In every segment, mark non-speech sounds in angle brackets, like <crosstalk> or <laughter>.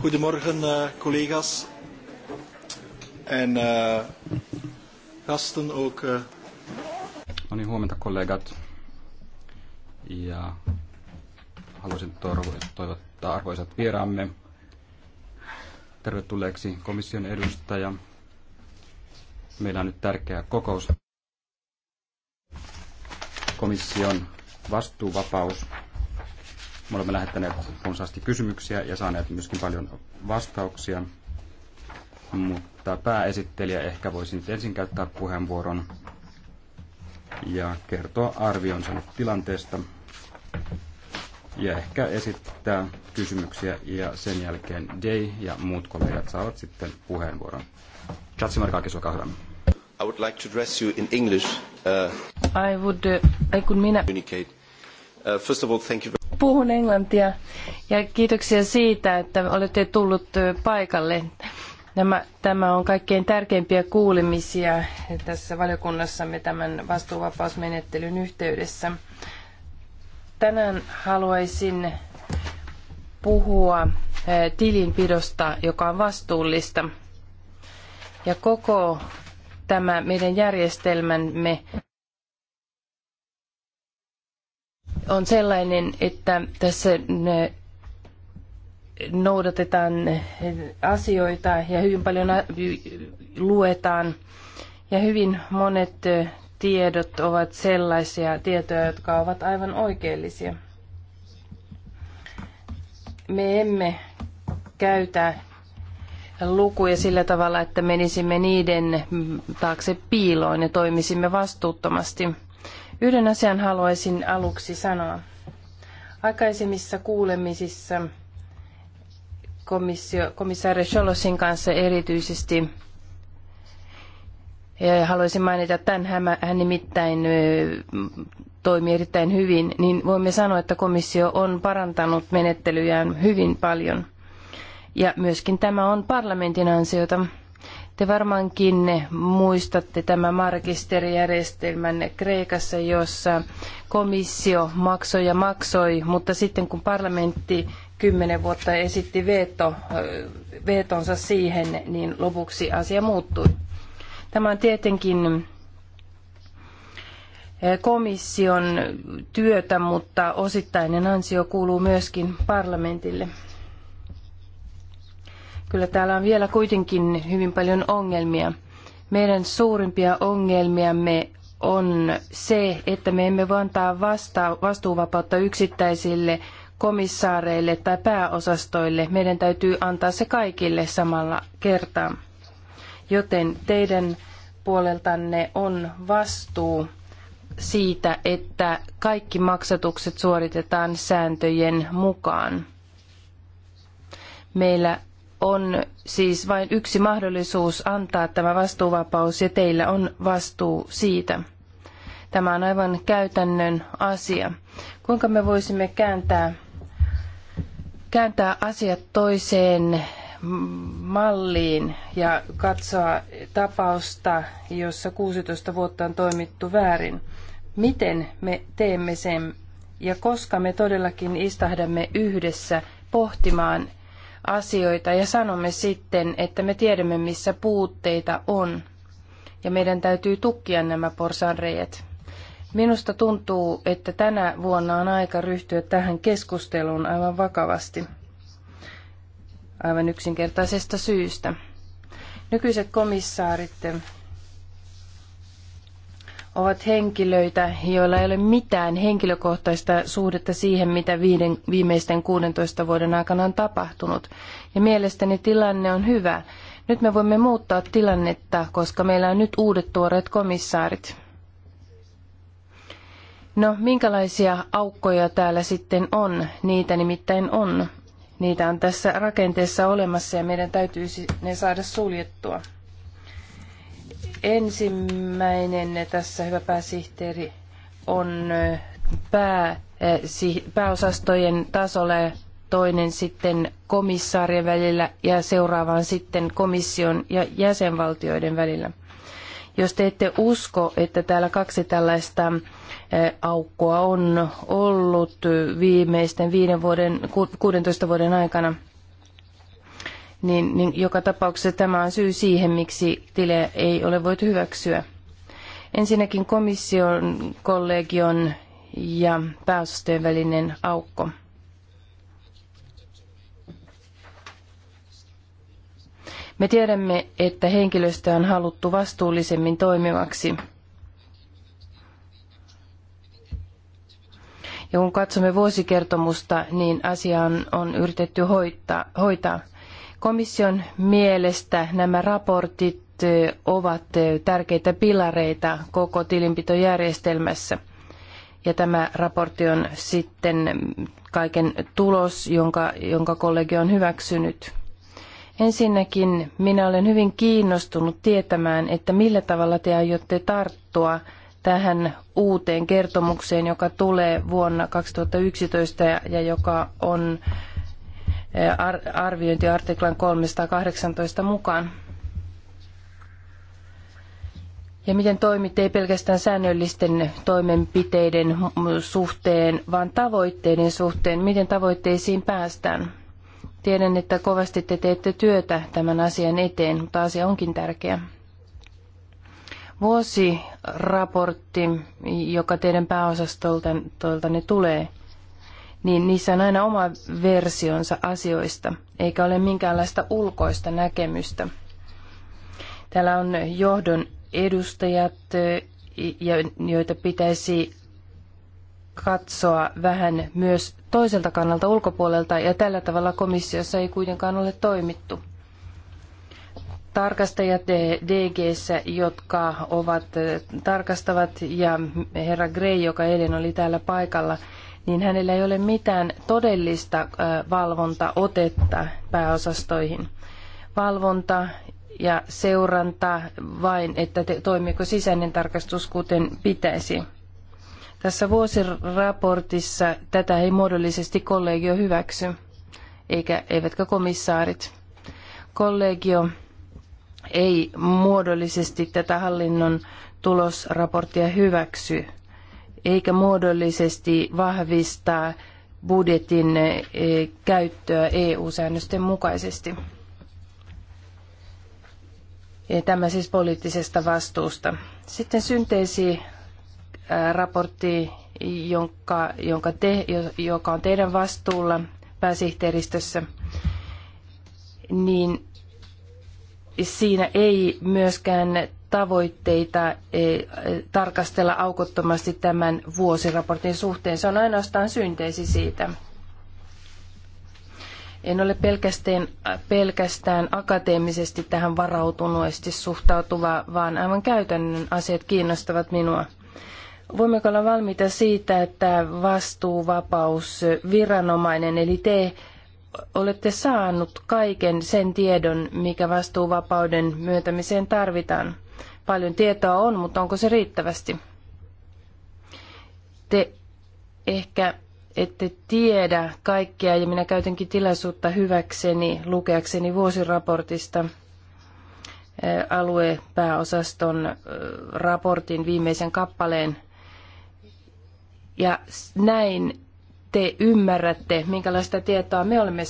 Goedemorgen, uh, collega's en uh, gasten ook. Uh. No niin, huomenta kollegat. Ja haluaisin toivottaa arvoisat vieraamme tervetulleeksi komission edustaja. Meillä on nyt tärkeä kokous. Komission vastuuvapaus me olemme lähettäneet runsaasti kysymyksiä ja saaneet myöskin paljon vastauksia, mutta pääesittelijä ehkä voisi nyt ensin käyttää puheenvuoron ja kertoa arvionsa nyt tilanteesta ja ehkä esittää kysymyksiä ja sen jälkeen Day ja muut kollegat saavat sitten puheenvuoron. Chatsi Kakis, olkaa hyvä. I would like to address you in English. Uh, I would, uh, I could mean communicate. Uh, first of all, thank you puhun englantia ja kiitoksia siitä, että olette tullut paikalle. Nämä, tämä on kaikkein tärkeimpiä kuulemisia tässä valiokunnassamme tämän vastuuvapausmenettelyn yhteydessä. Tänään haluaisin puhua eh, tilinpidosta, joka on vastuullista. Ja koko tämä meidän järjestelmämme on sellainen, että tässä noudatetaan asioita ja hyvin paljon luetaan. Ja hyvin monet tiedot ovat sellaisia tietoja, jotka ovat aivan oikeellisia. Me emme käytä lukuja sillä tavalla, että menisimme niiden taakse piiloon ja toimisimme vastuuttomasti. Yhden asian haluaisin aluksi sanoa. Aikaisemmissa kuulemisissa komissio, komissaari Cholosin kanssa erityisesti ja haluaisin mainita, että tämän hän nimittäin toimi erittäin hyvin, niin voimme sanoa, että komissio on parantanut menettelyjään hyvin paljon. Ja myöskin tämä on parlamentin ansiota. Te varmaankin muistatte tämän markisterijärjestelmän Kreikassa, jossa komissio maksoi ja maksoi, mutta sitten kun parlamentti kymmenen vuotta esitti veto, vetonsa siihen, niin lopuksi asia muuttui. Tämä on tietenkin komission työtä, mutta osittainen ansio kuuluu myöskin parlamentille. Kyllä täällä on vielä kuitenkin hyvin paljon ongelmia. Meidän suurimpia ongelmiamme on se, että me emme voi antaa vasta- vastuuvapautta yksittäisille komissaareille tai pääosastoille. Meidän täytyy antaa se kaikille samalla kertaa. Joten teidän puoleltanne on vastuu siitä, että kaikki maksatukset suoritetaan sääntöjen mukaan. Meillä on siis vain yksi mahdollisuus antaa tämä vastuuvapaus ja teillä on vastuu siitä. Tämä on aivan käytännön asia. Kuinka me voisimme kääntää, kääntää asiat toiseen malliin ja katsoa tapausta, jossa 16 vuotta on toimittu väärin? Miten me teemme sen ja koska me todellakin istahdamme yhdessä pohtimaan asioita ja sanomme sitten, että me tiedämme, missä puutteita on. Ja meidän täytyy tukkia nämä porsanreijät. Minusta tuntuu, että tänä vuonna on aika ryhtyä tähän keskusteluun aivan vakavasti. Aivan yksinkertaisesta syystä. Nykyiset komissaarit ovat henkilöitä, joilla ei ole mitään henkilökohtaista suhdetta siihen, mitä viiden, viimeisten 16 vuoden aikana on tapahtunut. Ja mielestäni tilanne on hyvä. Nyt me voimme muuttaa tilannetta, koska meillä on nyt uudet tuoreet komissaarit. No, minkälaisia aukkoja täällä sitten on? Niitä nimittäin on. Niitä on tässä rakenteessa olemassa ja meidän täytyisi ne saada suljettua. Ensimmäinen tässä, hyvä pääsihteeri, on pää, pääosastojen tasolle toinen sitten komissaarien välillä ja seuraavaan sitten komission ja jäsenvaltioiden välillä. Jos te ette usko, että täällä kaksi tällaista aukkoa on ollut viimeisten viiden vuoden, 16 vuoden aikana, niin, niin joka tapauksessa tämä on syy siihen, miksi tile ei ole voitu hyväksyä. Ensinnäkin komission, kollegion ja pääosastojen välinen aukko. Me tiedämme, että henkilöstö on haluttu vastuullisemmin toimivaksi. Ja kun katsomme vuosikertomusta, niin asia on, on yritetty hoitaa, hoitaa. Komission mielestä nämä raportit ovat tärkeitä pilareita koko tilinpitojärjestelmässä. Ja tämä raportti on sitten kaiken tulos, jonka, jonka kollegio on hyväksynyt. Ensinnäkin minä olen hyvin kiinnostunut tietämään, että millä tavalla te aiotte tarttua tähän uuteen kertomukseen, joka tulee vuonna 2011 ja joka on arviointi artiklan 318 mukaan. Ja miten toimitte ei pelkästään säännöllisten toimenpiteiden suhteen, vaan tavoitteiden suhteen, miten tavoitteisiin päästään. Tiedän, että kovasti te teette työtä tämän asian eteen, mutta asia onkin tärkeä. Vuosiraportti, joka teidän pääosastoltanne tulee, niin niissä on aina oma versionsa asioista, eikä ole minkäänlaista ulkoista näkemystä. Täällä on johdon edustajat, joita pitäisi katsoa vähän myös toiselta kannalta ulkopuolelta, ja tällä tavalla komissiossa ei kuitenkaan ole toimittu. Tarkastajat DGssä, jotka ovat tarkastavat, ja herra Grey, joka eilen oli täällä paikalla, niin hänellä ei ole mitään todellista valvontaotetta pääosastoihin. Valvonta ja seuranta vain, että toimiiko sisäinen tarkastus kuten pitäisi. Tässä vuosiraportissa tätä ei muodollisesti kollegio hyväksy, eikä, eivätkä komissaarit. Kollegio ei muodollisesti tätä hallinnon tulosraporttia hyväksy, eikä muodollisesti vahvista budjetin eh, käyttöä EU-säännösten mukaisesti. Tämä siis poliittisesta vastuusta. Sitten synteesi eh, raportti, jonka, jonka te, joka on teidän vastuulla pääsihteeristössä, niin siinä ei myöskään tavoitteita e, e, tarkastella aukottomasti tämän vuosiraportin suhteen. Se on ainoastaan synteesi siitä. En ole pelkästään, pelkästään akateemisesti tähän varautuneesti suhtautuva, vaan aivan käytännön asiat kiinnostavat minua. Voimmeko olla valmiita siitä, että vastuuvapaus viranomainen, eli te olette saanut kaiken sen tiedon, mikä vastuuvapauden myöntämiseen tarvitaan? paljon tietoa on, mutta onko se riittävästi? Te ehkä ette tiedä kaikkea ja minä käytänkin tilaisuutta hyväkseni lukeakseni vuosiraportista eh, aluepääosaston eh, raportin viimeisen kappaleen. Ja näin te ymmärrätte, minkälaista tietoa me olemme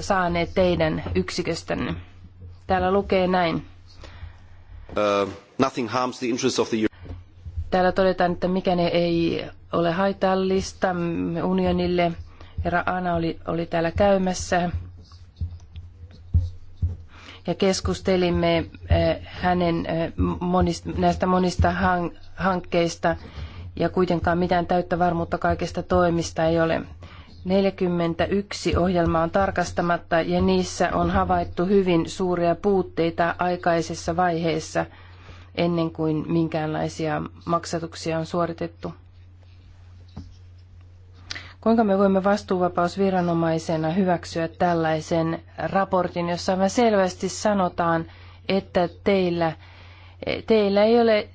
saaneet teidän yksiköstänne. Täällä lukee näin. Uh, nothing harms the interests of the Täällä todetaan, että mikään ei ole haitallista unionille. Herra Ana oli, oli täällä käymässä ja keskustelimme eh, hänen eh, monista, näistä monista hankkeista ja kuitenkaan mitään täyttä varmuutta kaikista toimista ei ole. 41 ohjelmaa on tarkastamatta ja niissä on havaittu hyvin suuria puutteita aikaisessa vaiheessa ennen kuin minkäänlaisia maksatuksia on suoritettu. Kuinka me voimme vastuuvapausviranomaisena hyväksyä tällaisen raportin, jossa me selvästi sanotaan, että teillä, teillä ei ole,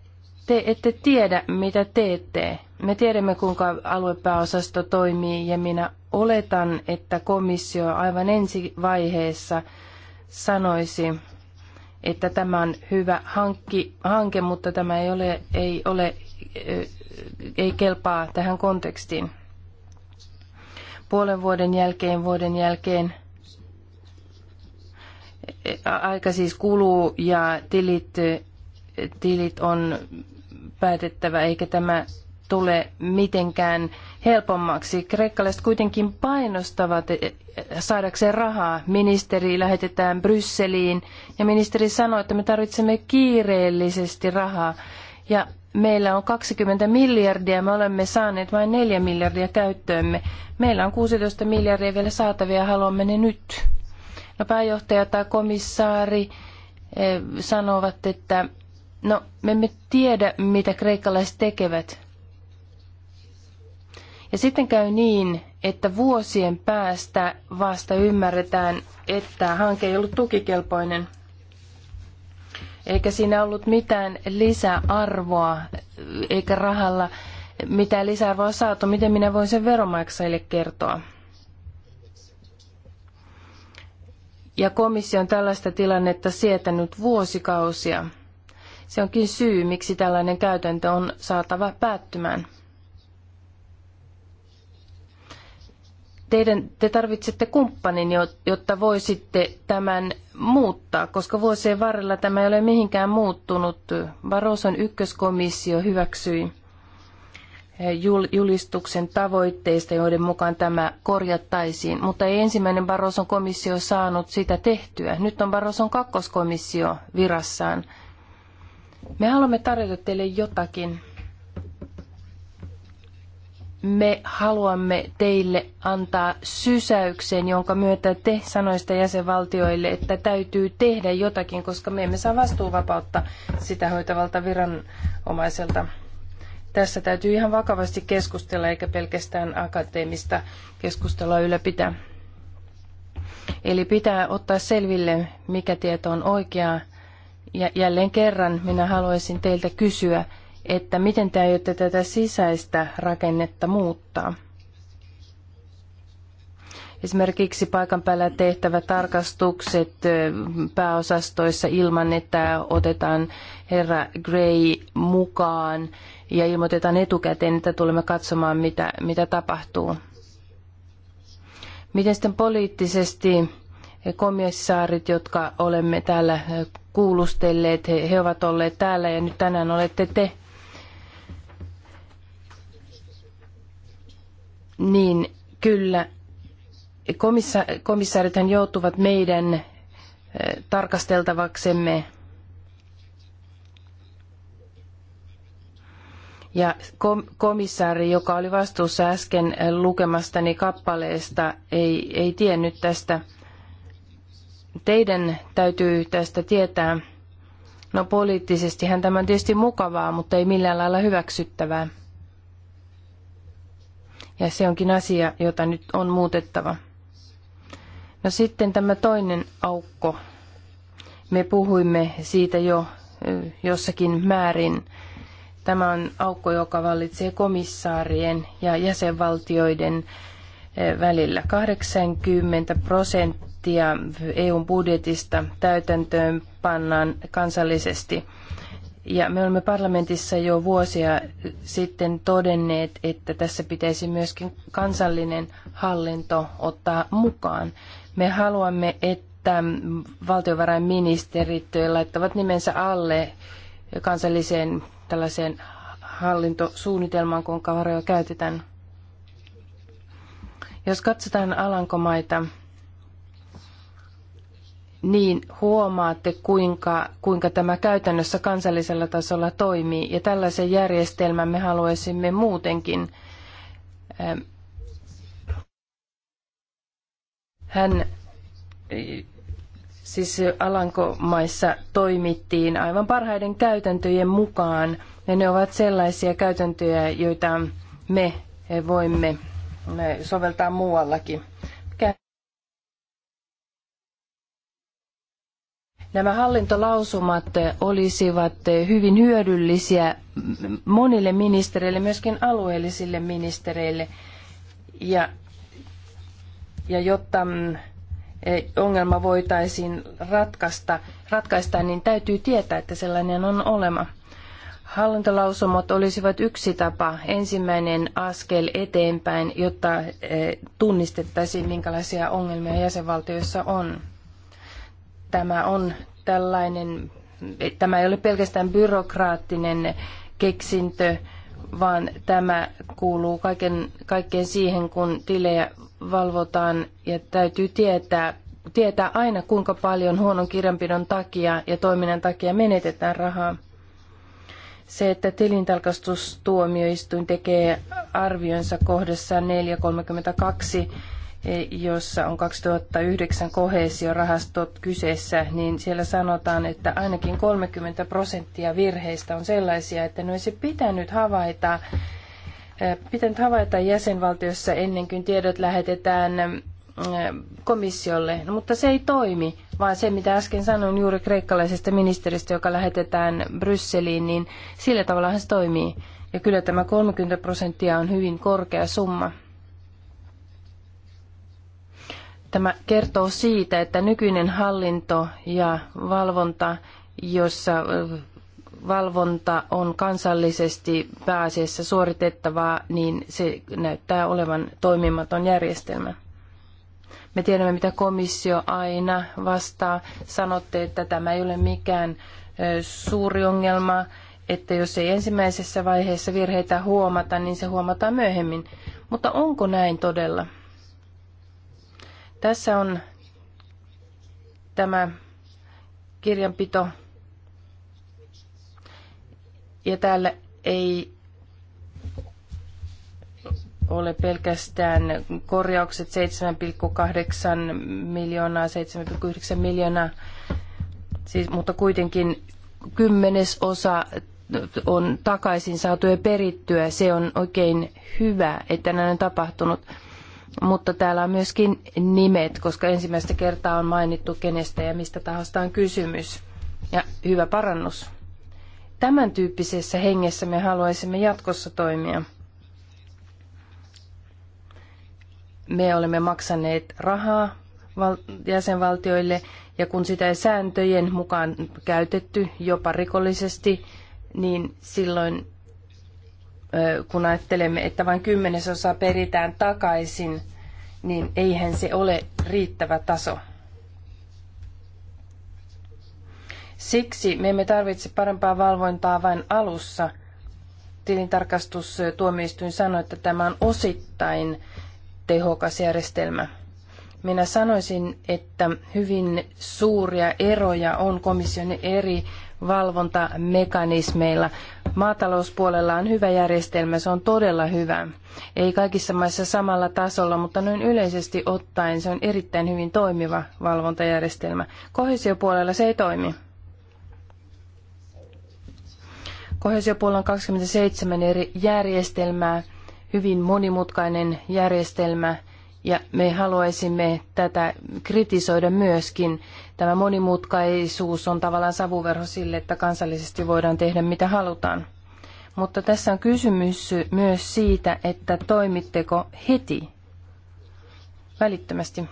te ette tiedä mitä teette, me tiedämme, kuinka aluepääosasto toimii ja minä oletan, että komissio aivan ensi vaiheessa sanoisi, että tämä on hyvä hankki, hanke, mutta tämä ei ole, ei ole, ei kelpaa tähän kontekstiin. Puolen vuoden jälkeen, vuoden jälkeen aika siis kuluu ja tilit, tilit on päätettävä, eikä tämä tule mitenkään helpommaksi. Kreikkalaiset kuitenkin painostavat e, e, saadakseen rahaa. Ministeri lähetetään Brysseliin ja ministeri sanoi, että me tarvitsemme kiireellisesti rahaa. Ja meillä on 20 miljardia, me olemme saaneet vain 4 miljardia käyttöömme. Meillä on 16 miljardia vielä saatavia ja haluamme ne nyt. No pääjohtaja tai komissaari e, sanovat, että no me emme tiedä, mitä kreikkalaiset tekevät. Ja sitten käy niin, että vuosien päästä vasta ymmärretään, että hanke ei ollut tukikelpoinen. Eikä siinä ollut mitään lisäarvoa, eikä rahalla mitään lisäarvoa saatu. Miten minä voin sen veromaksajille kertoa? Ja komissio on tällaista tilannetta sietänyt vuosikausia. Se onkin syy, miksi tällainen käytäntö on saatava päättymään. teidän, te tarvitsette kumppanin, jotta voisitte tämän muuttaa, koska vuosien varrella tämä ei ole mihinkään muuttunut. Varoson ykköskomissio hyväksyi eh, julistuksen tavoitteista, joiden mukaan tämä korjattaisiin, mutta ei ensimmäinen Barroson komissio saanut sitä tehtyä. Nyt on Barroson kakkoskomissio virassaan. Me haluamme tarjota teille jotakin me haluamme teille antaa sysäyksen, jonka myötä te sanoisitte jäsenvaltioille, että täytyy tehdä jotakin, koska me emme saa vastuuvapautta sitä hoitavalta viranomaiselta. Tässä täytyy ihan vakavasti keskustella, eikä pelkästään akateemista keskustelua ylläpitää. Eli pitää ottaa selville, mikä tieto on oikeaa. Ja jälleen kerran minä haluaisin teiltä kysyä, että miten te aiotte tätä sisäistä rakennetta muuttaa. Esimerkiksi paikan päällä tehtävät tarkastukset pääosastoissa ilman, että otetaan herra Gray mukaan ja ilmoitetaan etukäteen, että tulemme katsomaan, mitä, mitä tapahtuu. Miten sitten poliittisesti e, komissaarit, jotka olemme täällä kuulustelleet, he, he ovat olleet täällä ja nyt tänään olette te niin kyllä komissa- komissaarithan joutuvat meidän eh, tarkasteltavaksemme. Ja kom- komissaari, joka oli vastuussa äsken eh, lukemastani kappaleesta, ei, ei tiennyt tästä. Teidän täytyy tästä tietää. No poliittisestihan tämä on tietysti mukavaa, mutta ei millään lailla hyväksyttävää. Ja se onkin asia, jota nyt on muutettava. No sitten tämä toinen aukko. Me puhuimme siitä jo jossakin määrin. Tämä on aukko, joka vallitsee komissaarien ja jäsenvaltioiden välillä. 80 prosenttia EUn budjetista täytäntöön pannaan kansallisesti. Ja me olemme parlamentissa jo vuosia sitten todenneet, että tässä pitäisi myöskin kansallinen hallinto ottaa mukaan. Me haluamme, että valtiovarainministerit laittavat nimensä alle kansalliseen tällaiseen hallintosuunnitelmaan, kun varoja käytetään. Jos katsotaan Alankomaita, niin huomaatte, kuinka, kuinka tämä käytännössä kansallisella tasolla toimii. Ja tällaisen järjestelmän me haluaisimme muutenkin. Ähm, hän siis Alankomaissa toimittiin aivan parhaiden käytäntöjen mukaan. Ja ne ovat sellaisia käytäntöjä, joita me voimme äh, soveltaa muuallakin. Nämä hallintolausumat olisivat hyvin hyödyllisiä monille ministereille, myöskin alueellisille ministereille. Ja, ja jotta mm, eh, ongelma voitaisiin ratkaista, ratkaista, niin täytyy tietää, että sellainen on olema. Hallintolausumat olisivat yksi tapa, ensimmäinen askel eteenpäin, jotta eh, tunnistettaisiin, minkälaisia ongelmia jäsenvaltioissa on tämä on tällainen, tämä ei ole pelkästään byrokraattinen keksintö, vaan tämä kuuluu kaiken, kaikkeen siihen, kun tilejä valvotaan ja täytyy tietää, tietää aina, kuinka paljon huonon kirjanpidon takia ja toiminnan takia menetetään rahaa. Se, että tilintarkastustuomioistuin tekee arvionsa kohdassa 432 jossa on 2009 kohesiorahastot kyseessä, niin siellä sanotaan, että ainakin 30 prosenttia virheistä on sellaisia, että ne olisi pitänyt havaita, äh, pitänyt havaita jäsenvaltiossa ennen kuin tiedot lähetetään äh, komissiolle, no, mutta se ei toimi, vaan se mitä äsken sanoin juuri kreikkalaisesta ministeristä, joka lähetetään Brysseliin, niin sillä tavallahan se toimii. Ja kyllä tämä 30 prosenttia on hyvin korkea summa. Tämä kertoo siitä, että nykyinen hallinto ja valvonta, jossa valvonta on kansallisesti pääasiassa suoritettavaa, niin se näyttää olevan toimimaton järjestelmä. Me tiedämme, mitä komissio aina vastaa. Sanotte, että tämä ei ole mikään suuri ongelma, että jos ei ensimmäisessä vaiheessa virheitä huomata, niin se huomataan myöhemmin. Mutta onko näin todella? Tässä on tämä kirjanpito. Ja täällä ei ole pelkästään korjaukset 7,8 miljoonaa, 7,9 miljoonaa, siis, mutta kuitenkin kymmenesosa on takaisin saatu ja perittyä. Se on oikein hyvä, että näin on tapahtunut mutta täällä on myöskin nimet, koska ensimmäistä kertaa on mainittu kenestä ja mistä tahosta on kysymys. Ja hyvä parannus. Tämän tyyppisessä hengessä me haluaisimme jatkossa toimia. Me olemme maksaneet rahaa jäsenvaltioille ja kun sitä ei sääntöjen mukaan käytetty jopa rikollisesti, niin silloin kun ajattelemme, että vain kymmenesosa peritään takaisin, niin eihän se ole riittävä taso. Siksi me emme tarvitse parempaa valvontaa vain alussa. Tilintarkastustuomioistuin sanoi, että tämä on osittain tehokas järjestelmä. Minä sanoisin, että hyvin suuria eroja on komission eri valvontamekanismeilla. Maatalouspuolella on hyvä järjestelmä, se on todella hyvä. Ei kaikissa maissa samalla tasolla, mutta noin yleisesti ottaen se on erittäin hyvin toimiva valvontajärjestelmä. Kohesiopuolella se ei toimi. Kohesiopuolella on 27 eri järjestelmää, hyvin monimutkainen järjestelmä, ja me haluaisimme tätä kritisoida myöskin. Tämä monimutkaisuus on tavallaan savuverho sille, että kansallisesti voidaan tehdä mitä halutaan. Mutta tässä on kysymys myös siitä, että toimitteko heti, välittömästi.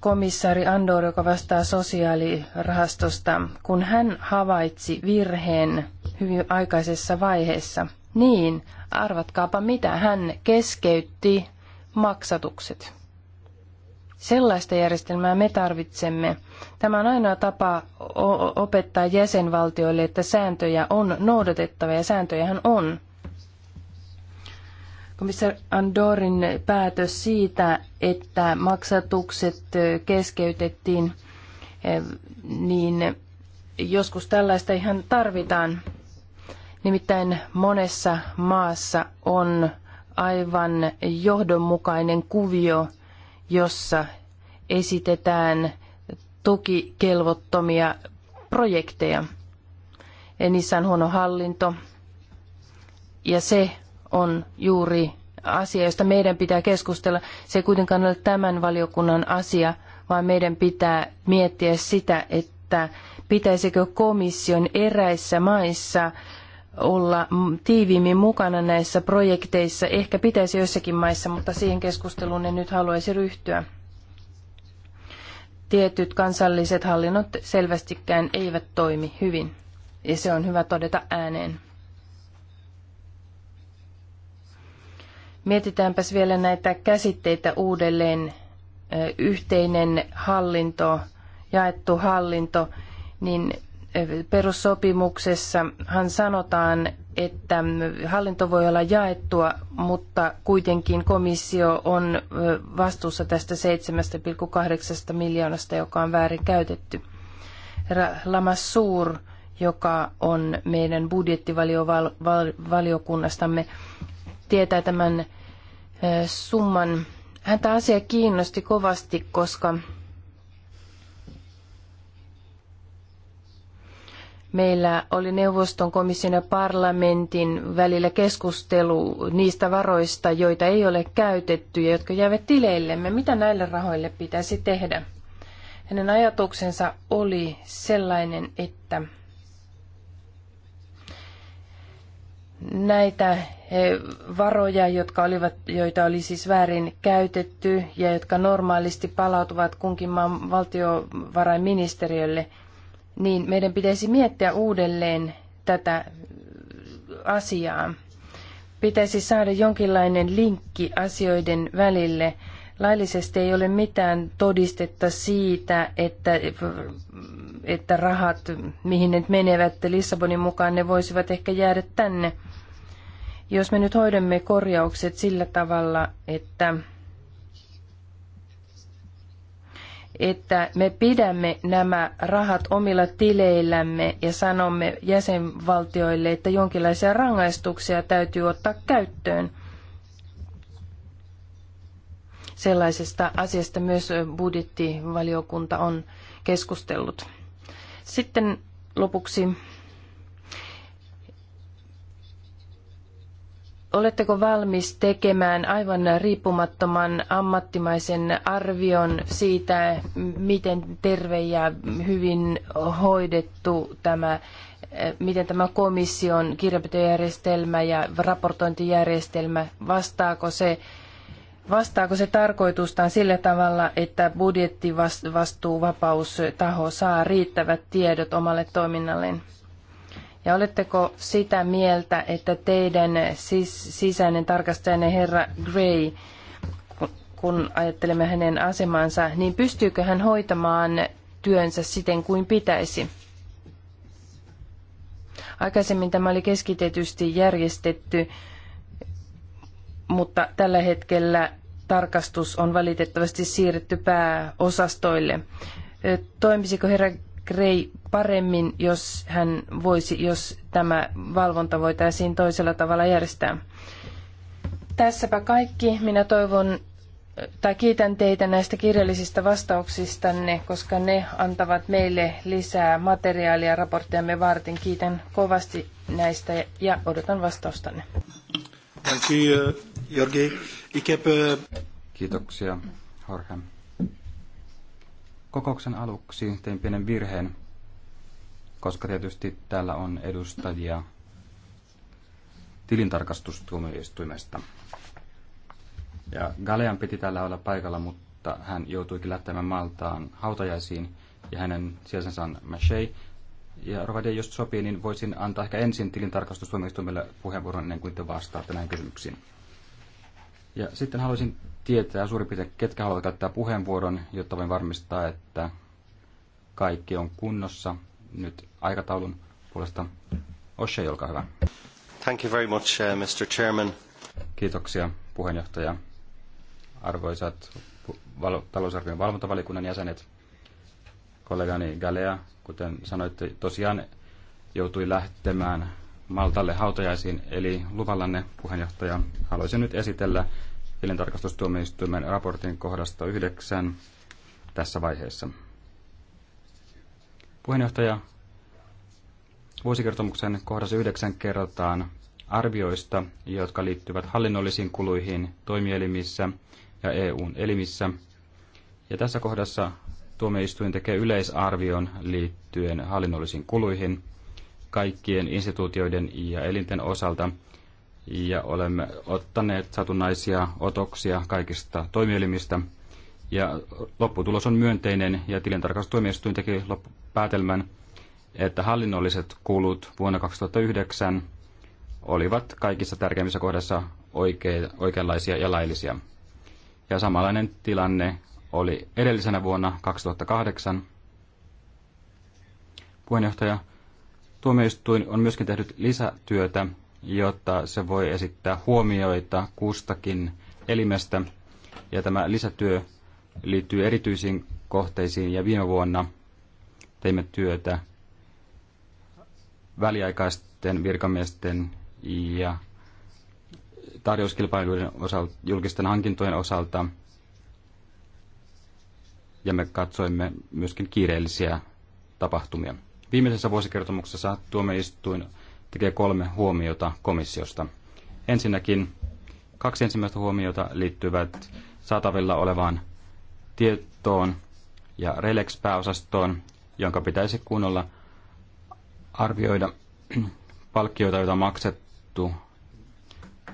Komissaari Andor, joka vastaa sosiaalirahastosta, kun hän havaitsi virheen hyvin aikaisessa vaiheessa, niin arvatkaapa mitä, hän keskeytti maksatukset. Sellaista järjestelmää me tarvitsemme. Tämä on ainoa tapa opettaa jäsenvaltioille, että sääntöjä on noudatettava ja sääntöjähän on. Komissaari Andorin päätös siitä, että maksatukset keskeytettiin, niin joskus tällaista ihan tarvitaan. Nimittäin monessa maassa on aivan johdonmukainen kuvio – jossa esitetään tukikelvottomia projekteja. niissä on huono hallinto ja se on juuri asia, josta meidän pitää keskustella. Se ei kuitenkaan ole tämän valiokunnan asia, vaan meidän pitää miettiä sitä, että pitäisikö komission eräissä maissa olla tiiviimmin mukana näissä projekteissa. Ehkä pitäisi joissakin maissa, mutta siihen keskusteluun en nyt haluaisi ryhtyä. Tietyt kansalliset hallinnot selvästikään eivät toimi hyvin, ja se on hyvä todeta ääneen. Mietitäänpäs vielä näitä käsitteitä uudelleen. Yhteinen hallinto, jaettu hallinto, niin perussopimuksessahan sanotaan, että hallinto voi olla jaettua, mutta kuitenkin komissio on vastuussa tästä 7,8 miljoonasta, joka on väärin käytetty. Lamassuur, joka on meidän budjettivaliokunnastamme, tietää tämän eh, summan. Häntä asia kiinnosti kovasti, koska Meillä oli neuvoston, komission ja parlamentin välillä keskustelu niistä varoista, joita ei ole käytetty ja jotka jäävät tileillemme. Mitä näille rahoille pitäisi tehdä? Hänen ajatuksensa oli sellainen, että näitä eh, varoja, jotka olivat, joita oli siis väärin käytetty ja jotka normaalisti palautuvat kunkin maan valtiovarainministeriölle – niin meidän pitäisi miettiä uudelleen tätä asiaa. Pitäisi saada jonkinlainen linkki asioiden välille. Laillisesti ei ole mitään todistetta siitä, että, että rahat, mihin ne menevät Lissabonin mukaan, ne voisivat ehkä jäädä tänne. Jos me nyt hoidamme korjaukset sillä tavalla, että että me pidämme nämä rahat omilla tileillämme ja sanomme jäsenvaltioille, että jonkinlaisia rangaistuksia täytyy ottaa käyttöön. Sellaisesta asiasta myös budjettivaliokunta on keskustellut. Sitten lopuksi Oletteko valmis tekemään aivan riippumattoman ammattimaisen arvion siitä, miten terve ja hyvin hoidettu tämä, miten tämä komission kirjanpitojärjestelmä ja raportointijärjestelmä, vastaako se, vastaako se tarkoitustaan sillä tavalla, että budjettivastuuvapaustaho saa riittävät tiedot omalle toiminnalleen? Ja oletteko sitä mieltä, että teidän sis- sisäinen tarkastajanne herra Gray, kun ajattelemme hänen asemansa, niin pystyykö hän hoitamaan työnsä siten kuin pitäisi? Aikaisemmin tämä oli keskitetysti järjestetty, mutta tällä hetkellä tarkastus on valitettavasti siirretty pääosastoille. Toimisiko herra Gray paremmin, jos hän voisi, jos tämä valvonta voitaisiin toisella tavalla järjestää. Tässäpä kaikki. Minä toivon tai kiitän teitä näistä kirjallisista vastauksistanne, koska ne antavat meille lisää materiaalia raporttiamme varten. Kiitän kovasti näistä ja odotan vastaustanne. Eh, Kiitoksia, Jorge. Kokouksen aluksi tein pienen virheen koska tietysti täällä on edustajia tilintarkastustuomioistuimesta. Ja Galean piti täällä olla paikalla, mutta hän joutuikin lähtemään maaltaan hautajaisiin ja hänen sijaisensa on Mashei. Ja Rovade, jos sopii, niin voisin antaa ehkä ensin tilintarkastustuomioistuimelle puheenvuoron ennen kuin te vastaatte näihin kysymyksiin. Ja sitten haluaisin tietää suurin piirtein, ketkä haluavat käyttää puheenvuoron, jotta voin varmistaa, että kaikki on kunnossa nyt aikataulun puolesta. Oshe, olkaa hyvä. Thank you very much, uh, Mr. Chairman. Kiitoksia, puheenjohtaja. Arvoisat val- talousarvion valvontavalikunnan jäsenet, kollegani Galea, kuten sanoitte, tosiaan joutui lähtemään Maltalle hautajaisiin, eli luvallanne puheenjohtaja. Haluaisin nyt esitellä tilintarkastustuomioistuimen raportin kohdasta 9 tässä vaiheessa. Puheenjohtaja, vuosikertomuksen kohdassa yhdeksän kerrotaan arvioista, jotka liittyvät hallinnollisiin kuluihin toimielimissä ja EUn elimissä. Ja tässä kohdassa tuomioistuin tekee yleisarvion liittyen hallinnollisiin kuluihin kaikkien instituutioiden ja elinten osalta. Ja olemme ottaneet satunnaisia otoksia kaikista toimielimistä – ja lopputulos on myönteinen ja tilintarkastustuomioistuin teki päätelmän, että hallinnolliset kulut vuonna 2009 olivat kaikissa tärkeimmissä kohdassa oikeanlaisia ja laillisia. Ja samanlainen tilanne oli edellisenä vuonna 2008. Puheenjohtaja, tuomioistuin on myöskin tehnyt lisätyötä, jotta se voi esittää huomioita kustakin elimestä. Ja tämä lisätyö liittyy erityisiin kohteisiin ja viime vuonna teimme työtä väliaikaisten virkamiesten ja tarjouskilpailuiden osalta, julkisten hankintojen osalta ja me katsoimme myöskin kiireellisiä tapahtumia. Viimeisessä vuosikertomuksessa tuomioistuin tekee kolme huomiota komissiosta. Ensinnäkin kaksi ensimmäistä huomiota liittyvät saatavilla olevaan tietoon ja Relex-pääosastoon, jonka pitäisi kunnolla arvioida <clears throat> palkkioita, joita on maksettu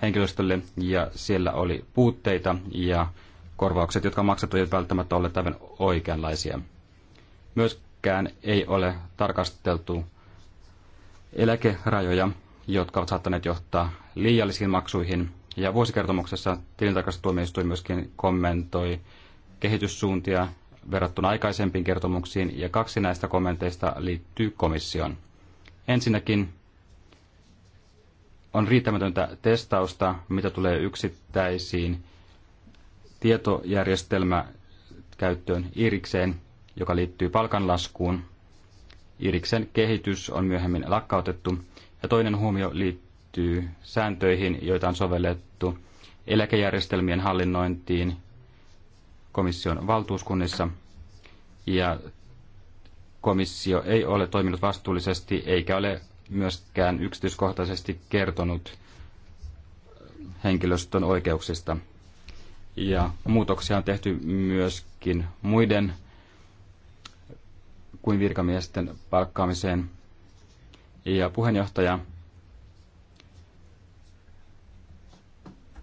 henkilöstölle, ja siellä oli puutteita, ja korvaukset, jotka on maksettu, eivät välttämättä ole aivan oikeanlaisia. Myöskään ei ole tarkasteltu eläkerajoja, jotka ovat saattaneet johtaa liiallisiin maksuihin, ja vuosikertomuksessa tilintarkastustuomioistuin myöskin kommentoi kehityssuuntia verrattuna aikaisempiin kertomuksiin, ja kaksi näistä kommenteista liittyy komissioon. Ensinnäkin on riittämätöntä testausta, mitä tulee yksittäisiin tietojärjestelmäkäyttöön Irikseen, joka liittyy palkanlaskuun. Iriksen kehitys on myöhemmin lakkautettu. Ja toinen huomio liittyy sääntöihin, joita on sovellettu eläkejärjestelmien hallinnointiin komission valtuuskunnissa ja komissio ei ole toiminut vastuullisesti eikä ole myöskään yksityiskohtaisesti kertonut henkilöstön oikeuksista. Ja muutoksia on tehty myöskin muiden kuin virkamiesten palkkaamiseen. Ja puheenjohtaja,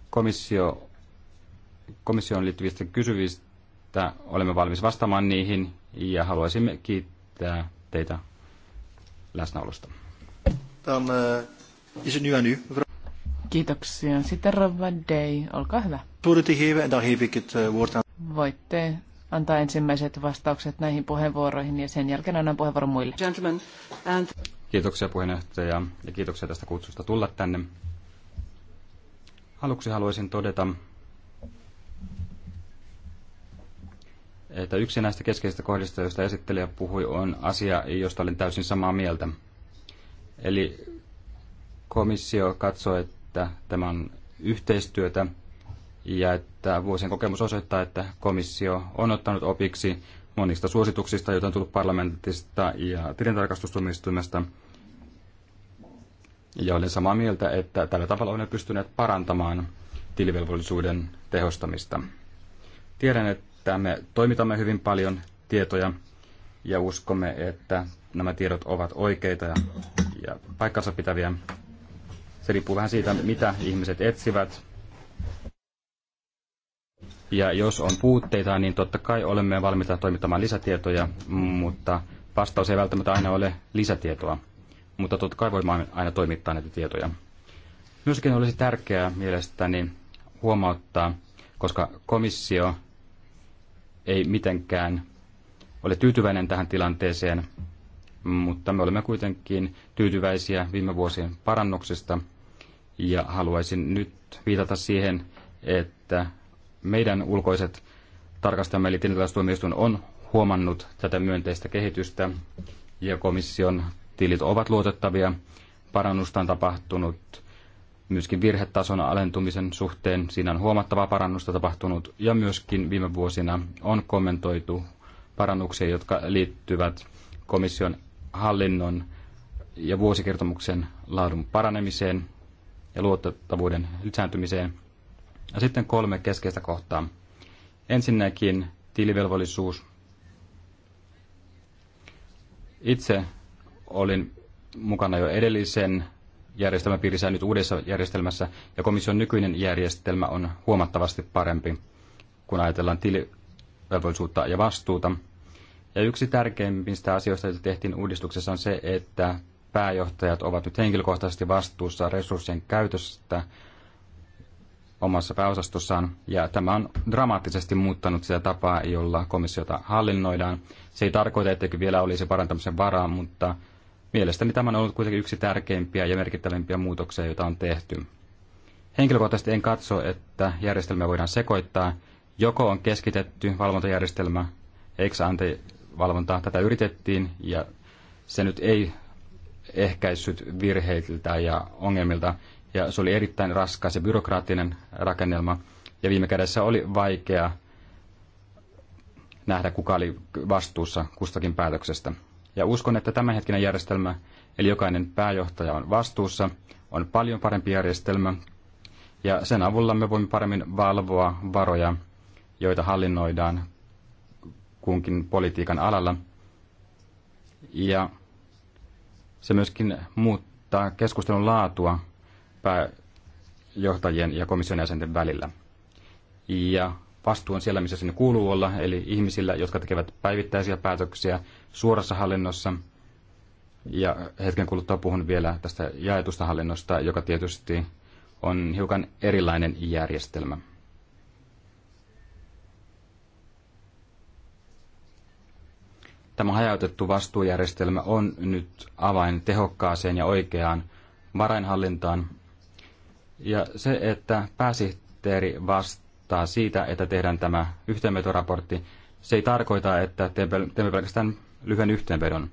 komissio komission liittyvistä kysyvistä olemme valmis vastaamaan niihin ja haluaisimme kiittää teitä läsnäolosta. Eh, kiitoksia. Sitten Rova Day, olkaa hyvä. Eh, Voitte antaa ensimmäiset vastaukset näihin puheenvuoroihin ja sen jälkeen annan puheenvuoron muille. Kiitoksia puheenjohtaja ja kiitoksia tästä kutsusta tulla tänne. Aluksi haluaisin todeta, että yksi näistä keskeisistä kohdista, joista esittelijä puhui, on asia, josta olen täysin samaa mieltä. Eli komissio katsoo, että tämä on yhteistyötä ja että vuosien kokemus osoittaa, että komissio on ottanut opiksi monista suosituksista, joita on tullut parlamentista ja tilintarkastustuomioistuimesta. Ja olen samaa mieltä, että tällä tavalla olemme pystyneet parantamaan tilivelvollisuuden tehostamista. Tiedän, että että me toimitamme hyvin paljon tietoja ja uskomme, että nämä tiedot ovat oikeita ja, ja paikkansa pitäviä. Se riippuu vähän siitä, mitä ihmiset etsivät. Ja jos on puutteita, niin totta kai olemme valmiita toimittamaan lisätietoja, mutta vastaus ei välttämättä aina ole lisätietoa. Mutta totta kai voimme aina toimittaa näitä tietoja. Myöskin olisi tärkeää mielestäni huomauttaa, koska komissio ei mitenkään ole tyytyväinen tähän tilanteeseen, mutta me olemme kuitenkin tyytyväisiä viime vuosien parannuksista ja haluaisin nyt viitata siihen, että meidän ulkoiset tarkastamme, eli tilintarkastustuomioistuin on huomannut tätä myönteistä kehitystä ja komission tilit ovat luotettavia. Parannusta on tapahtunut myöskin virhetason alentumisen suhteen. Siinä on huomattavaa parannusta tapahtunut ja myöskin viime vuosina on kommentoitu parannuksia, jotka liittyvät komission hallinnon ja vuosikertomuksen laadun paranemiseen ja luotettavuuden lisääntymiseen. Ja sitten kolme keskeistä kohtaa. Ensinnäkin tilivelvollisuus. Itse olin mukana jo edellisen Järjestelmä piirissä nyt uudessa järjestelmässä, ja komission nykyinen järjestelmä on huomattavasti parempi, kun ajatellaan tilivelvollisuutta ja vastuuta. Ja yksi tärkeimmistä asioista, joita tehtiin uudistuksessa, on se, että pääjohtajat ovat nyt henkilökohtaisesti vastuussa resurssien käytöstä omassa pääosastossaan, ja tämä on dramaattisesti muuttanut sitä tapaa, jolla komissiota hallinnoidaan. Se ei tarkoita, etteikö vielä olisi parantamisen varaa, mutta Mielestäni tämä on ollut kuitenkin yksi tärkeimpiä ja merkittävimpiä muutoksia, joita on tehty. Henkilökohtaisesti en katso, että järjestelmä voidaan sekoittaa. Joko on keskitetty valvontajärjestelmä, ex ante valvontaa, tätä yritettiin ja se nyt ei ehkäissyt virheiltä ja ongelmilta. Ja se oli erittäin raskas ja byrokraattinen rakennelma. Ja viime kädessä oli vaikea nähdä, kuka oli vastuussa kustakin päätöksestä. Ja uskon, että tämänhetkinen järjestelmä, eli jokainen pääjohtaja on vastuussa, on paljon parempi järjestelmä. Ja sen avulla me voimme paremmin valvoa varoja, joita hallinnoidaan kunkin politiikan alalla. Ja se myöskin muuttaa keskustelun laatua pääjohtajien ja komission jäsenten välillä. Ja vastuu on siellä, missä sinne kuuluu olla, eli ihmisillä, jotka tekevät päivittäisiä päätöksiä suorassa hallinnossa. Ja hetken kuluttua puhun vielä tästä jaetusta hallinnosta, joka tietysti on hiukan erilainen järjestelmä. Tämä hajautettu vastuujärjestelmä on nyt avain tehokkaaseen ja oikeaan varainhallintaan. Ja se, että pääsihteeri vastaa aloittaa siitä, että tehdään tämä yhteenvetoraportti. Se ei tarkoita, että teemme pelkästään lyhyen yhteenvedon.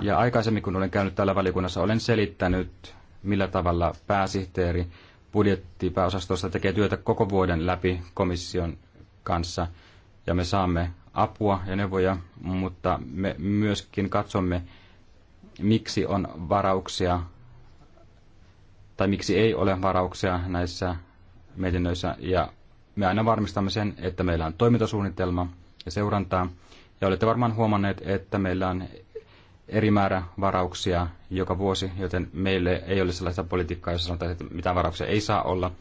Ja aikaisemmin, kun olen käynyt täällä valiokunnassa, olen selittänyt, millä tavalla pääsihteeri budjettipääosastosta tekee työtä koko vuoden läpi komission kanssa. Ja me saamme apua ja neuvoja, mutta me myöskin katsomme, miksi on varauksia tai miksi ei ole varauksia näissä mietinnöissä ja me aina varmistamme sen, että meillä on toimintasuunnitelma ja seurantaa. Ja olette varmaan huomanneet, että meillä on eri määrä varauksia joka vuosi, joten meille ei ole sellaista politiikkaa, jossa sanotaan, että mitään varauksia ei saa olla.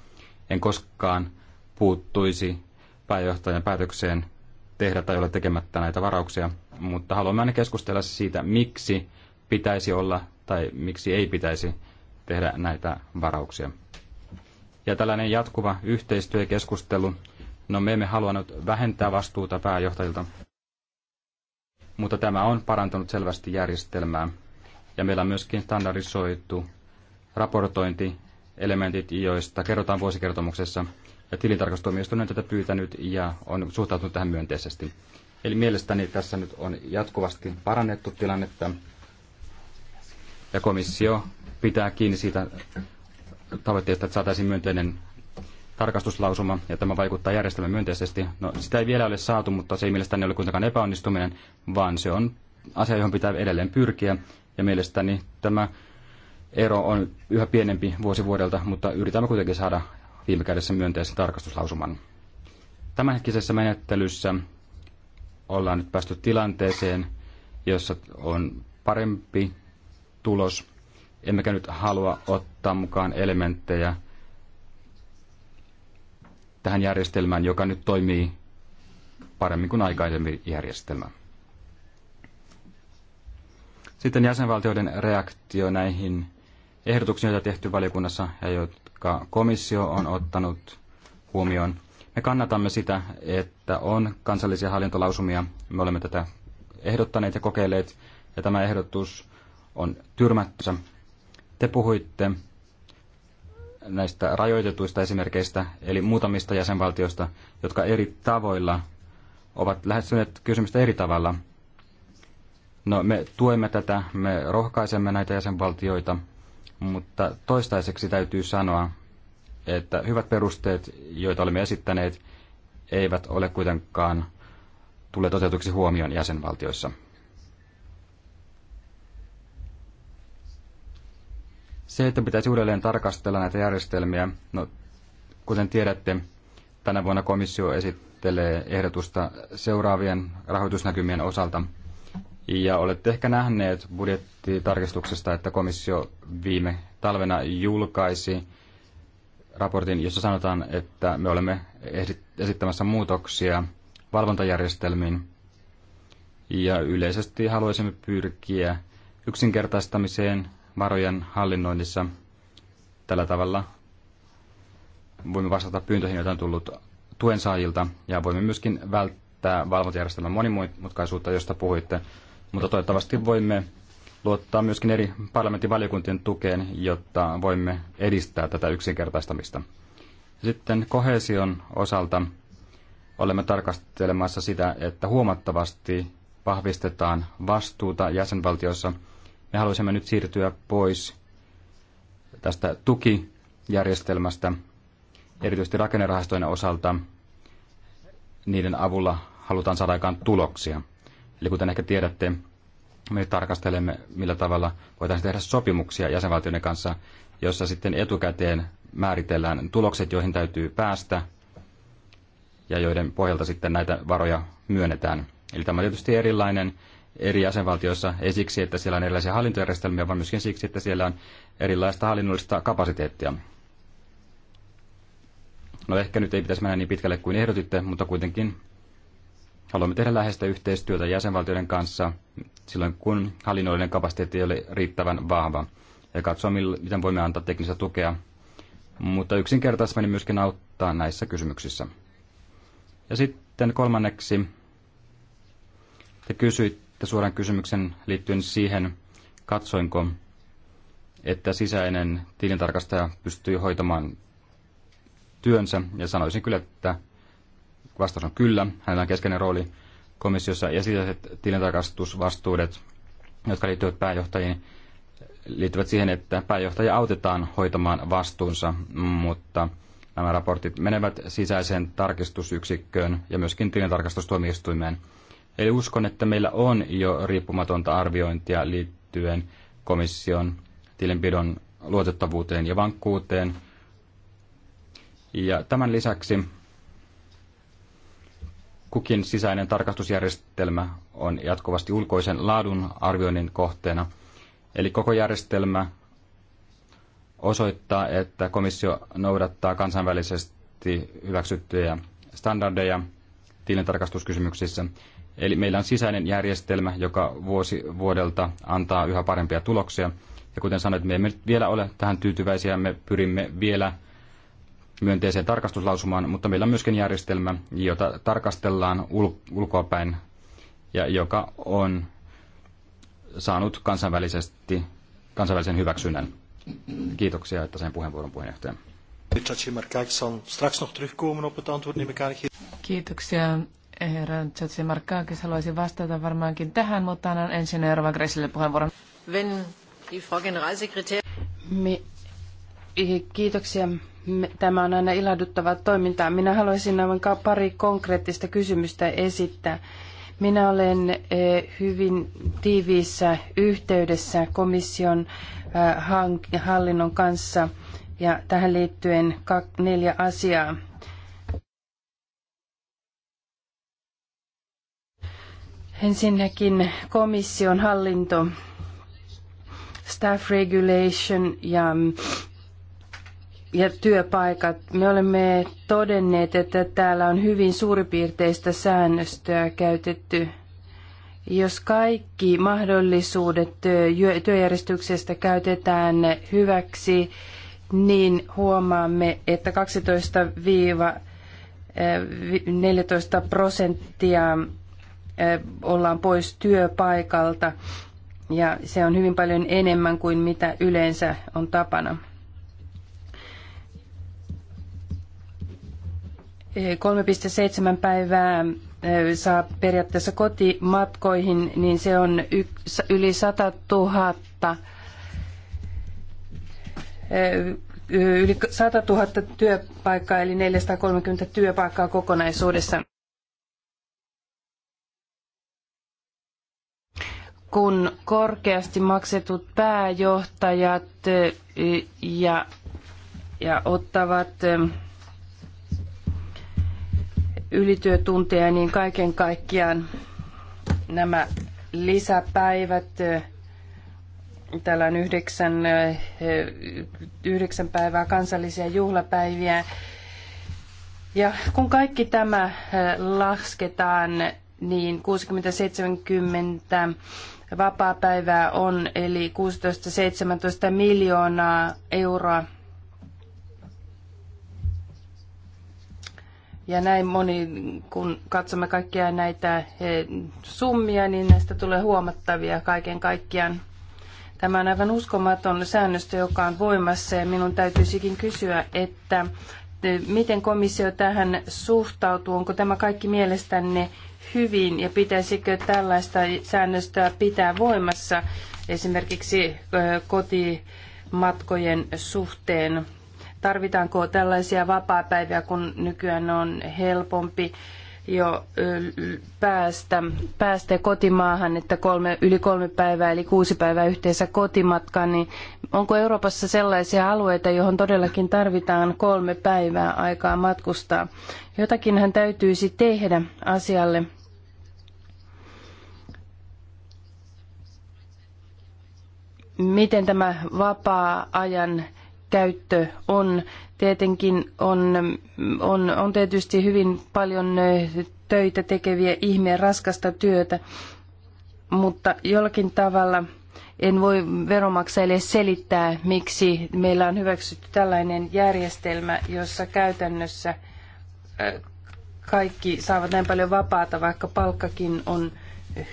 En koskaan puuttuisi pääjohtajan päätökseen tehdä tai olla tekemättä näitä varauksia, mutta haluamme aina keskustella siitä, miksi pitäisi olla tai miksi ei pitäisi tehdä näitä varauksia. Ja tällainen jatkuva yhteistyö ja keskustelu, no me emme halunnut vähentää vastuuta pääjohtajilta, mutta tämä on parantanut selvästi järjestelmää. Ja meillä on myöskin standardisoitu raportointielementit, joista kerrotaan vuosikertomuksessa. Ja tilintarkastustuomioistuin on tätä pyytänyt ja on suhtautunut tähän myönteisesti. Eli mielestäni tässä nyt on jatkuvasti parannettu tilannetta. Ja komissio pitää kiinni siitä tavoitteet, että saataisiin myönteinen tarkastuslausuma, ja tämä vaikuttaa järjestelmään myönteisesti. No, sitä ei vielä ole saatu, mutta se ei mielestäni ole kuitenkaan epäonnistuminen, vaan se on asia, johon pitää edelleen pyrkiä, ja mielestäni tämä ero on yhä pienempi vuosi vuodelta, mutta yritämme kuitenkin saada viime kädessä myönteisen tarkastuslausuman. Tämänhetkisessä menettelyssä ollaan nyt päästy tilanteeseen, jossa on parempi tulos emmekä nyt halua ottaa mukaan elementtejä tähän järjestelmään, joka nyt toimii paremmin kuin aikaisemmin järjestelmä. Sitten jäsenvaltioiden reaktio näihin ehdotuksiin, joita tehty valiokunnassa ja jotka komissio on ottanut huomioon. Me kannatamme sitä, että on kansallisia hallintolausumia. Me olemme tätä ehdottaneet ja kokeilleet, ja tämä ehdotus on tyrmätty te puhuitte näistä rajoitetuista esimerkkeistä, eli muutamista jäsenvaltioista, jotka eri tavoilla ovat lähestyneet kysymystä eri tavalla. No, me tuemme tätä, me rohkaisemme näitä jäsenvaltioita, mutta toistaiseksi täytyy sanoa, että hyvät perusteet, joita olemme esittäneet, eivät ole kuitenkaan tulleet toteutuksi huomioon jäsenvaltioissa. Se, että pitäisi uudelleen tarkastella näitä järjestelmiä, no, kuten tiedätte, tänä vuonna komissio esittelee ehdotusta seuraavien rahoitusnäkymien osalta. Ja olette ehkä nähneet budjettitarkistuksesta, että komissio viime talvena julkaisi raportin, jossa sanotaan, että me olemme esittämässä muutoksia valvontajärjestelmiin. Ja yleisesti haluaisimme pyrkiä yksinkertaistamiseen, varojen hallinnoinnissa. Tällä tavalla voimme vastata pyyntöihin, joita on tullut tuen saajilta, ja voimme myöskin välttää valvontajärjestelmän monimutkaisuutta, josta puhuitte. Mutta toivottavasti voimme luottaa myöskin eri parlamentin valiokuntien tukeen, jotta voimme edistää tätä yksinkertaistamista. Sitten kohesion osalta olemme tarkastelemassa sitä, että huomattavasti vahvistetaan vastuuta jäsenvaltioissa – me haluaisimme nyt siirtyä pois tästä tukijärjestelmästä, erityisesti rakennerahastojen osalta. Niiden avulla halutaan saada aikaan tuloksia. Eli kuten ehkä tiedätte, me nyt tarkastelemme, millä tavalla voitaisiin tehdä sopimuksia jäsenvaltioiden kanssa, jossa sitten etukäteen määritellään tulokset, joihin täytyy päästä ja joiden pohjalta sitten näitä varoja myönnetään. Eli tämä on tietysti erilainen eri jäsenvaltioissa, ei siksi, että siellä on erilaisia hallintojärjestelmiä, vaan myöskin siksi, että siellä on erilaista hallinnollista kapasiteettia. No ehkä nyt ei pitäisi mennä niin pitkälle kuin ehdotitte, mutta kuitenkin haluamme tehdä läheistä yhteistyötä jäsenvaltioiden kanssa silloin, kun hallinnollinen kapasiteetti ei ole riittävän vahva ja katsoa, miten voimme antaa teknistä tukea, mutta yksinkertaisminen myöskin auttaa näissä kysymyksissä. Ja sitten kolmanneksi te kysyitte, sitten suoran kysymyksen liittyen siihen, katsoinko, että sisäinen tilintarkastaja pystyy hoitamaan työnsä, ja sanoisin kyllä, että vastaus on kyllä. Hänellä on keskeinen rooli komissiossa, ja sisäiset tilintarkastusvastuudet, jotka liittyvät pääjohtajiin, liittyvät siihen, että pääjohtaja autetaan hoitamaan vastuunsa, mutta nämä raportit menevät sisäiseen tarkistusyksikköön ja myöskin tilintarkastustuomioistuimeen – Eli uskon, että meillä on jo riippumatonta arviointia liittyen komission tilinpidon luotettavuuteen ja vankkuuteen. Ja tämän lisäksi kukin sisäinen tarkastusjärjestelmä on jatkuvasti ulkoisen laadun arvioinnin kohteena. Eli koko järjestelmä osoittaa, että komissio noudattaa kansainvälisesti hyväksyttyjä standardeja tilintarkastuskysymyksissä. Eli meillä on sisäinen järjestelmä, joka vuosi vuodelta antaa yhä parempia tuloksia. Ja kuten sanoit, me emme vielä ole tähän tyytyväisiä, me pyrimme vielä myönteiseen tarkastuslausumaan, mutta meillä on myöskin järjestelmä, jota tarkastellaan ul- ulkoapäin ja joka on saanut kansainvälisesti, kansainvälisen hyväksynnän. Kiitoksia, että sain puheenvuoron puheenjohtaja. Er Kiitoksia. Herra Tsotsi Markkaakis haluaisi vastata varmaankin tähän, mutta annan ensin Eurova Gressille puheenvuoron. Wenn die Frau Generalsekretär... Me, kiitoksia. Tämä on aina ilahduttavaa toimintaa. Minä haluaisin aivan pari konkreettista kysymystä esittää. Minä olen eh, hyvin tiiviissä yhteydessä komission eh, hallinnon kanssa ja tähän liittyen neljä asiaa. Ensinnäkin komission hallinto, staff regulation ja, ja työpaikat. Me olemme todenneet, että täällä on hyvin suuripiirteistä säännöstöä käytetty jos kaikki mahdollisuudet työjärjestyksestä käytetään hyväksi, niin huomaamme, että 12-14 eh, prosenttia ollaan pois työpaikalta ja se on hyvin paljon enemmän kuin mitä yleensä on tapana. 3,7 päivää saa periaatteessa kotimatkoihin, niin se on yli 100 000 yli 100 000 työpaikkaa eli 430 työpaikkaa kokonaisuudessaan. kun korkeasti maksetut pääjohtajat ja, ja ottavat ylityötunteja, niin kaiken kaikkiaan nämä lisäpäivät, täällä on yhdeksän, yhdeksän päivää kansallisia juhlapäiviä. Ja kun kaikki tämä lasketaan, niin 60-70 vapaapäivää on, eli 16-17 miljoonaa euroa. Ja näin moni, kun katsomme kaikkia näitä summia, niin näistä tulee huomattavia kaiken kaikkiaan. Tämä on aivan uskomaton säännöstö, joka on voimassa ja minun täytyisikin kysyä, että e, miten komissio tähän suhtautuu? Onko tämä kaikki mielestänne hyvin ja pitäisikö tällaista säännöstöä pitää voimassa esimerkiksi kotimatkojen suhteen? Tarvitaanko tällaisia vapaapäiviä, kun nykyään on helpompi jo päästä, päästä kotimaahan, että kolme, yli kolme päivää eli kuusi päivää yhteensä kotimatkaan, niin onko Euroopassa sellaisia alueita, johon todellakin tarvitaan kolme päivää aikaa matkustaa? Jotakinhan täytyisi tehdä asialle. miten tämä vapaa-ajan käyttö on. Tietenkin on, on, on tietysti hyvin paljon töitä tekeviä ihmeen raskasta työtä, mutta jollakin tavalla en voi veromaksajille selittää, miksi meillä on hyväksytty tällainen järjestelmä, jossa käytännössä kaikki saavat näin paljon vapaata, vaikka palkkakin on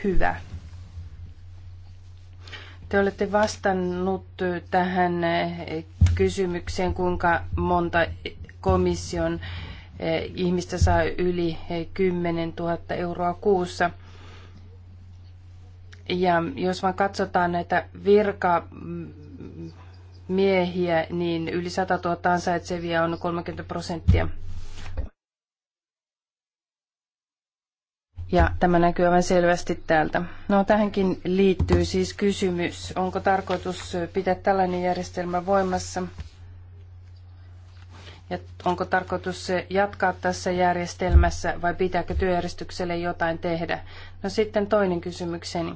hyvä. Te olette vastannut tähän kysymykseen, kuinka monta komission eh, ihmistä saa yli 10 eh, 000 euroa kuussa. Ja jos vaan katsotaan näitä virkamiehiä, niin yli 100 000 ansaitsevia on 30 prosenttia. Ja tämä näkyy aivan selvästi täältä. No tähänkin liittyy siis kysymys, onko tarkoitus pitää tällainen järjestelmä voimassa? Ja onko tarkoitus jatkaa tässä järjestelmässä vai pitääkö työjärjestykselle jotain tehdä? No sitten toinen kysymykseni.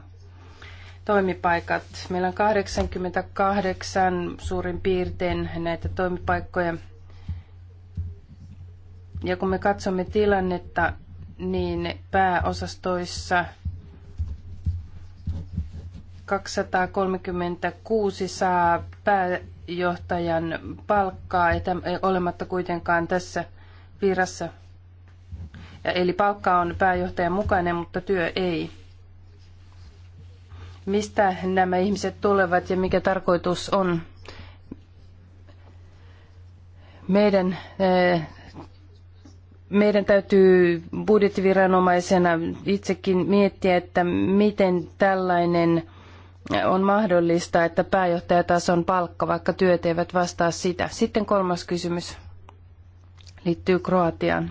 Toimipaikat. Meillä on 88 suurin piirtein näitä toimipaikkoja. Ja kun me katsomme tilannetta, niin pääosastoissa 236 saa pääjohtajan palkkaa, etä, olematta kuitenkaan tässä virassa. Eli palkka on pääjohtajan mukainen, mutta työ ei. Mistä nämä ihmiset tulevat ja mikä tarkoitus on? Meidän eh, meidän täytyy budjettiviranomaisena itsekin miettiä, että miten tällainen on mahdollista, että pääjohtajatason palkka, vaikka työt eivät vastaa sitä. Sitten kolmas kysymys liittyy Kroatiaan.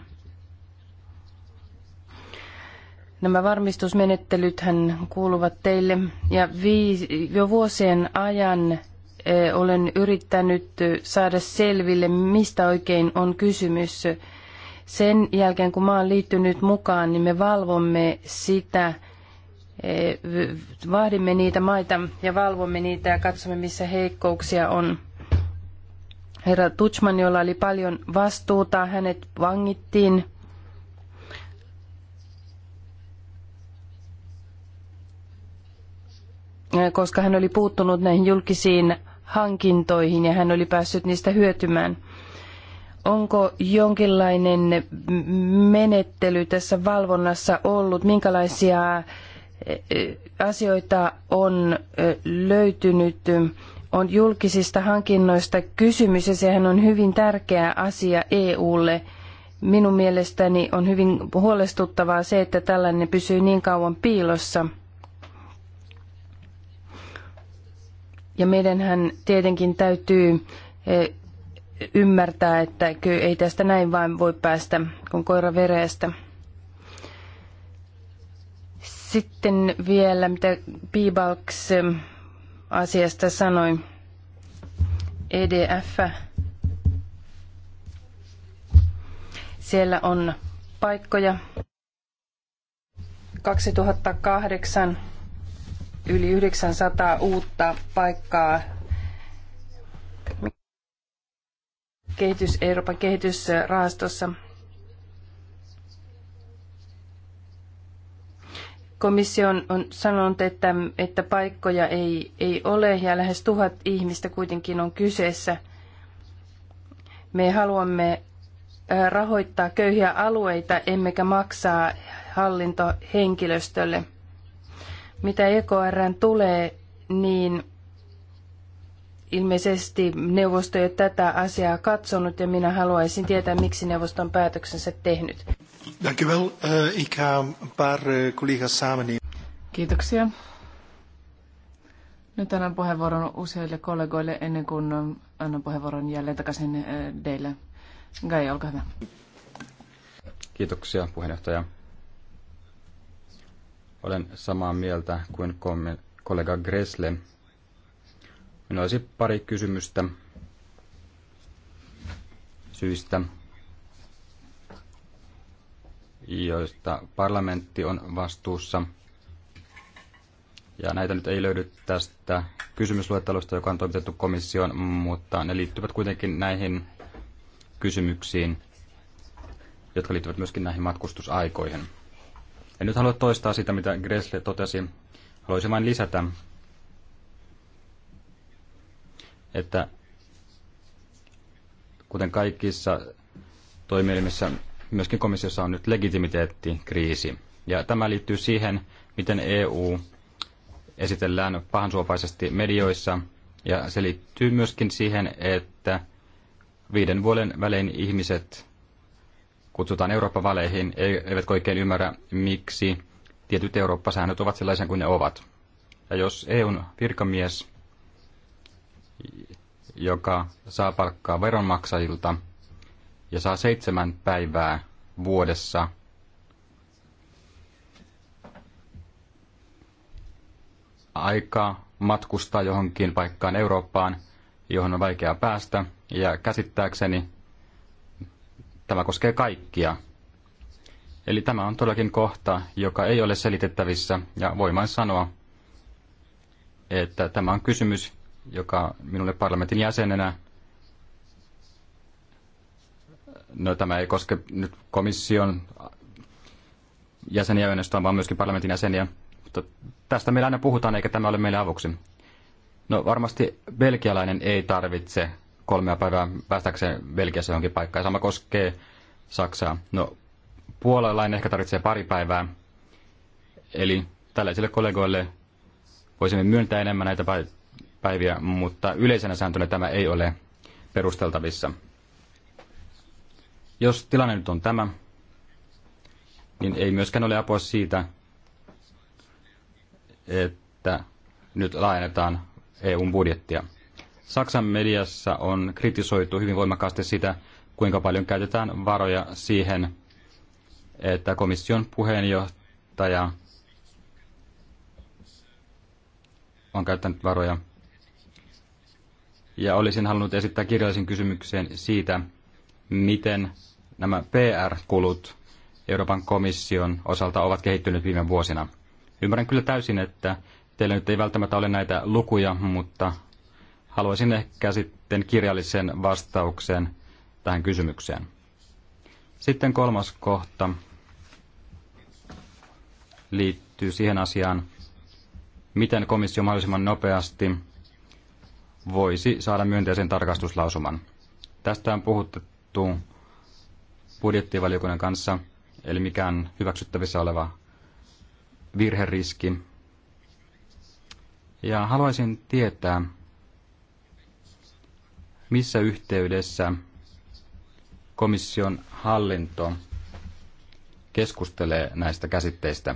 Nämä varmistusmenettelythän kuuluvat teille ja jo vuosien ajan eh, olen yrittänyt saada selville, mistä oikein on kysymys sen jälkeen, kun mä oon liittynyt mukaan, niin me valvomme sitä, eh, vahdimme niitä maita ja valvomme niitä ja katsomme, missä heikkouksia on. Herra Tutsman, jolla oli paljon vastuuta, hänet vangittiin. Eh, koska hän oli puuttunut näihin julkisiin hankintoihin ja hän oli päässyt niistä hyötymään onko jonkinlainen menettely tässä valvonnassa ollut, minkälaisia eh, eh, asioita on eh, löytynyt, on julkisista hankinnoista kysymys ja sehän on hyvin tärkeä asia EUlle. Minun mielestäni on hyvin huolestuttavaa se, että tällainen pysyy niin kauan piilossa. Ja meidänhän tietenkin täytyy ymmärtää, että ei tästä näin vain voi päästä kun koira vereestä. Sitten vielä, mitä Bibalks ähm, asiasta sanoi. EDF. Siellä on paikkoja. 2008 yli 900 uutta paikkaa kehitys, Euroopan kehitysrahastossa. Komissio on sanonut, että, että paikkoja ei, ei ole ja lähes tuhat ihmistä kuitenkin on kyseessä. Me haluamme rahoittaa köyhiä alueita emmekä maksaa hallintohenkilöstölle. Mitä EKRn tulee, niin Ilmeisesti neuvosto ei ole tätä asiaa katsonut ja minä haluaisin tietää, miksi neuvosto on päätöksensä tehnyt. Eh, eh, Kiitoksia. Nyt annan puheenvuoron useille kollegoille ennen kuin annan puheenvuoron jälleen takaisin eh, teille. Gai, olkaa hyvä. Kiitoksia puheenjohtaja. Olen samaa mieltä kuin kollega Gresle Minulla olisi pari kysymystä syistä, joista parlamentti on vastuussa. Ja näitä nyt ei löydy tästä kysymysluettelosta, joka on toimitettu komission, mutta ne liittyvät kuitenkin näihin kysymyksiin, jotka liittyvät myöskin näihin matkustusaikoihin. En nyt halua toistaa sitä, mitä Gressle totesi. Haluaisin vain lisätä, että kuten kaikissa toimielimissä, myöskin komissiossa on nyt legitimiteettikriisi. Ja tämä liittyy siihen, miten EU esitellään pahansuopaisesti medioissa, ja se liittyy myöskin siihen, että viiden vuoden välein ihmiset kutsutaan Eurooppa-valeihin, e- eivät oikein ymmärrä, miksi tietyt Eurooppa-säännöt ovat sellaisia kuin ne ovat. Ja jos EUn virkamies joka saa palkkaa veronmaksajilta ja saa seitsemän päivää vuodessa aikaa matkustaa johonkin paikkaan Eurooppaan, johon on vaikea päästä. Ja käsittääkseni tämä koskee kaikkia. Eli tämä on todellakin kohta, joka ei ole selitettävissä, ja voin vain sanoa, että tämä on kysymys, joka minulle parlamentin jäsenenä, no tämä ei koske nyt komission jäseniä ainoastaan, vaan myöskin parlamentin jäseniä, mutta tästä meillä aina puhutaan, eikä tämä ole meille avuksi. No varmasti belgialainen ei tarvitse kolmea päivää päästäkseen Belgiassa johonkin paikkaan. Sama koskee Saksaa. No puolalainen ehkä tarvitsee pari päivää. Eli tällaisille kollegoille voisimme myöntää enemmän näitä päiviä, mutta yleisenä sääntönä tämä ei ole perusteltavissa. Jos tilanne nyt on tämä, niin ei myöskään ole apua siitä, että nyt laajennetaan EUn budjettia. Saksan mediassa on kritisoitu hyvin voimakkaasti sitä, kuinka paljon käytetään varoja siihen, että komission puheenjohtaja on käyttänyt varoja – ja olisin halunnut esittää kirjallisen kysymyksen siitä, miten nämä PR-kulut Euroopan komission osalta ovat kehittyneet viime vuosina. Ymmärrän kyllä täysin, että teillä nyt ei välttämättä ole näitä lukuja, mutta haluaisin ehkä sitten kirjallisen vastauksen tähän kysymykseen. Sitten kolmas kohta liittyy siihen asiaan, miten komissio mahdollisimman nopeasti voisi saada myönteisen tarkastuslausuman. Tästä on puhuttu budjettivaliokunnan kanssa, eli mikään hyväksyttävissä oleva virheriski. Ja haluaisin tietää, missä yhteydessä komission hallinto keskustelee näistä käsitteistä.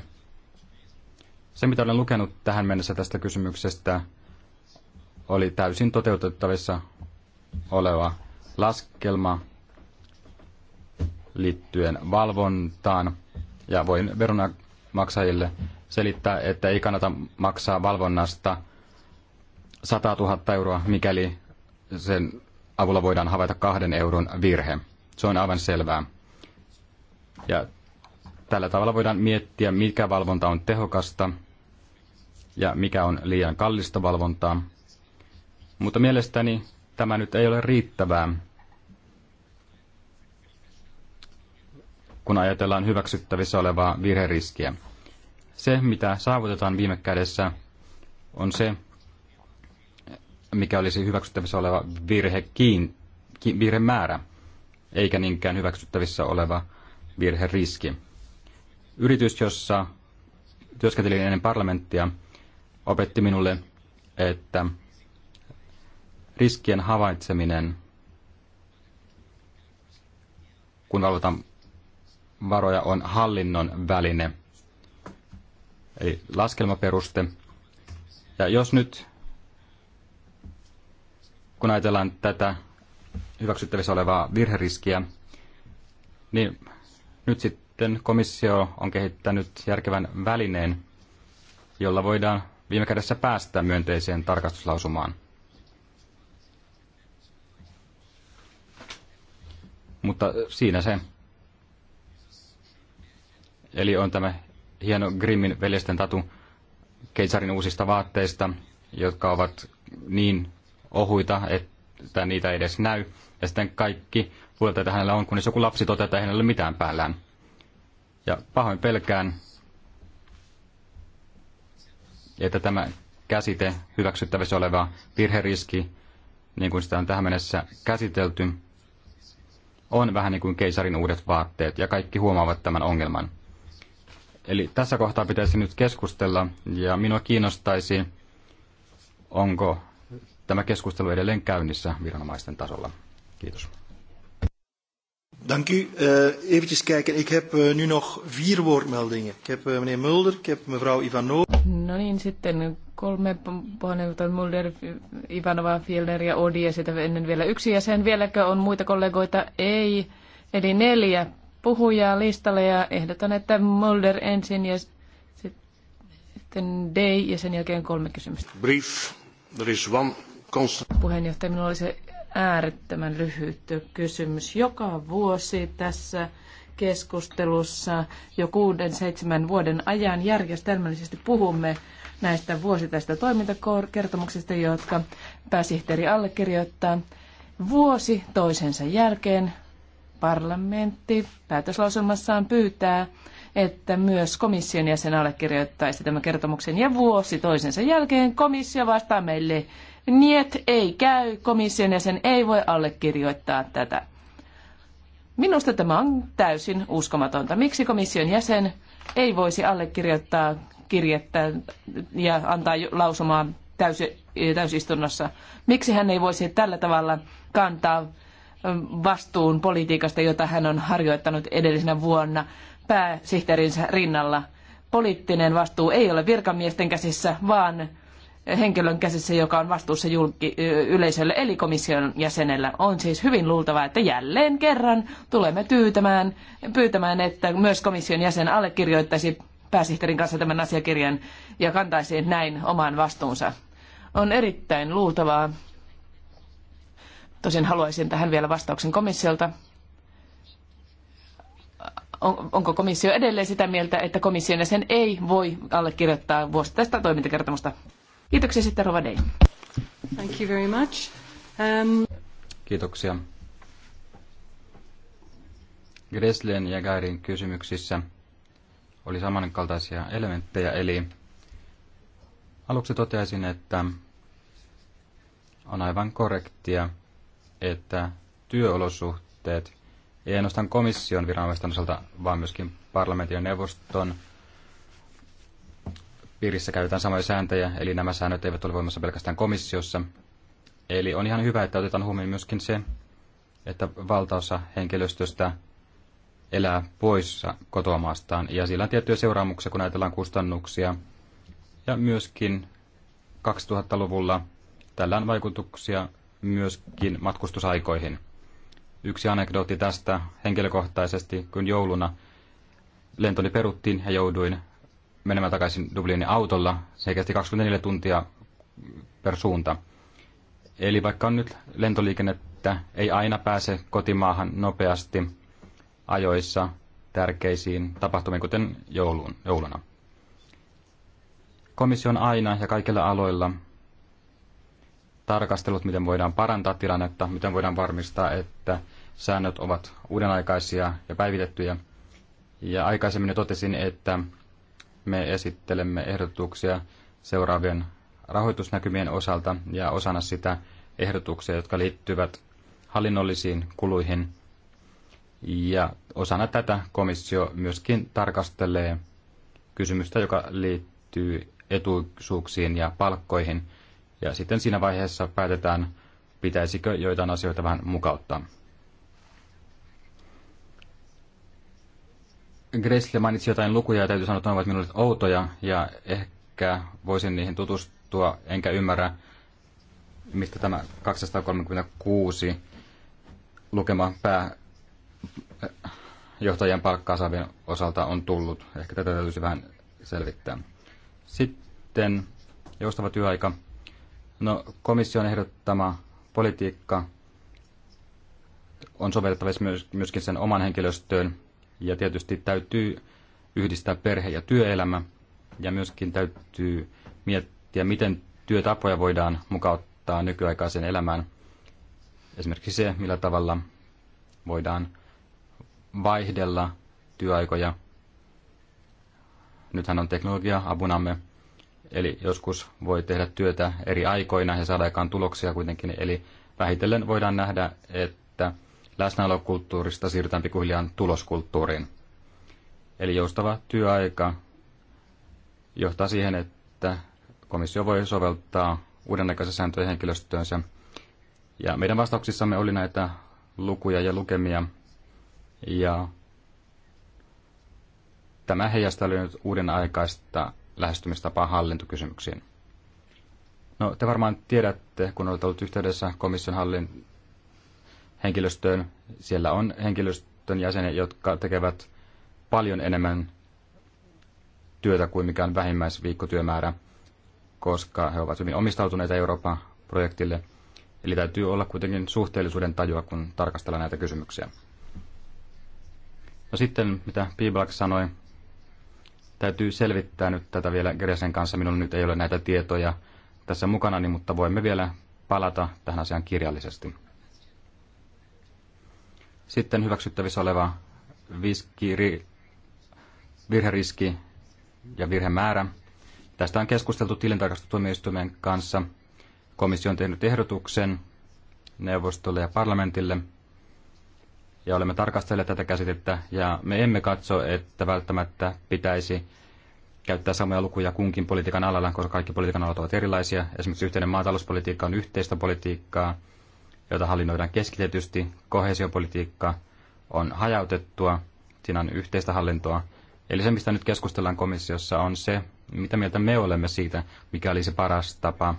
Se, mitä olen lukenut tähän mennessä tästä kysymyksestä, oli täysin toteutettavissa oleva laskelma liittyen valvontaan. Ja voin veronmaksajille selittää, että ei kannata maksaa valvonnasta 100 000 euroa, mikäli sen avulla voidaan havaita kahden euron virhe. Se on aivan selvää. Ja tällä tavalla voidaan miettiä, mikä valvonta on tehokasta ja mikä on liian kallista valvontaa. Mutta mielestäni tämä nyt ei ole riittävää, kun ajatellaan hyväksyttävissä olevaa virheriskiä. Se, mitä saavutetaan viime kädessä, on se, mikä olisi hyväksyttävissä oleva virhe kiin, ki, virhemäärä, eikä niinkään hyväksyttävissä oleva virheriski. Yritys, jossa työskentelin ennen parlamenttia, opetti minulle, että riskien havaitseminen, kun aloitan varoja, on hallinnon väline, eli laskelmaperuste. Ja jos nyt, kun ajatellaan tätä hyväksyttävissä olevaa virheriskiä, niin nyt sitten komissio on kehittänyt järkevän välineen, jolla voidaan viime kädessä päästä myönteiseen tarkastuslausumaan. Mutta siinä se. Eli on tämä hieno Grimmin veljesten tatu keisarin uusista vaatteista, jotka ovat niin ohuita, että niitä ei edes näy. Ja sitten kaikki luulet, että hänellä on, kunnes joku lapsi toteaa, että ei hänellä ole mitään päällään. Ja pahoin pelkään, että tämä käsite hyväksyttävissä oleva virheriski, niin kuin sitä on tähän mennessä käsitelty, on vähän niin kuin keisarin uudet vaatteet ja kaikki huomaavat tämän ongelman. Eli tässä kohtaa pitäisi nyt keskustella ja minua kiinnostaisi, onko tämä keskustelu edelleen käynnissä viranomaisten tasolla. Kiitos. Dank u. Uh, eh, Even kijken, ik heb uh, nu nog vier woordmeldingen. Ik heb uh, meneer Mulder, ik heb mevrouw Ivanova. No niin, sitten kolme puheenjohtajat Mulder, Ivanova, Fielder ja Odi ja sitä ennen vielä yksi jäsen. Vieläkö on muita kollegoita? Ei. Eli neljä puhujaa listalle ja ehdotan, että Mulder ensin ja sitten Day ja sen jälkeen kolme kysymystä. Brief. There is one constant. Puheenjohtaja, minulla oli se äärettömän lyhyt kysymys. Joka vuosi tässä keskustelussa jo kuuden, seitsemän vuoden ajan järjestelmällisesti puhumme näistä vuosittaisista toimintakertomuksista, jotka pääsihteeri allekirjoittaa. Vuosi toisensa jälkeen parlamentti päätöslauselmassaan pyytää, että myös komission jäsen allekirjoittaisi tämän kertomuksen. Ja vuosi toisensa jälkeen komissio vastaa meille, Niet ei käy, komission jäsen ei voi allekirjoittaa tätä. Minusta tämä on täysin uskomatonta. Miksi komission jäsen ei voisi allekirjoittaa kirjettä ja antaa lausumaa täysi, täysistunnossa? Miksi hän ei voisi tällä tavalla kantaa vastuun politiikasta, jota hän on harjoittanut edellisenä vuonna pääsihteerinsä rinnalla? Poliittinen vastuu ei ole virkamiesten käsissä, vaan henkilön käsissä, joka on vastuussa julki, yleisölle eli komission jäsenellä. On siis hyvin luultavaa, että jälleen kerran tulemme tyytämään, pyytämään, että myös komission jäsen allekirjoittaisi pääsihteerin kanssa tämän asiakirjan ja kantaisi näin oman vastuunsa. On erittäin luultavaa. Tosin haluaisin tähän vielä vastauksen komissiolta. onko komissio edelleen sitä mieltä, että komission jäsen ei voi allekirjoittaa vuosittaista toimintakertomusta? Kiitoksia sitten Rova Day. Thank you very much. Um... Kiitoksia. Greslen ja Gairin kysymyksissä oli samankaltaisia elementtejä, eli aluksi toteaisin, että on aivan korrektia, että työolosuhteet, ei ainoastaan komission viranomaisten osalta, vaan myöskin parlamentin ja neuvoston piirissä käytetään samoja sääntöjä, eli nämä säännöt eivät ole voimassa pelkästään komissiossa. Eli on ihan hyvä, että otetaan huomioon myöskin se, että valtaosa henkilöstöstä elää poissa kotomaastaan. Ja sillä on tiettyjä seuraamuksia, kun ajatellaan kustannuksia. Ja myöskin 2000-luvulla tällä on vaikutuksia myöskin matkustusaikoihin. Yksi anekdootti tästä henkilökohtaisesti, kun jouluna lentoni peruttiin ja jouduin menemään takaisin Dublinin autolla. Se kesti 24 tuntia per suunta. Eli vaikka on nyt lentoliikennettä, ei aina pääse kotimaahan nopeasti ajoissa tärkeisiin tapahtumiin, kuten joulun, jouluna. Komissio on aina ja kaikilla aloilla tarkastellut, miten voidaan parantaa tilannetta, miten voidaan varmistaa, että säännöt ovat uudenaikaisia ja päivitettyjä. Ja aikaisemmin jo totesin, että me esittelemme ehdotuksia seuraavien rahoitusnäkymien osalta ja osana sitä ehdotuksia, jotka liittyvät hallinnollisiin kuluihin. Ja osana tätä komissio myöskin tarkastelee kysymystä, joka liittyy etuisuuksiin ja palkkoihin. Ja sitten siinä vaiheessa päätetään, pitäisikö joitain asioita vähän mukauttaa. Gressle mainitsi jotain lukuja ja täytyy sanoa, että ne ovat minulle outoja ja ehkä voisin niihin tutustua, enkä ymmärrä, mistä tämä 236 lukema pääjohtajien palkkaa saavien osalta on tullut. Ehkä tätä täytyisi vähän selvittää. Sitten joustava työaika. No, komission ehdottama politiikka on sovellettavissa myöskin sen oman henkilöstöön ja tietysti täytyy yhdistää perhe- ja työelämä. Ja myöskin täytyy miettiä, miten työtapoja voidaan mukauttaa nykyaikaisen elämään. Esimerkiksi se, millä tavalla voidaan vaihdella työaikoja. Nythän on teknologia apunamme, eli joskus voi tehdä työtä eri aikoina ja saada aikaan tuloksia kuitenkin. Eli vähitellen voidaan nähdä, että läsnäolokulttuurista siirrytään pikkuhiljaa tuloskulttuuriin. Eli joustava työaika johtaa siihen, että komissio voi soveltaa uudennäköisiä sääntöjä henkilöstöönsä. Ja meidän vastauksissamme oli näitä lukuja ja lukemia. Ja tämä heijasteli nyt uuden aikaista lähestymistapaa hallintokysymyksiin. No, te varmaan tiedätte, kun olette ollut yhteydessä komission hallin, henkilöstöön. Siellä on henkilöstön jäseniä, jotka tekevät paljon enemmän työtä kuin mikään vähimmäisviikkotyömäärä, koska he ovat hyvin omistautuneita Euroopan projektille. Eli täytyy olla kuitenkin suhteellisuuden tajua, kun tarkastellaan näitä kysymyksiä. No sitten, mitä Piiblak sanoi, täytyy selvittää nyt tätä vielä Gresen kanssa. Minulla nyt ei ole näitä tietoja tässä mukana, mutta voimme vielä palata tähän asiaan kirjallisesti. Sitten hyväksyttävissä oleva viskiri, virheriski ja virhemäärä. Tästä on keskusteltu tilintarkastustuomioistuimen kanssa. Komissio on tehnyt ehdotuksen neuvostolle ja parlamentille. Ja olemme tarkastelleet tätä käsitettä ja me emme katso, että välttämättä pitäisi käyttää samoja lukuja kunkin politiikan alalla, koska kaikki politiikan alat ovat erilaisia. Esimerkiksi yhteinen maatalouspolitiikka on yhteistä politiikkaa, jota hallinnoidaan keskitetysti. Kohesiopolitiikka on hajautettua, siinä on yhteistä hallintoa. Eli se, mistä nyt keskustellaan komissiossa, on se, mitä mieltä me olemme siitä, mikä oli se paras tapa,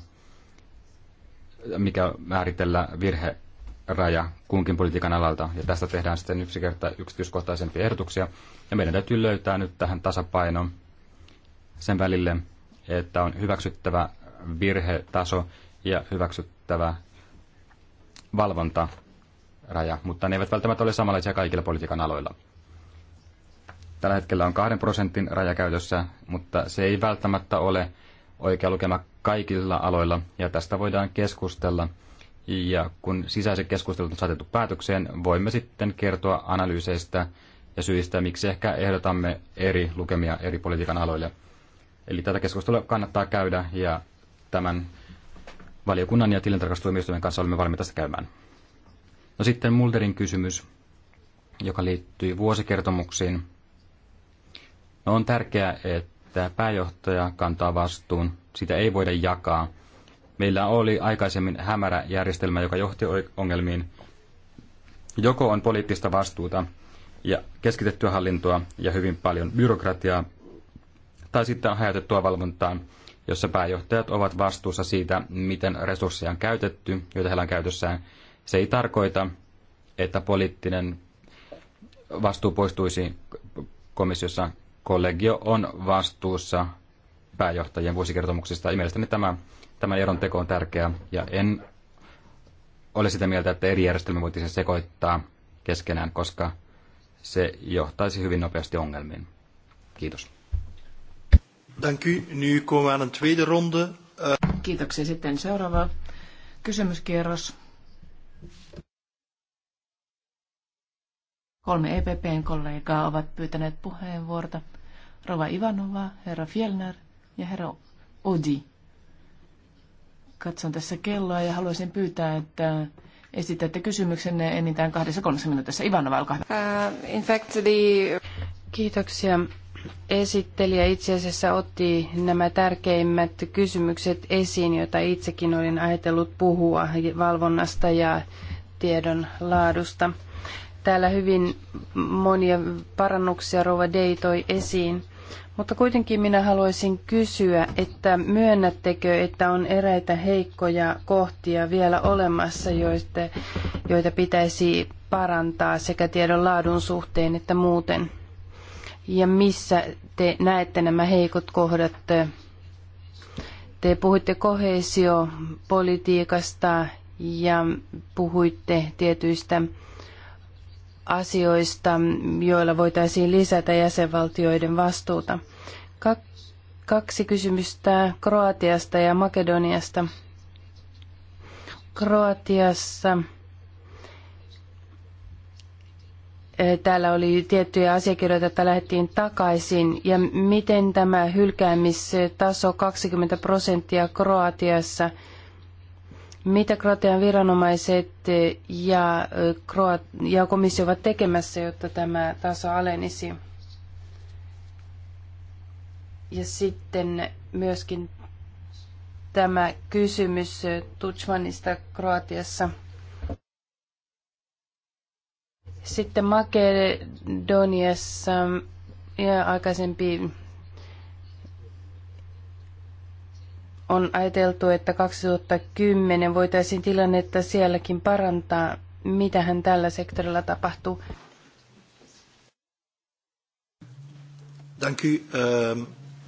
mikä määritellä virhe raja kunkin politiikan alalta, ja tästä tehdään sitten yksi kerta yksityiskohtaisempia ehdotuksia, ja meidän täytyy löytää nyt tähän tasapaino sen välille, että on hyväksyttävä virhetaso ja hyväksyttävä valvontaraja, mutta ne eivät välttämättä ole samanlaisia kaikilla politiikan aloilla. Tällä hetkellä on kahden prosentin raja käytössä, mutta se ei välttämättä ole oikea lukema kaikilla aloilla, ja tästä voidaan keskustella. Ja kun sisäiset keskustelut on saatettu päätökseen, voimme sitten kertoa analyyseistä ja syistä, miksi ehkä ehdotamme eri lukemia eri politiikan aloille. Eli tätä keskustelua kannattaa käydä, ja tämän valiokunnan ja tilintarkastustuomioistuimen kanssa olemme valmiita sitä käymään. No sitten Mulderin kysymys, joka liittyy vuosikertomuksiin. No on tärkeää, että pääjohtaja kantaa vastuun. Sitä ei voida jakaa. Meillä oli aikaisemmin hämärä järjestelmä, joka johti ongelmiin. Joko on poliittista vastuuta ja keskitettyä hallintoa ja hyvin paljon byrokratiaa, tai sitten on hajautettua valvontaa, jossa pääjohtajat ovat vastuussa siitä, miten resursseja on käytetty, joita heillä on käytössään. Se ei tarkoita, että poliittinen vastuu poistuisi komissiossa. Kollegio on vastuussa pääjohtajien vuosikertomuksista. Ja mielestäni tämä, tämä eron teko on tärkeä ja en ole sitä mieltä, että eri järjestelmä voitaisiin sekoittaa keskenään, koska se johtaisi hyvin nopeasti ongelmiin. Kiitos. Dank u. Nu komen we aan een tweede ronde. Eh, Kiitoksia. Sitten seuraava kysymyskierros. Kolme EPPn kollegaa ovat pyytäneet puheenvuorta. Rova Ivanova, herra Fjellner ja herra Odi. Katson tässä kelloa ja haluaisin pyytää, että esitätte kysymyksenne enintään kahdessa kolmessa minuutissa. Ivanova, olkaa hyvä. Uh, in fact, the... Kiitoksia esittelijä itse asiassa otti nämä tärkeimmät kysymykset esiin, joita itsekin olin ajatellut puhua valvonnasta ja tiedon laadusta. Täällä hyvin monia parannuksia Rova Dei toi esiin. Mutta kuitenkin minä haluaisin kysyä, että myönnättekö, että on eräitä heikkoja kohtia vielä olemassa, joista, joita pitäisi parantaa sekä tiedon laadun suhteen että muuten? ja missä te näette nämä heikot kohdat? Te puhuitte kohesiopolitiikasta ja puhuitte tietyistä asioista, joilla voitaisiin lisätä jäsenvaltioiden vastuuta. Kaksi kysymystä Kroatiasta ja Makedoniasta. Kroatiassa täällä oli tiettyjä asiakirjoja, joita lähdettiin takaisin. Ja miten tämä hylkäämistaso 20 prosenttia Kroatiassa, mitä Kroatian viranomaiset ja, Kroat- ja komissio ovat tekemässä, jotta tämä taso alenisi? Ja sitten myöskin tämä kysymys Tutsmanista Kroatiassa – sitten Makedoniassa ähm, ja aikaisempi on ajateltu, että 2010 voitaisiin tilannetta sielläkin parantaa. Mitähän tällä sektorilla tapahtuu? Dank u, uh,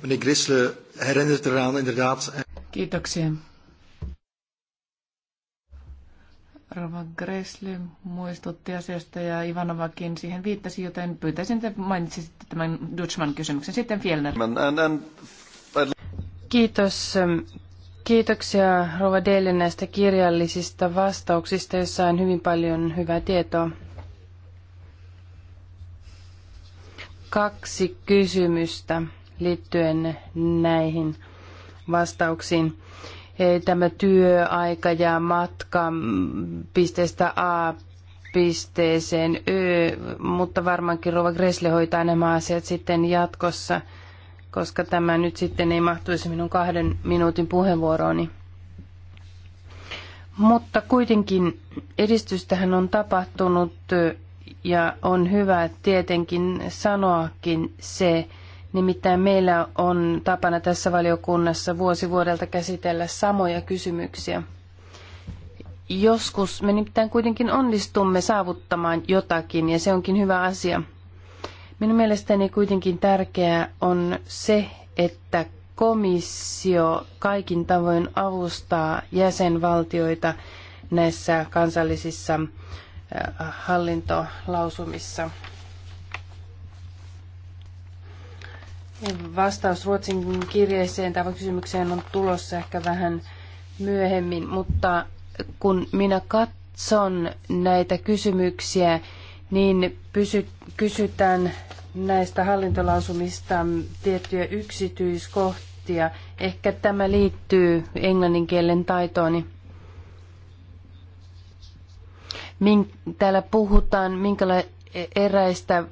meneer Grissle herinnert eraan inderdaad. Kiitoksia. Rova Gressle muistutti asiasta ja Ivanovakin siihen viittasi, joten pyytäisin, että mainitsisitte tämän Dutchman kysymyksen. Sitten Fjellner. Kiitos. Kiitoksia Rova Deille näistä kirjallisista vastauksista, joissa on hyvin paljon hyvää tietoa. Kaksi kysymystä liittyen näihin vastauksiin tämä työaika ja matka pisteestä A pisteeseen Ö, mutta varmaankin Rova Gressle hoitaa nämä asiat sitten jatkossa, koska tämä nyt sitten ei mahtuisi minun kahden minuutin puheenvuorooni. Mutta kuitenkin edistystähän on tapahtunut ja on hyvä tietenkin sanoakin se, Nimittäin meillä on tapana tässä valiokunnassa vuosi vuodelta käsitellä samoja kysymyksiä. Joskus me nimittäin kuitenkin onnistumme saavuttamaan jotakin ja se onkin hyvä asia. Minun mielestäni kuitenkin tärkeää on se, että komissio kaikin tavoin avustaa jäsenvaltioita näissä kansallisissa äh, hallintolausumissa Vastaus Ruotsin kirjeeseen tai kysymykseen on tulossa ehkä vähän myöhemmin, mutta kun minä katson näitä kysymyksiä, niin pysy, kysytään näistä hallintolausumista tiettyjä yksityiskohtia. Ehkä tämä liittyy englannin kielen taitooni. Min, täällä puhutaan minkälaista e- eräistä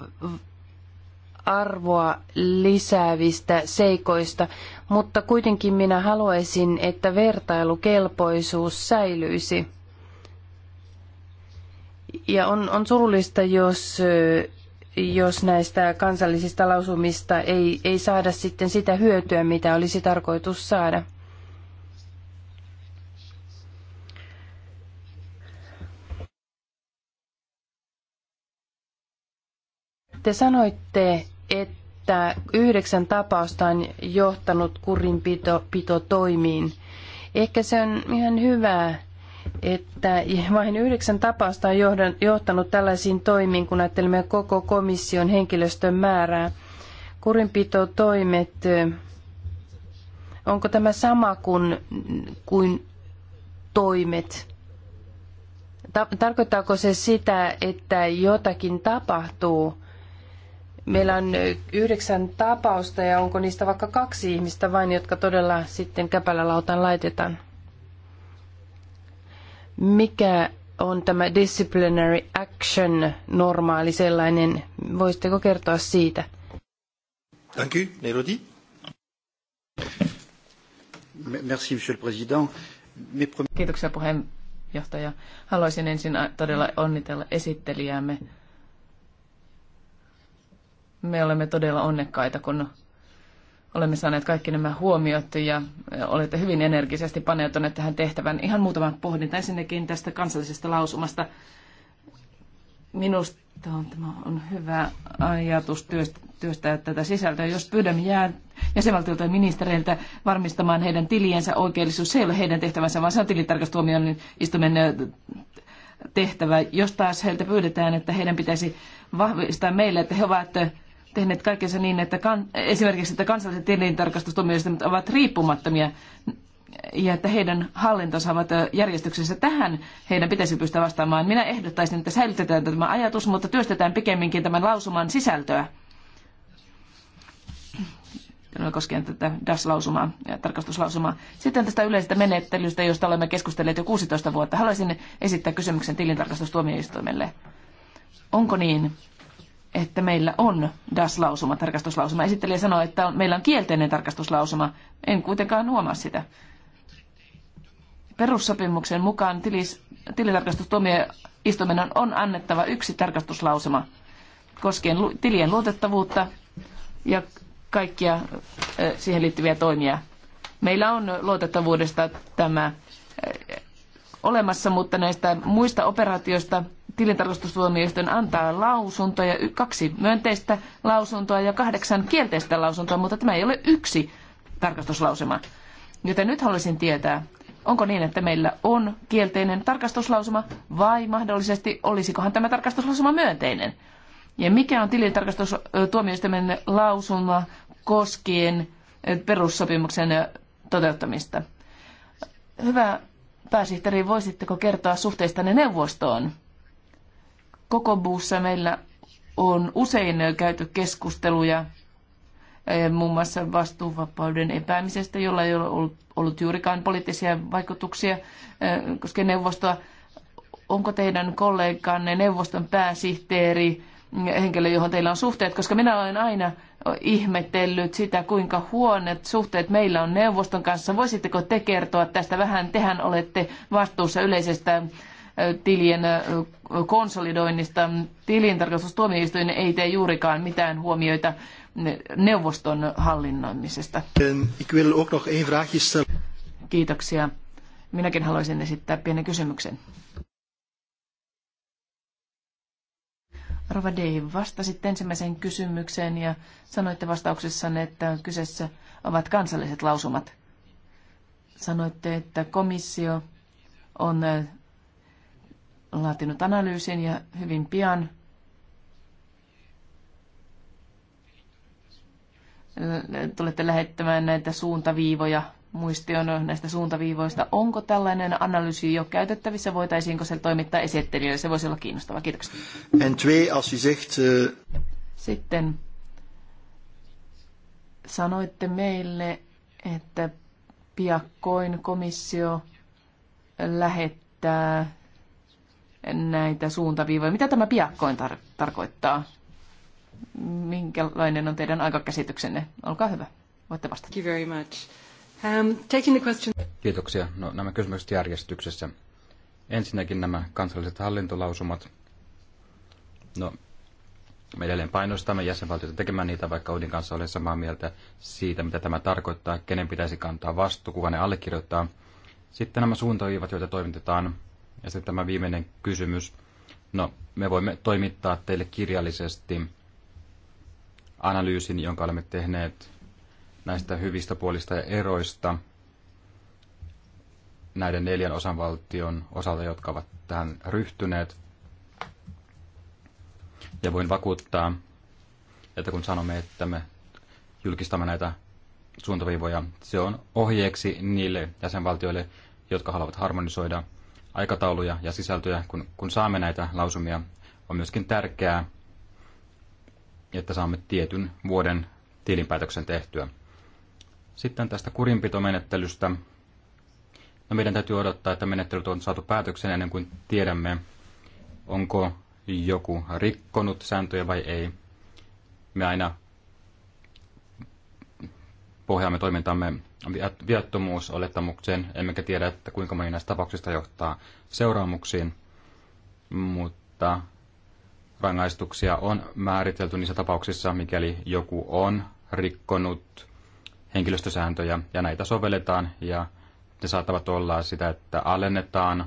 arvoa lisäävistä seikoista, mutta kuitenkin minä haluaisin, että vertailukelpoisuus säilyisi. Ja on, on surullista, jos, jos näistä kansallisista lausumista ei, ei saada sitten sitä hyötyä, mitä olisi tarkoitus saada. te sanoitte, että yhdeksän tapausta on johtanut kurinpito toimiin. Ehkä se on ihan hyvä, että vain yhdeksän tapausta on johtanut tällaisiin toimiin, kun ajattelemme koko komission henkilöstön määrää. Kurinpito toimet onko tämä sama kuin, kuin toimet? Tarkoittaako se sitä, että jotakin tapahtuu? meillä on yhdeksän tapausta ja onko niistä vaikka kaksi ihmistä vain, jotka todella sitten käpälälautaan laitetaan? Mikä on tämä disciplinary action normaali sellainen? Voisitteko kertoa siitä? Thank you, Merci, monsieur le président. Kiitoksia puheenjohtaja. Haluaisin ensin todella onnitella esittelijäämme me olemme todella onnekkaita, kun olemme saaneet kaikki nämä huomiot ja olette hyvin energisesti paneutuneet tähän tehtävään. Ihan muutama pohdinta ensinnäkin tästä kansallisesta lausumasta. Minusta on, tämä on hyvä ajatus työstä, työstää tätä sisältöä. Jos pyydämme jää, jäsenvaltiolta ja ministereiltä varmistamaan heidän tiliensä oikeellisuus, se ei ole heidän tehtävänsä, vaan se on tilintarkastuomioon tehtävä. Jos taas heiltä pyydetään, että heidän pitäisi vahvistaa meille, että he ovat tehneet kaikensa niin, että kan, esimerkiksi että kansalliset tilintarkastustuomioistuimet ovat riippumattomia ja että heidän hallintonsa ovat järjestyksessä tähän heidän pitäisi pystyä vastaamaan. Minä ehdottaisin, että säilytetään tämä ajatus, mutta työstetään pikemminkin tämän lausuman sisältöä. Tämä koskien tätä DAS-lausumaa ja tarkastuslausumaa. Sitten tästä yleisestä menettelystä, josta olemme keskustelleet jo 16 vuotta. Haluaisin esittää kysymyksen tilintarkastustuomioistuimelle. Onko niin, että meillä on DAS-lausuma, tarkastuslausuma. Esittelijä sanoi, että on, meillä on kielteinen tarkastuslausuma. En kuitenkaan huomaa sitä. Perussopimuksen mukaan tilis, tilitarkastustuomioistuimen on annettava yksi tarkastuslausuma koskien lu, tilien luotettavuutta ja kaikkia siihen liittyviä toimia. Meillä on luotettavuudesta tämä olemassa, mutta näistä muista operaatioista – tilintarkastustuomioistuin antaa lausuntoja, kaksi myönteistä lausuntoa ja kahdeksan kielteistä lausuntoa, mutta tämä ei ole yksi tarkastuslausuma. Joten nyt haluaisin tietää, onko niin, että meillä on kielteinen tarkastuslausuma vai mahdollisesti olisikohan tämä tarkastuslausuma myönteinen? Ja mikä on tilintarkastustuomioistuimen lausuma koskien perussopimuksen toteuttamista? Hyvä pääsihteeri, voisitteko kertoa suhteistanne neuvostoon? Kokobuussa meillä on usein käyty keskusteluja eh, muun muassa vastuuvapauden epäämisestä, jolla ei ole ollut juurikaan poliittisia vaikutuksia eh, koska neuvostoa. Onko teidän kolleganne neuvoston pääsihteeri eh, henkilö, johon teillä on suhteet, koska minä olen aina ihmetellyt sitä, kuinka huonet suhteet meillä on neuvoston kanssa. Voisitteko te kertoa tästä vähän? Tehän olette vastuussa yleisestä tilien konsolidoinnista. Tilintarkastustuomioistuin ei tee juurikaan mitään huomioita neuvoston hallinnoimisesta. Kiitoksia. Minäkin haluaisin esittää pienen kysymyksen. Rova Dave, vastasit ensimmäiseen kysymykseen ja sanoitte vastauksessanne, että kyseessä ovat kansalliset lausumat. Sanoitte, että komissio on laatinut analyysin ja hyvin pian äh, tulette lähettämään näitä suuntaviivoja on näistä suuntaviivoista. Onko tällainen analyysi jo käytettävissä? Voitaisiinko se toimittaa esittelijöille? Se voisi olla kiinnostava. Kiitoksia. En eh, Sitten sanoitte meille, että piakkoin komissio lähettää näitä suuntaviivoja. Mitä tämä piakkoin tar- tarkoittaa? Minkälainen on teidän aikakäsityksenne? Olkaa hyvä. Voitte vastata. Thank you very much. Um, taking the question... Kiitoksia. No, nämä kysymykset järjestyksessä. Ensinnäkin nämä kansalliset hallintolausumat. No, me edelleen painostamme jäsenvaltioita tekemään niitä, vaikka Odin kanssa olen samaa mieltä siitä, mitä tämä tarkoittaa, kenen pitäisi kantaa vastuu, kuka ne allekirjoittaa. Sitten nämä suuntaviivat, joita toimitetaan ja sitten tämä viimeinen kysymys. No, me voimme toimittaa teille kirjallisesti analyysin, jonka olemme tehneet näistä hyvistä puolista ja eroista näiden neljän osanvaltion osalta, jotka ovat tähän ryhtyneet. Ja voin vakuuttaa, että kun sanomme, että me julkistamme näitä suuntaviivoja, se on ohjeeksi niille jäsenvaltioille, jotka haluavat harmonisoida – aikatauluja ja sisältöjä, kun, kun saamme näitä lausumia, on myöskin tärkeää, että saamme tietyn vuoden tilinpäätöksen tehtyä. Sitten tästä kurinpitomenettelystä. No meidän täytyy odottaa, että menettelyt on saatu päätöksen ennen kuin tiedämme, onko joku rikkonut sääntöjä vai ei. Me aina pohjaamme toimintamme viattomuusolettamukseen, emmekä tiedä, että kuinka moni näistä tapauksista johtaa seuraamuksiin, mutta rangaistuksia on määritelty niissä tapauksissa, mikäli joku on rikkonut henkilöstösääntöjä, ja näitä sovelletaan, ja ne saattavat olla sitä, että alennetaan,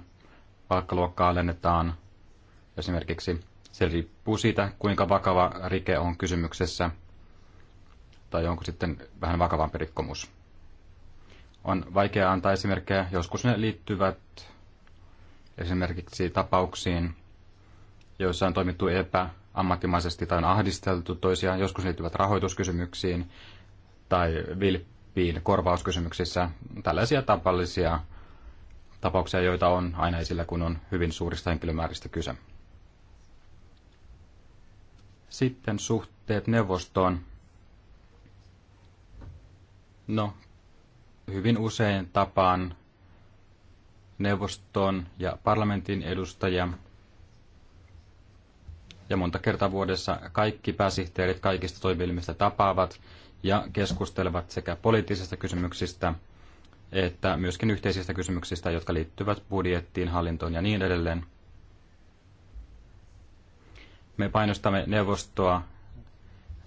palkkaluokkaa alennetaan, esimerkiksi se riippuu siitä, kuinka vakava rike on kysymyksessä – tai onko sitten vähän vakavampi rikkomus. On vaikea antaa esimerkkejä. Joskus ne liittyvät esimerkiksi tapauksiin, joissa on toimittu epäammattimaisesti tai on ahdisteltu toisiaan. Joskus ne liittyvät rahoituskysymyksiin tai vilppiin korvauskysymyksissä. Tällaisia tapallisia tapauksia, joita on aina esillä, kun on hyvin suurista henkilömääristä kyse. Sitten suhteet neuvostoon. No, hyvin usein tapaan neuvoston ja parlamentin edustajia. Ja monta kertaa vuodessa kaikki pääsihteerit kaikista toimielimistä tapaavat ja keskustelevat sekä poliittisista kysymyksistä että myöskin yhteisistä kysymyksistä, jotka liittyvät budjettiin, hallintoon ja niin edelleen. Me painostamme neuvostoa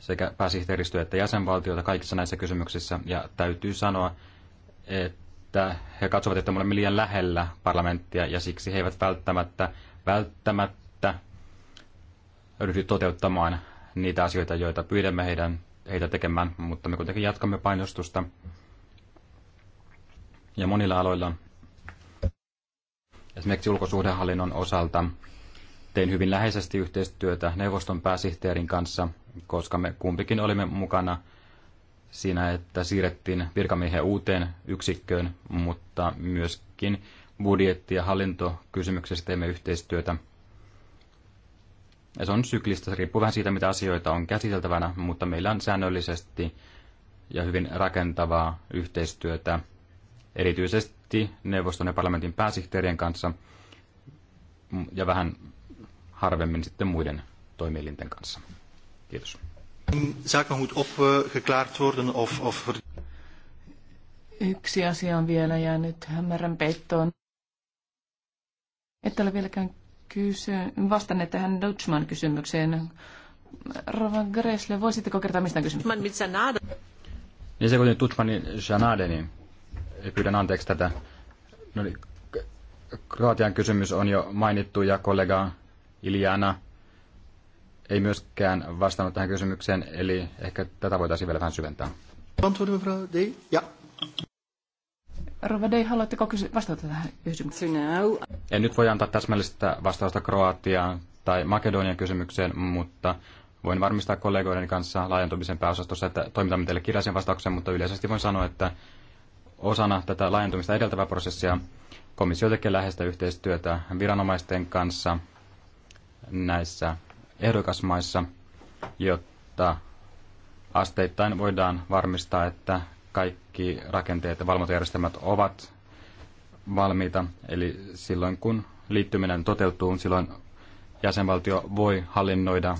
sekä pääsihteeristö että jäsenvaltiota kaikissa näissä kysymyksissä. Ja täytyy sanoa, että he katsovat, että me olemme liian lähellä parlamenttia ja siksi he eivät välttämättä, välttämättä ryhdy toteuttamaan niitä asioita, joita pyydämme heidän, heitä tekemään, mutta me kuitenkin jatkamme painostusta. Ja monilla aloilla, esimerkiksi ulkosuhdehallinnon osalta, Tein hyvin läheisesti yhteistyötä neuvoston pääsihteerin kanssa, koska me kumpikin olimme mukana siinä, että siirrettiin virkamiehen uuteen yksikköön, mutta myöskin budjetti- ja hallintokysymyksessä teemme yhteistyötä. Ja se on syklistä, se riippuu vähän siitä, mitä asioita on käsiteltävänä, mutta meillä on säännöllisesti ja hyvin rakentavaa yhteistyötä, erityisesti neuvoston ja parlamentin pääsihteerien kanssa ja vähän harvemmin sitten muiden toimielinten kanssa. Kiitos. Zaken moet opgeklaard worden of, of... Yksi asia on vielä jäänyt hämärän peittoon. Et ole vieläkään kysy... vastanneet tähän Dutchman kysymykseen. Rova Gresle, voisitteko kertoa mistä on kysymys? Niin se kuten Dutchmanin Janade, niin pyydän anteeksi tätä. No, niin, Kroatian kysymys on jo mainittu ja kollega Iljana ei myöskään vastannut tähän kysymykseen, eli ehkä tätä voitaisiin vielä vähän syventää. Rova Dei, haluatteko kysy- vastata tähän kysymykseen? En nyt voi antaa täsmällistä vastausta Kroatiaan tai Makedonian kysymykseen, mutta voin varmistaa kollegoiden kanssa laajentumisen pääosastossa, että toimitamme teille kirjallisen vastauksen, mutta yleisesti voin sanoa, että osana tätä laajentumista edeltävää prosessia komissio tekee läheistä yhteistyötä viranomaisten kanssa – näissä ehdokasmaissa, jotta asteittain voidaan varmistaa, että kaikki rakenteet ja valvontajärjestelmät ovat valmiita. Eli silloin kun liittyminen toteutuu, silloin jäsenvaltio voi hallinnoida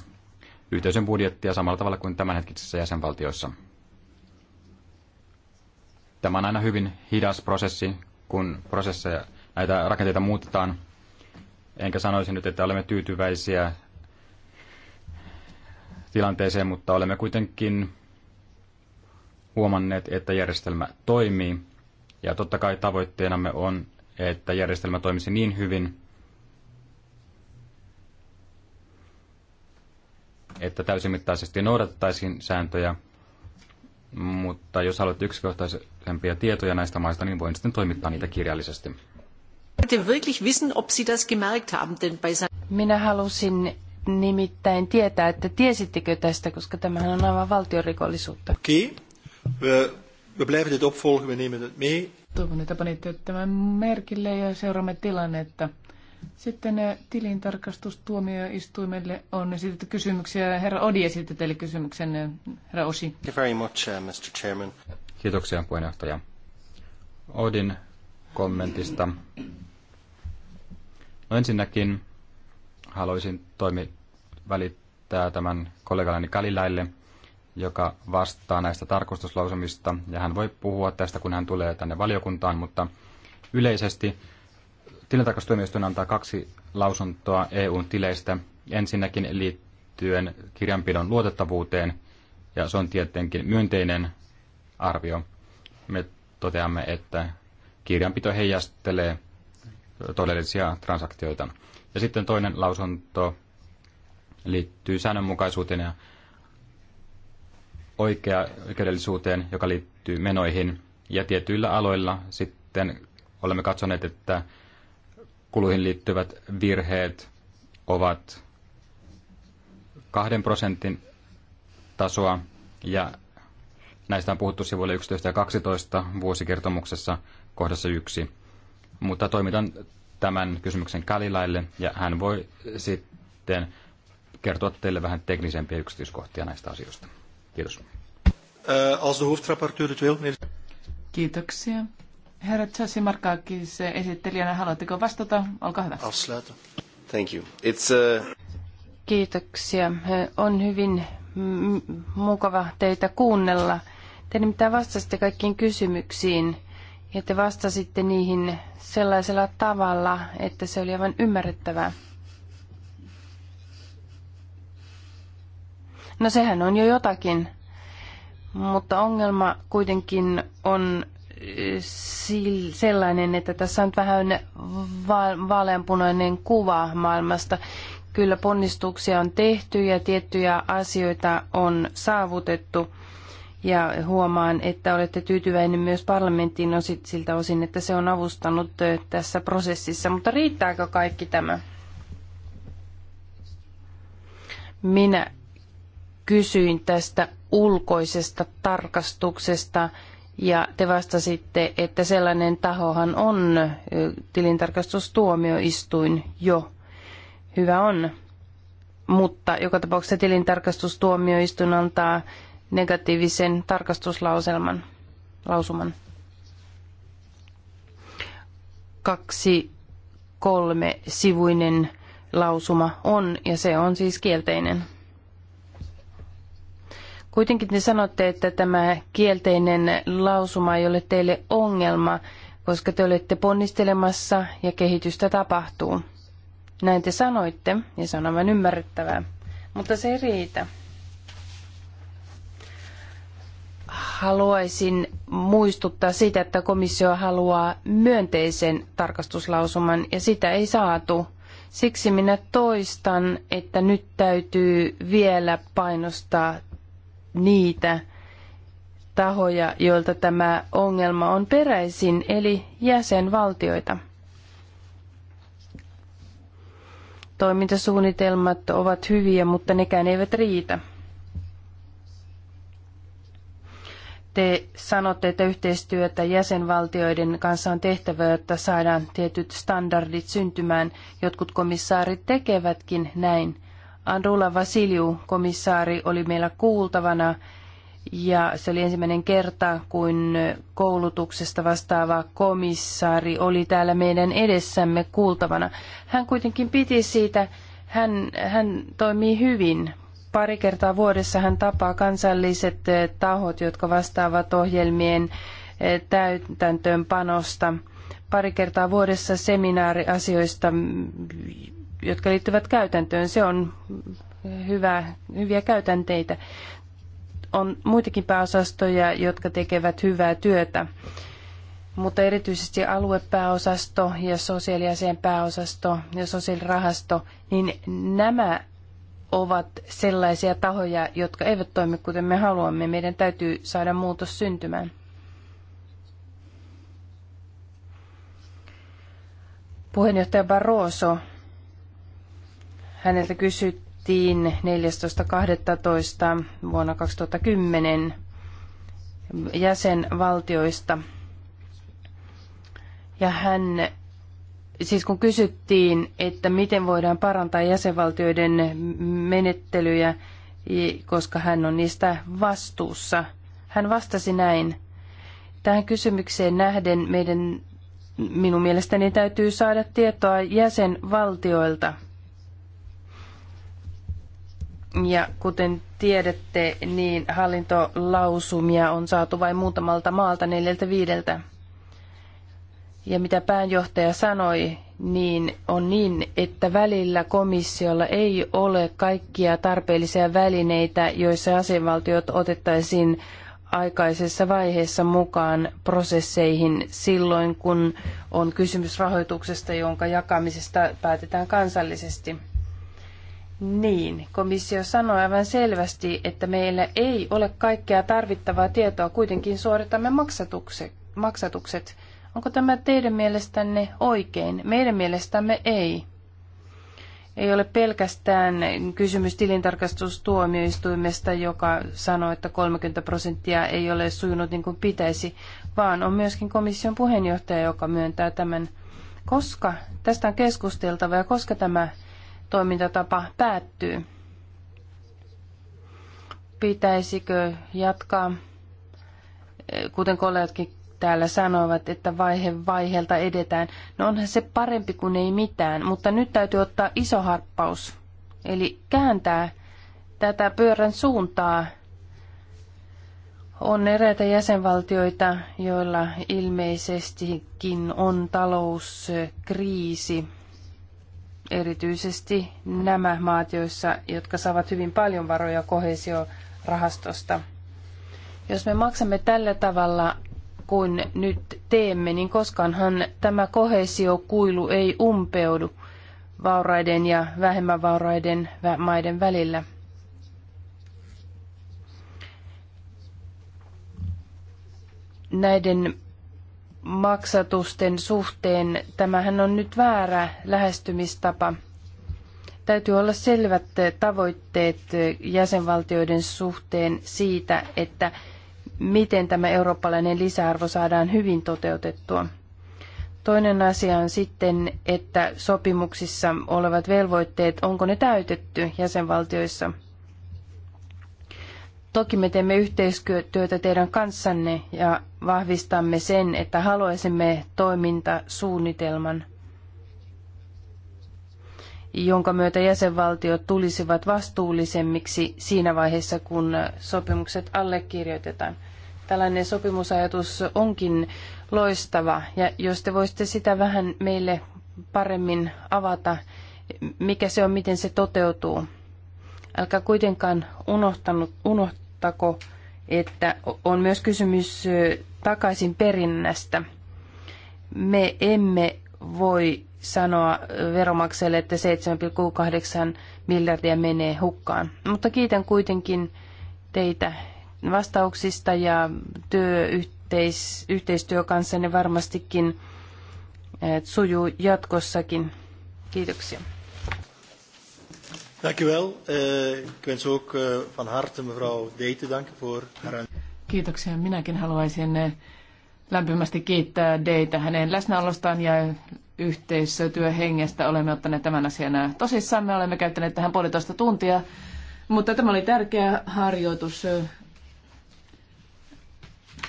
yhteisön budjettia samalla tavalla kuin tämänhetkisissä jäsenvaltioissa. Tämä on aina hyvin hidas prosessi, kun prosesseja näitä rakenteita muutetaan – Enkä sanoisi nyt, että olemme tyytyväisiä tilanteeseen, mutta olemme kuitenkin huomanneet, että järjestelmä toimii. Ja totta kai tavoitteenamme on, että järjestelmä toimisi niin hyvin, että täysimittaisesti noudattaisiin sääntöjä, mutta jos haluat yksikohtaisempia tietoja näistä maista, niin voin sitten toimittaa niitä kirjallisesti. Minä halusin nimittäin tietää, että tiesittekö tästä, koska tämähän on aivan valtiorikollisuutta. Okei. Okay. We blijven dit opvolgen, we nemen het mee. Toivon, että panitte tämän merkille ja seuraamme tilannetta. Sitten eh, tilintarkastustuomioistuimelle on esitetty kysymyksiä. Herra Odi esitti teille kysymyksen, eh, herra Osi. Thank you very much, eh, Mr. Chairman. Kiitoksia puheenjohtaja. Odin kommentista No ensinnäkin haluaisin toimi välittää tämän kollegallani Kalilaille, joka vastaa näistä tarkustuslausumista, ja hän voi puhua tästä, kun hän tulee tänne valiokuntaan, mutta yleisesti tilintarkastustoimistoon antaa kaksi lausuntoa EUn tileistä. Ensinnäkin liittyen kirjanpidon luotettavuuteen, ja se on tietenkin myönteinen arvio. Me toteamme, että kirjanpito heijastelee todellisia transaktioita. Ja sitten toinen lausunto liittyy säännönmukaisuuteen ja oikea oikeudellisuuteen, joka liittyy menoihin. Ja tietyillä aloilla sitten olemme katsoneet, että kuluihin liittyvät virheet ovat kahden prosentin tasoa ja näistä on puhuttu sivuille 11 ja 12 vuosikertomuksessa kohdassa 1. Mutta toimitan tämän kysymyksen Kalilaille ja hän voi sitten kertoa teille vähän teknisempiä yksityiskohtia näistä asioista. Kiitos. Eh, Kiitoksia. Herra Markakis, eh, esittelijänä, haluatteko vastata? Olkaa hyvä. Thank you. It's a... Eh, Kiitoksia. On hyvin mukava teitä kuunnella. Te nimittäin vastasitte kaikkiin kysymyksiin ja te vastasitte niihin sellaisella tavalla, että se oli aivan ymmärrettävää. No sehän on jo jotakin, mutta ongelma kuitenkin on eh, sellainen, että tässä on vähän vaaleanpunainen kuva maailmasta. Kyllä ponnistuksia on tehty ja tiettyjä asioita on saavutettu – ja huomaan, että olette tyytyväinen myös parlamenttiin osit, no siltä osin, että se on avustanut tässä prosessissa. Mutta riittääkö kaikki tämä? Minä kysyin tästä ulkoisesta tarkastuksesta ja te vastasitte, että sellainen tahohan on tilintarkastustuomioistuin jo. Hyvä on. Mutta joka tapauksessa tilintarkastustuomioistuin antaa negatiivisen tarkastuslauselman lausuman. Kaksi kolme sivuinen lausuma on, ja se on siis kielteinen. Kuitenkin te sanotte, että tämä kielteinen lausuma ei ole teille ongelma, koska te olette ponnistelemassa ja kehitystä tapahtuu. Näin te sanoitte, ja se on aivan ymmärrettävää. Mutta se ei riitä. haluaisin muistuttaa siitä, että komissio haluaa myönteisen tarkastuslausuman ja sitä ei saatu. Siksi minä toistan, että nyt täytyy vielä painostaa niitä tahoja, joilta tämä ongelma on peräisin, eli jäsenvaltioita. Toimintasuunnitelmat ovat hyviä, mutta nekään eivät riitä. te sanotte, että yhteistyötä jäsenvaltioiden kanssa on tehtävä, jotta saadaan tietyt standardit syntymään. Jotkut komissaarit tekevätkin näin. Andrula Vasiliu, komissaari, oli meillä kuultavana ja se oli ensimmäinen kerta, kun koulutuksesta vastaava komissaari oli täällä meidän edessämme kuultavana. Hän kuitenkin piti siitä, hän, hän toimii hyvin Pari kertaa vuodessa hän tapaa kansalliset eh, tahot, jotka vastaavat ohjelmien eh, täytäntöönpanosta. Pari kertaa vuodessa seminaari asioista, mm, jotka liittyvät käytäntöön. Se on hyvä, hyviä käytänteitä. On muitakin pääosastoja, jotka tekevät hyvää työtä, mutta erityisesti aluepääosasto ja sosiaaliasian pääosasto ja sosiaalirahasto, niin nämä ovat sellaisia tahoja, jotka eivät toimi kuten me haluamme. Meidän täytyy saada muutos syntymään. Puheenjohtaja Barroso, häneltä kysyttiin 14.12. vuonna 2010 jäsenvaltioista. Ja hän siis kun kysyttiin, että miten voidaan parantaa jäsenvaltioiden menettelyjä, koska hän on niistä vastuussa, hän vastasi näin. Tähän kysymykseen nähden meidän minun mielestäni täytyy saada tietoa jäsenvaltioilta. Ja kuten tiedätte, niin hallintolausumia on saatu vain muutamalta maalta neljältä viideltä. Ja mitä pääjohtaja sanoi, niin on niin, että välillä komissiolla ei ole kaikkia tarpeellisia välineitä, joissa asevaltiot otettaisiin aikaisessa vaiheessa mukaan prosesseihin silloin, kun on kysymys rahoituksesta, jonka jakamisesta päätetään kansallisesti. Niin, komissio sanoi aivan selvästi, että meillä ei ole kaikkea tarvittavaa tietoa, kuitenkin suoritamme maksatukset. maksatukset. Onko tämä teidän mielestänne oikein? Meidän mielestämme ei. Ei ole pelkästään kysymys tilintarkastustuomioistuimesta, joka sanoo, että 30 prosenttia ei ole sujunut niin kuin pitäisi, vaan on myöskin komission puheenjohtaja, joka myöntää tämän. Koska tästä on keskusteltava ja koska tämä toimintatapa päättyy? Pitäisikö jatkaa, kuten kollegatkin täällä sanoivat, että vaihe vaiheelta edetään. No onhan se parempi kuin ei mitään, mutta nyt täytyy ottaa iso harppaus. Eli kääntää tätä pyörän suuntaa. On eräitä jäsenvaltioita, joilla ilmeisestikin on talouskriisi. Erityisesti nämä maat, joissa, jotka saavat hyvin paljon varoja kohesiorahastosta. Jos me maksamme tällä tavalla kuin nyt teemme, niin koskaanhan tämä kohesiokuilu ei umpeudu vauraiden ja vähemmän vauraiden maiden välillä. Näiden maksatusten suhteen tämähän on nyt väärä lähestymistapa. Täytyy olla selvät tavoitteet jäsenvaltioiden suhteen siitä, että miten tämä eurooppalainen lisäarvo saadaan hyvin toteutettua. Toinen asia on sitten, että sopimuksissa olevat velvoitteet, onko ne täytetty jäsenvaltioissa. Toki me teemme yhteistyötä teidän kanssanne ja vahvistamme sen, että haluaisimme toimintasuunnitelman – jonka myötä jäsenvaltiot tulisivat vastuullisemmiksi siinä vaiheessa, kun sopimukset allekirjoitetaan. Tällainen sopimusajatus onkin loistava, ja jos te voisitte sitä vähän meille paremmin avata, mikä se on, miten se toteutuu. Älkää kuitenkaan unohtanut, unohtako, että on myös kysymys takaisin perinnästä. Me emme voi sanoa veromakselle, että 7,8 miljardia menee hukkaan. Mutta kiitän kuitenkin teitä vastauksista ja työyhteis, kanssanne varmastikin eh, sujuu jatkossakin. Kiitoksia. Dank u wel. Eh, ik wens ook eh, van harte mevrouw te danken voor haar... Kiitoksia. Minäkin haluaisin lämpimästi kiittää Deitä hänen läsnäolostaan ja yhteisötyöhengestä Olemme ottaneet tämän asian tosissaan. Me olemme käyttäneet tähän puolitoista tuntia, mutta tämä oli tärkeä harjoitus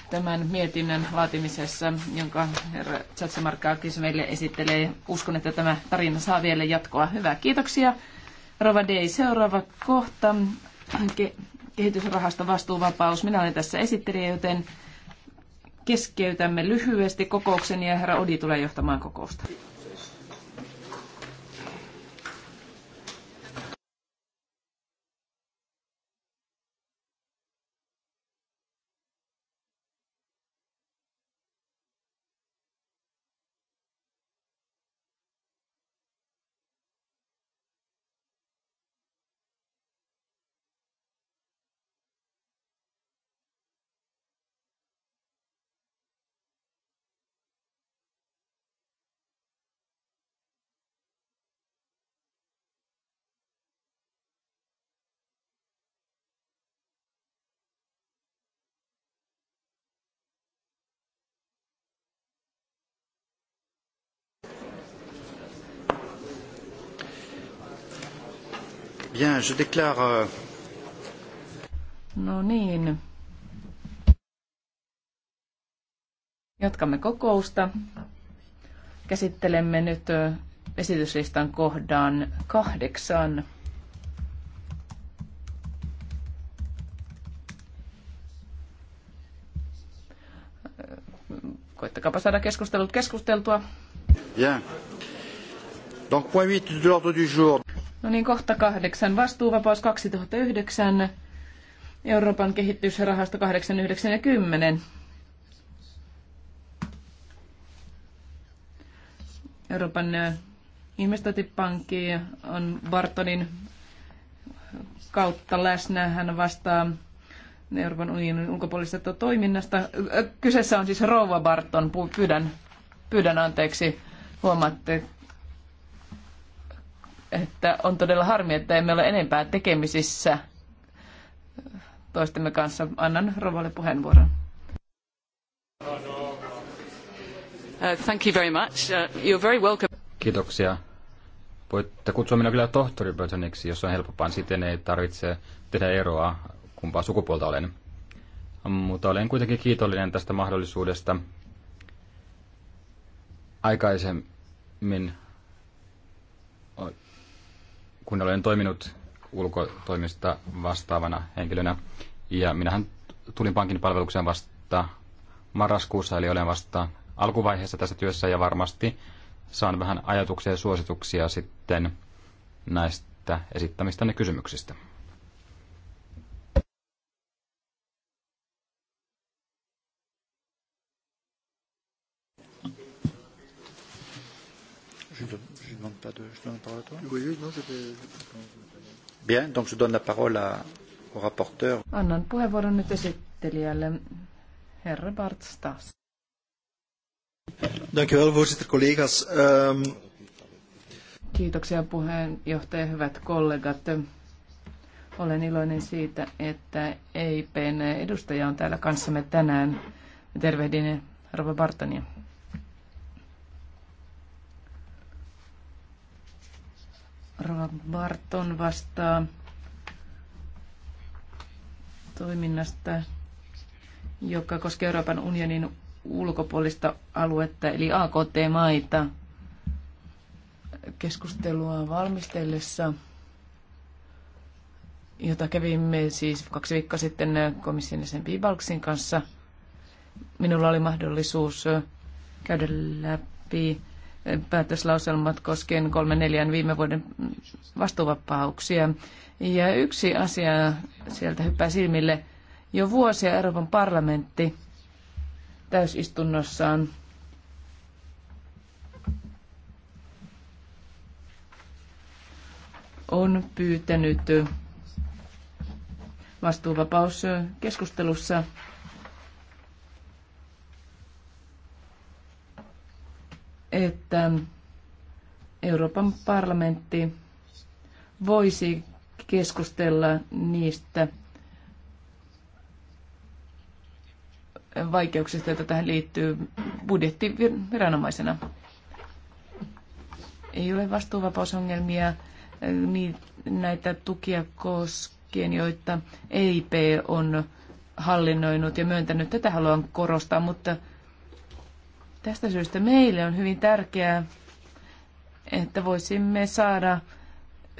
tämän mietinnön laatimisessa, jonka herra Tsatsimarkkaakis meille esittelee. Uskon, että tämä tarina saa vielä jatkoa. Hyvää kiitoksia. Rova Dei, seuraava kohta. Ke- kehitysrahaston vastuuvapaus. Minä olen tässä esittelijä, joten keskeytämme lyhyesti kokouksen ja herra Odi tulee johtamaan kokousta. Bien, je déclare... Euh, no niin. Jatkamme kokousta. Käsittelemme nyt esityslistan kohdan kahdeksan. Koittakaapa saada keskustelut keskusteltua. Bien. Donc point 8 de l'ordre du jour. No niin, kohta kahdeksan. Vastuuvapaus 2009, Euroopan kehitysrahasto 8, 9 ja 10. Euroopan investointipankki on Bartonin kautta läsnä. Hän vastaa Euroopan unionin ulkopuolisesta toiminnasta. Kyseessä on siis Rouva Barton. Pyydän, pyydän anteeksi. Huomaatte että on todella harmi, että emme ole enempää tekemisissä toistemme kanssa. Annan Rovalle puheenvuoron. Uh, thank you very much. Uh, you're very welcome. Kiitoksia. Voitte kutsua minua kyllä tohtori Burtoniksi, jos on helpompaa. Siten ei tarvitse tehdä eroa, kumpaa sukupuolta olen. Mutta olen kuitenkin kiitollinen tästä mahdollisuudesta. Aikaisemmin kun olen toiminut ulkotoimista vastaavana henkilönä, ja minähän tulin pankin palvelukseen vasta marraskuussa, eli olen vasta alkuvaiheessa tässä työssä ja varmasti saan vähän ajatuksia ja suosituksia sitten näistä esittämistäne kysymyksistä. pas de... Je donne la parole à toi Oui, non, Bien, donc je donne la parole à, au rapporteur. Annan puheenvuoron nyt esittelijälle, herra Bart Stas. Dank u wel, voorzitter, collega's. Um... Kiitoksia puheenjohtaja, hyvät kollegat. Olen iloinen siitä, että EIPn edustaja on täällä kanssamme tänään. Tervehdin Rova Bartania. Rova Barton vastaa toiminnasta, joka koskee Euroopan unionin ulkopuolista aluetta, eli AKT-maita. Keskustelua valmistellessa, jota kävimme siis kaksi viikkoa sitten komission sen Bibalksin kanssa, minulla oli mahdollisuus käydä läpi päätöslauselmat koskien kolme neljän viime vuoden vastuuvapauksia. Ja yksi asia sieltä hyppää silmille. Jo vuosia Euroopan parlamentti täysistunnossaan on pyytänyt vastuuvapauskeskustelussa keskustelussa että Euroopan parlamentti voisi keskustella niistä vaikeuksista, joita tähän liittyy budjettiviranomaisena. Ei ole vastuuvapausongelmia niin näitä tukia koskien, joita EIP on hallinnoinut ja myöntänyt. Tätä haluan korostaa, mutta Tästä syystä meille on hyvin tärkeää, että voisimme saada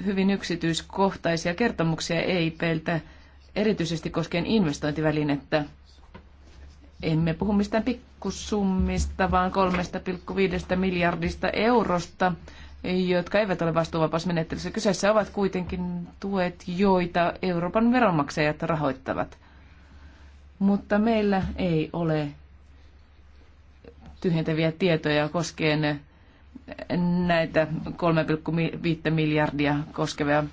hyvin yksityiskohtaisia kertomuksia EIPltä, erityisesti koskien investointivälinettä. Emme puhu mistään pikkusummista, vaan 3,5 miljardista eurosta, jotka eivät ole vastuuvapausmenettelyssä. Kyseessä ovat kuitenkin tuet, joita Euroopan veronmaksajat rahoittavat. Mutta meillä ei ole tyhjentäviä tietoja koskien näitä 3,5 miljardia koskevia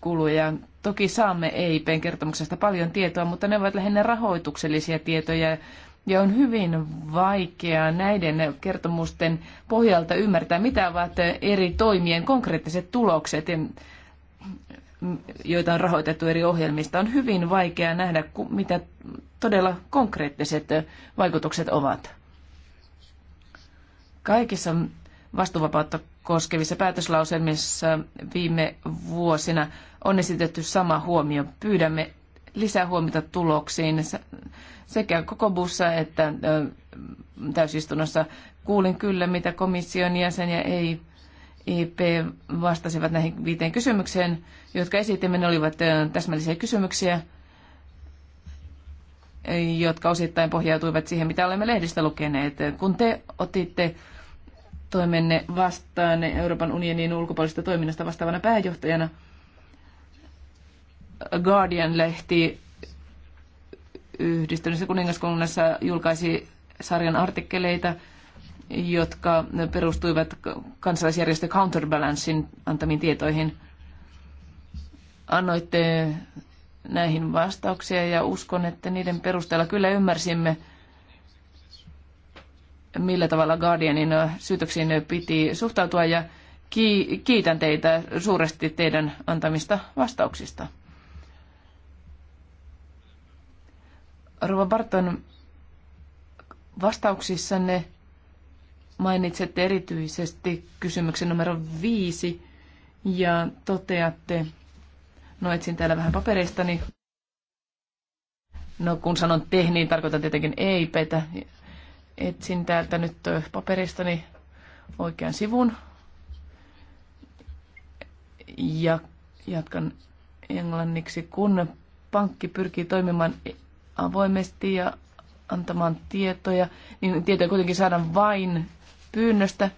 kuluja. Toki saamme EIPn kertomuksesta paljon tietoa, mutta ne ovat lähinnä rahoituksellisia tietoja ja on hyvin vaikeaa näiden kertomusten pohjalta ymmärtää, mitä ovat eri toimien konkreettiset tulokset joita on rahoitettu eri ohjelmista, on hyvin vaikea nähdä, mitä todella konkreettiset vaikutukset ovat. Kaikissa vastuuvapautta koskevissa päätöslauselmissa viime vuosina on esitetty sama huomio. Pyydämme lisää huomiota tuloksiin sekä koko bussa että täysistunnossa. Kuulin kyllä, mitä komission jäsen ja ei IP e vastasivat näihin viiteen kysymykseen, jotka esitimme. Ne olivat täsmällisiä kysymyksiä, jotka osittain pohjautuivat siihen, mitä olemme lehdistä lukeneet. Kun te otitte toimenne vastaan Euroopan unionin ulkopuolisesta toiminnasta vastaavana pääjohtajana, Guardian-lehti yhdistyneessä kuningaskunnassa julkaisi sarjan artikkeleita – jotka perustuivat kansalaisjärjestö Counterbalancein antamiin tietoihin. Annoitte näihin vastauksia ja uskon, että niiden perusteella kyllä ymmärsimme, millä tavalla Guardianin syytöksiin piti suhtautua ja kiitän teitä suuresti teidän antamista vastauksista. Rova Barton, vastauksissanne mainitsette erityisesti kysymyksen numero viisi ja toteatte, no etsin täällä vähän paperistani, no kun sanon te, niin tarkoitan tietenkin ei petä, etsin täältä nyt paperistani oikean sivun ja jatkan englanniksi, kun pankki pyrkii toimimaan e- avoimesti ja antamaan tietoja, niin tietoja kuitenkin saadaan vain pyynnöstä,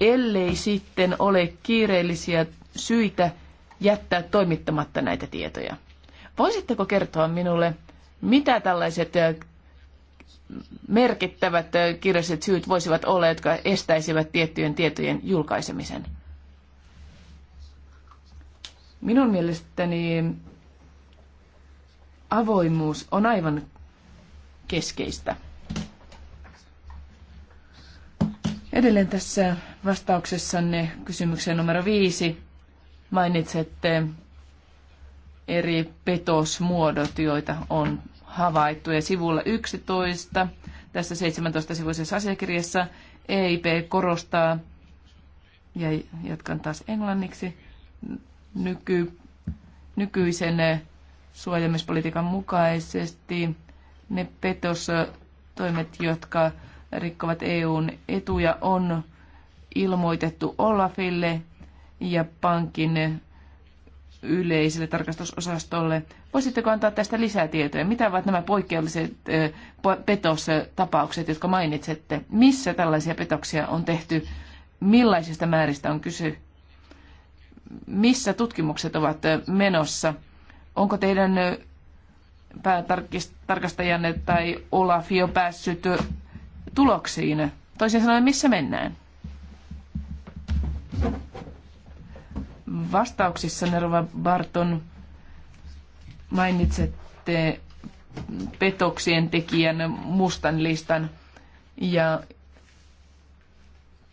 ellei sitten ole kiireellisiä syitä jättää toimittamatta näitä tietoja. Voisitteko kertoa minulle, mitä tällaiset merkittävät kirjalliset syyt voisivat olla, jotka estäisivät tiettyjen tietojen julkaisemisen? Minun mielestäni avoimuus on aivan keskeistä. Edelleen tässä vastauksessanne kysymykseen numero viisi mainitsette eri petosmuodot, joita on havaittu. Ja sivulla 11 tässä 17-sivuisessa asiakirjassa EIP korostaa, ja jatkan taas englanniksi, nyky, nykyisen suojelmispolitiikan mukaisesti ne petostoimet, jotka rikkovat EUn etuja on ilmoitettu Olafille ja pankin yleiselle tarkastusosastolle. Voisitteko antaa tästä lisää tietoja? Mitä ovat nämä poikkeukselliset petostapaukset, jotka mainitsette? Missä tällaisia petoksia on tehty? Millaisista määristä on kyse? Missä tutkimukset ovat menossa? Onko teidän päätarkastajanne tai Olaf jo päässyt tuloksiin? Toisin sanoen, missä mennään? Vastauksissa Nerva Barton mainitsette petoksien tekijän mustan listan ja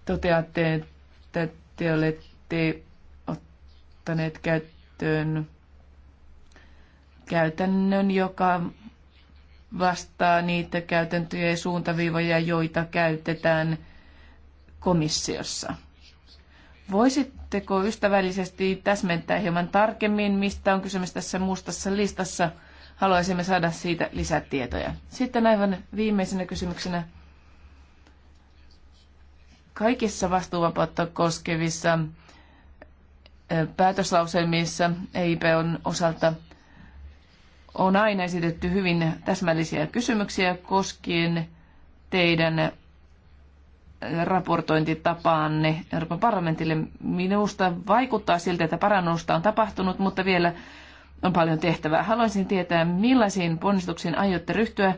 toteatte, että te olette ottaneet käyttöön käytännön, joka vastaa niitä käytäntöjä ja suuntaviivoja, joita käytetään komissiossa. Voisitteko ystävällisesti täsmentää hieman tarkemmin, mistä on kysymys tässä mustassa listassa? Haluaisimme saada siitä lisätietoja. Sitten aivan viimeisenä kysymyksenä. Kaikissa vastuuvapautta koskevissa päätöslauselmissa EIP on osalta on aina esitetty hyvin täsmällisiä kysymyksiä koskien teidän äh, raportointitapaanne Euroopan parlamentille. Minusta vaikuttaa siltä, että parannusta on tapahtunut, mutta vielä on paljon tehtävää. Haluaisin tietää, millaisiin ponnistuksiin aiotte ryhtyä,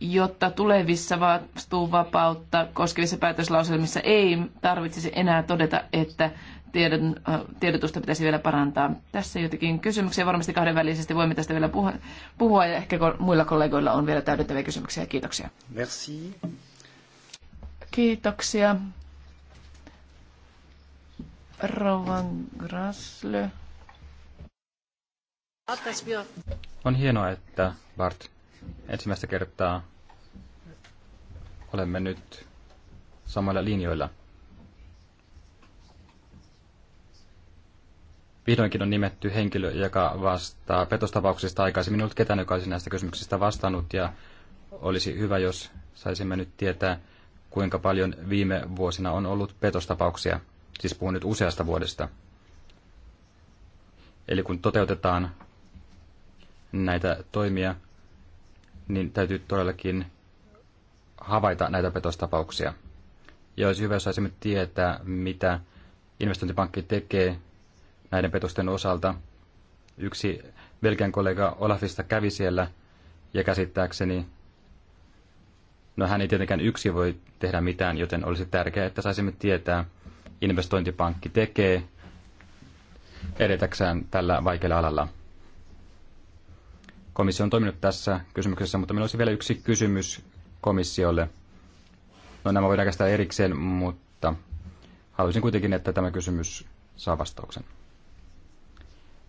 jotta tulevissa vastuuvapautta koskevissa päätöslauselmissa ei tarvitsisi enää todeta, että tiedon, äh, tiedotusta pitäisi vielä parantaa. Tässä jotenkin kysymyksiä. Varmasti kahdenvälisesti voimme tästä vielä puhua ja ehkä muilla kollegoilla on vielä täydentäviä kysymyksiä. Kiitoksia. Merci. Kiitoksia. Rovan Grasle. On hienoa, että Bart ensimmäistä kertaa olemme nyt samoilla linjoilla. vihdoinkin on nimetty henkilö, joka vastaa petostapauksista aikaisemmin ollut ketään, joka olisi näistä kysymyksistä vastannut ja olisi hyvä, jos saisimme nyt tietää, kuinka paljon viime vuosina on ollut petostapauksia. Siis puhun nyt useasta vuodesta. Eli kun toteutetaan näitä toimia, niin täytyy todellakin havaita näitä petostapauksia. Ja olisi hyvä, jos saisimme tietää, mitä investointipankki tekee näiden petosten osalta. Yksi Belgian kollega Olafista kävi siellä ja käsittääkseni, no hän ei tietenkään yksi voi tehdä mitään, joten olisi tärkeää, että saisimme tietää, investointipankki tekee edetäkseen tällä vaikealla alalla. Komissio on toiminut tässä kysymyksessä, mutta meillä olisi vielä yksi kysymys komissiolle. No nämä voidaan käsitellä erikseen, mutta haluaisin kuitenkin, että tämä kysymys saa vastauksen.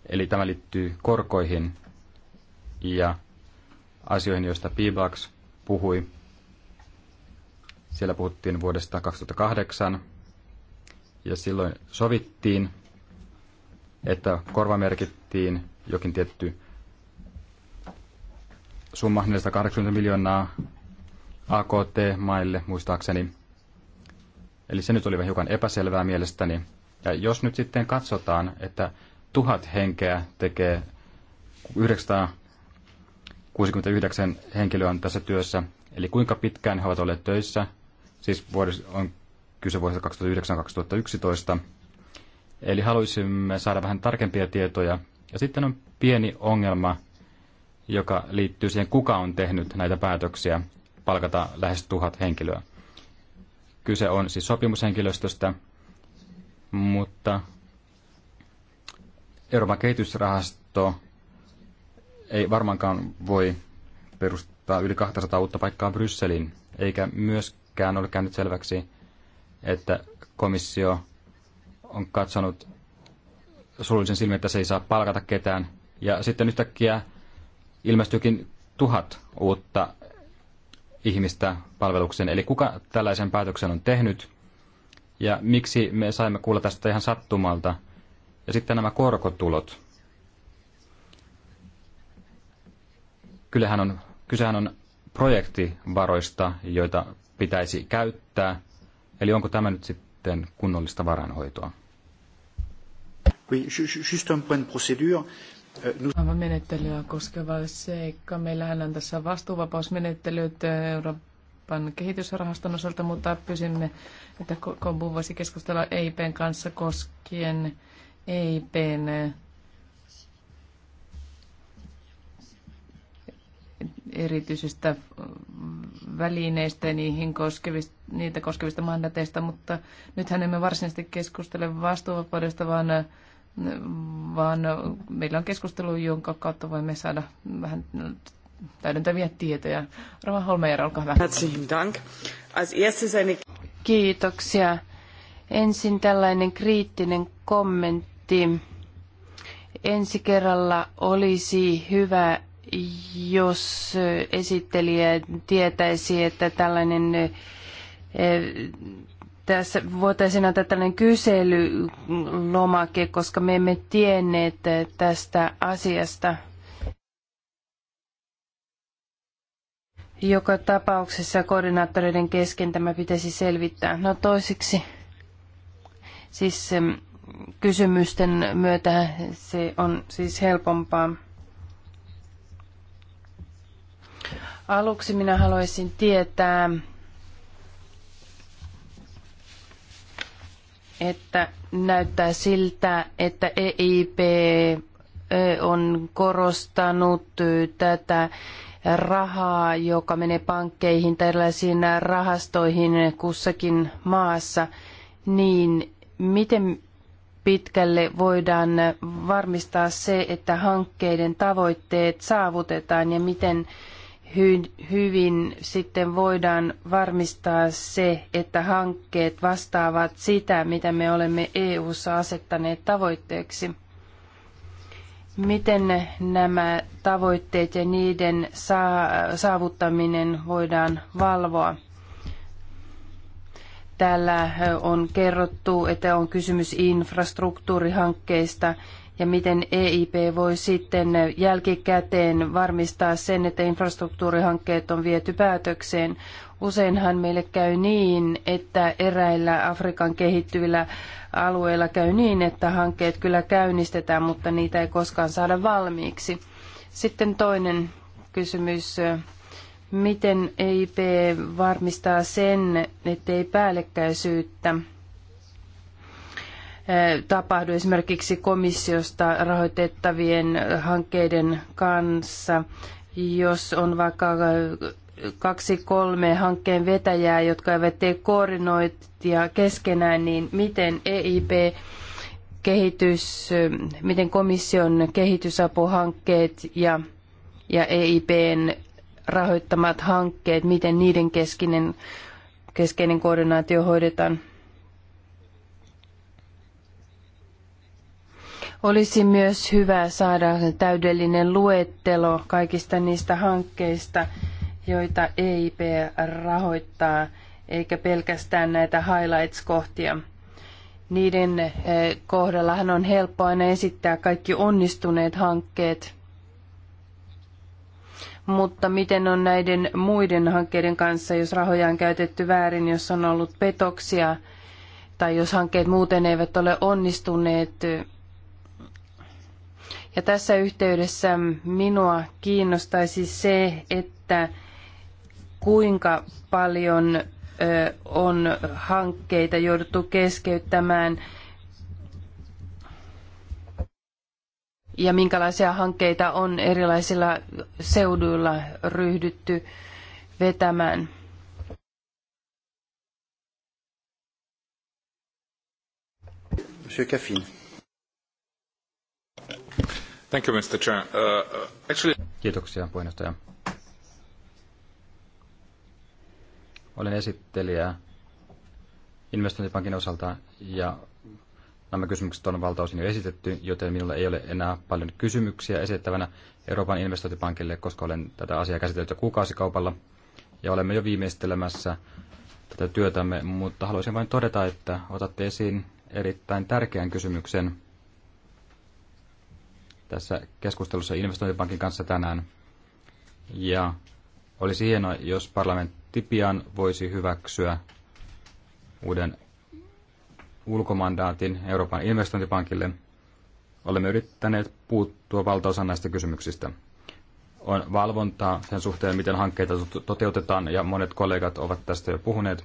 Eli tämä liittyy korkoihin ja asioihin, joista Pibax puhui. Siellä puhuttiin vuodesta 2008 ja silloin sovittiin, että korvamerkittiin jokin tietty summa 480 miljoonaa AKT-maille muistaakseni. Eli se nyt oli vähän hiukan epäselvää mielestäni. Ja jos nyt sitten katsotaan, että tuhat henkeä tekee 969 henkilöä on tässä työssä. Eli kuinka pitkään he ovat olleet töissä, siis vuodessa on kyse vuodesta 2009-2011. Eli haluaisimme saada vähän tarkempia tietoja. Ja sitten on pieni ongelma, joka liittyy siihen, kuka on tehnyt näitä päätöksiä palkata lähes tuhat henkilöä. Kyse on siis sopimushenkilöstöstä, mutta Euroopan kehitysrahasto ei varmaankaan voi perustaa yli 200 uutta paikkaa Brysseliin, eikä myöskään ole käynyt selväksi, että komissio on katsonut surullisen silmin, että se ei saa palkata ketään. Ja sitten yhtäkkiä ilmestyykin tuhat uutta ihmistä palvelukseen. Eli kuka tällaisen päätöksen on tehnyt ja miksi me saimme kuulla tästä ihan sattumalta – ja sitten nämä korkotulot. Kyllähän on, kysehän on projektivaroista, joita pitäisi käyttää. Eli onko tämä nyt sitten kunnollista varainhoitoa? Oui, juste un point de procédure. Euh, menettelyä koskeva seikka. Meillähän on tässä vastuuvapausmenettelyt äh, Euroopan kehitysrahaston osalta, mutta pysymme, että Kobu voisi keskustella EIPn kanssa koskien ei EIPn erityisistä välineistä niihin koskevista, niitä koskevista mandateista, mutta nythän emme varsinaisesti keskustele vastuuvapaudesta, vaan, vaan meillä on keskustelu, jonka kautta voimme saada vähän täydentäviä tietoja. Rova Holmeier, olkaa hyvä. Kiitoksia. Ensin tällainen kriittinen kommentti. Ensi kerralla olisi hyvä, jos esittelijä tietäisi, että tällainen eh, tässä voitaisiin antaa tällainen kyselylomake, koska me emme tienneet tästä asiasta. Joka tapauksessa koordinaattoreiden kesken tämä pitäisi selvittää. No toisiksi. Siis kysymysten myötä se on siis helpompaa. Aluksi minä haluaisin tietää, että näyttää siltä, että EIP on korostanut tätä rahaa, joka menee pankkeihin tai erilaisiin rahastoihin kussakin maassa, niin miten pitkälle voidaan varmistaa se, että hankkeiden tavoitteet saavutetaan ja miten hyvin sitten voidaan varmistaa se, että hankkeet vastaavat sitä, mitä me olemme EU-ssa asettaneet tavoitteeksi. Miten nämä tavoitteet ja niiden saavuttaminen voidaan valvoa? Täällä on kerrottu, että on kysymys infrastruktuurihankkeista ja miten EIP voi sitten jälkikäteen varmistaa sen, että infrastruktuurihankkeet on viety päätökseen. Useinhan meille käy niin, että eräillä Afrikan kehittyvillä alueilla käy niin, että hankkeet kyllä käynnistetään, mutta niitä ei koskaan saada valmiiksi. Sitten toinen kysymys Miten EIP varmistaa sen, ettei päällekkäisyyttä tapahdu esimerkiksi komissiosta rahoitettavien hankkeiden kanssa, jos on vaikka kaksi kolme hankkeen vetäjää, jotka eivät tee koordinointia keskenään, niin miten EIP kehitys, miten komission kehitysapuhankkeet ja, ja EIPn rahoittamat hankkeet, miten niiden keskinen, keskeinen koordinaatio hoidetaan. Olisi myös hyvä saada täydellinen luettelo kaikista niistä hankkeista, joita EIP rahoittaa, eikä pelkästään näitä highlights-kohtia. Niiden eh, kohdallahan on helppo aina esittää kaikki onnistuneet hankkeet – mutta miten on näiden muiden hankkeiden kanssa, jos rahoja on käytetty väärin, jos on ollut petoksia tai jos hankkeet muuten eivät ole onnistuneet. Ja tässä yhteydessä minua kiinnostaisi se, että kuinka paljon on hankkeita jouduttu keskeyttämään – ja minkälaisia hankkeita on erilaisilla seuduilla ryhdytty vetämään. Monsieur Thank you, Mr. Chair. Uh, uh, actually... Kiitoksia, puheenjohtaja. Olen esittelijä investointipankin osalta ja Nämä kysymykset on valtaosin jo esitetty, joten minulla ei ole enää paljon kysymyksiä esittävänä Euroopan investointipankille, koska olen tätä asiaa käsitellyt jo kuukausikaupalla ja olemme jo viimeistelemässä tätä työtämme, mutta haluaisin vain todeta, että otatte esiin erittäin tärkeän kysymyksen tässä keskustelussa investointipankin kanssa tänään. Ja olisi hienoa, jos parlamentti pian voisi hyväksyä uuden ulkomandaatin Euroopan investointipankille, olemme yrittäneet puuttua valtaosan näistä kysymyksistä. On valvontaa sen suhteen, miten hankkeita toteutetaan, ja monet kollegat ovat tästä jo puhuneet.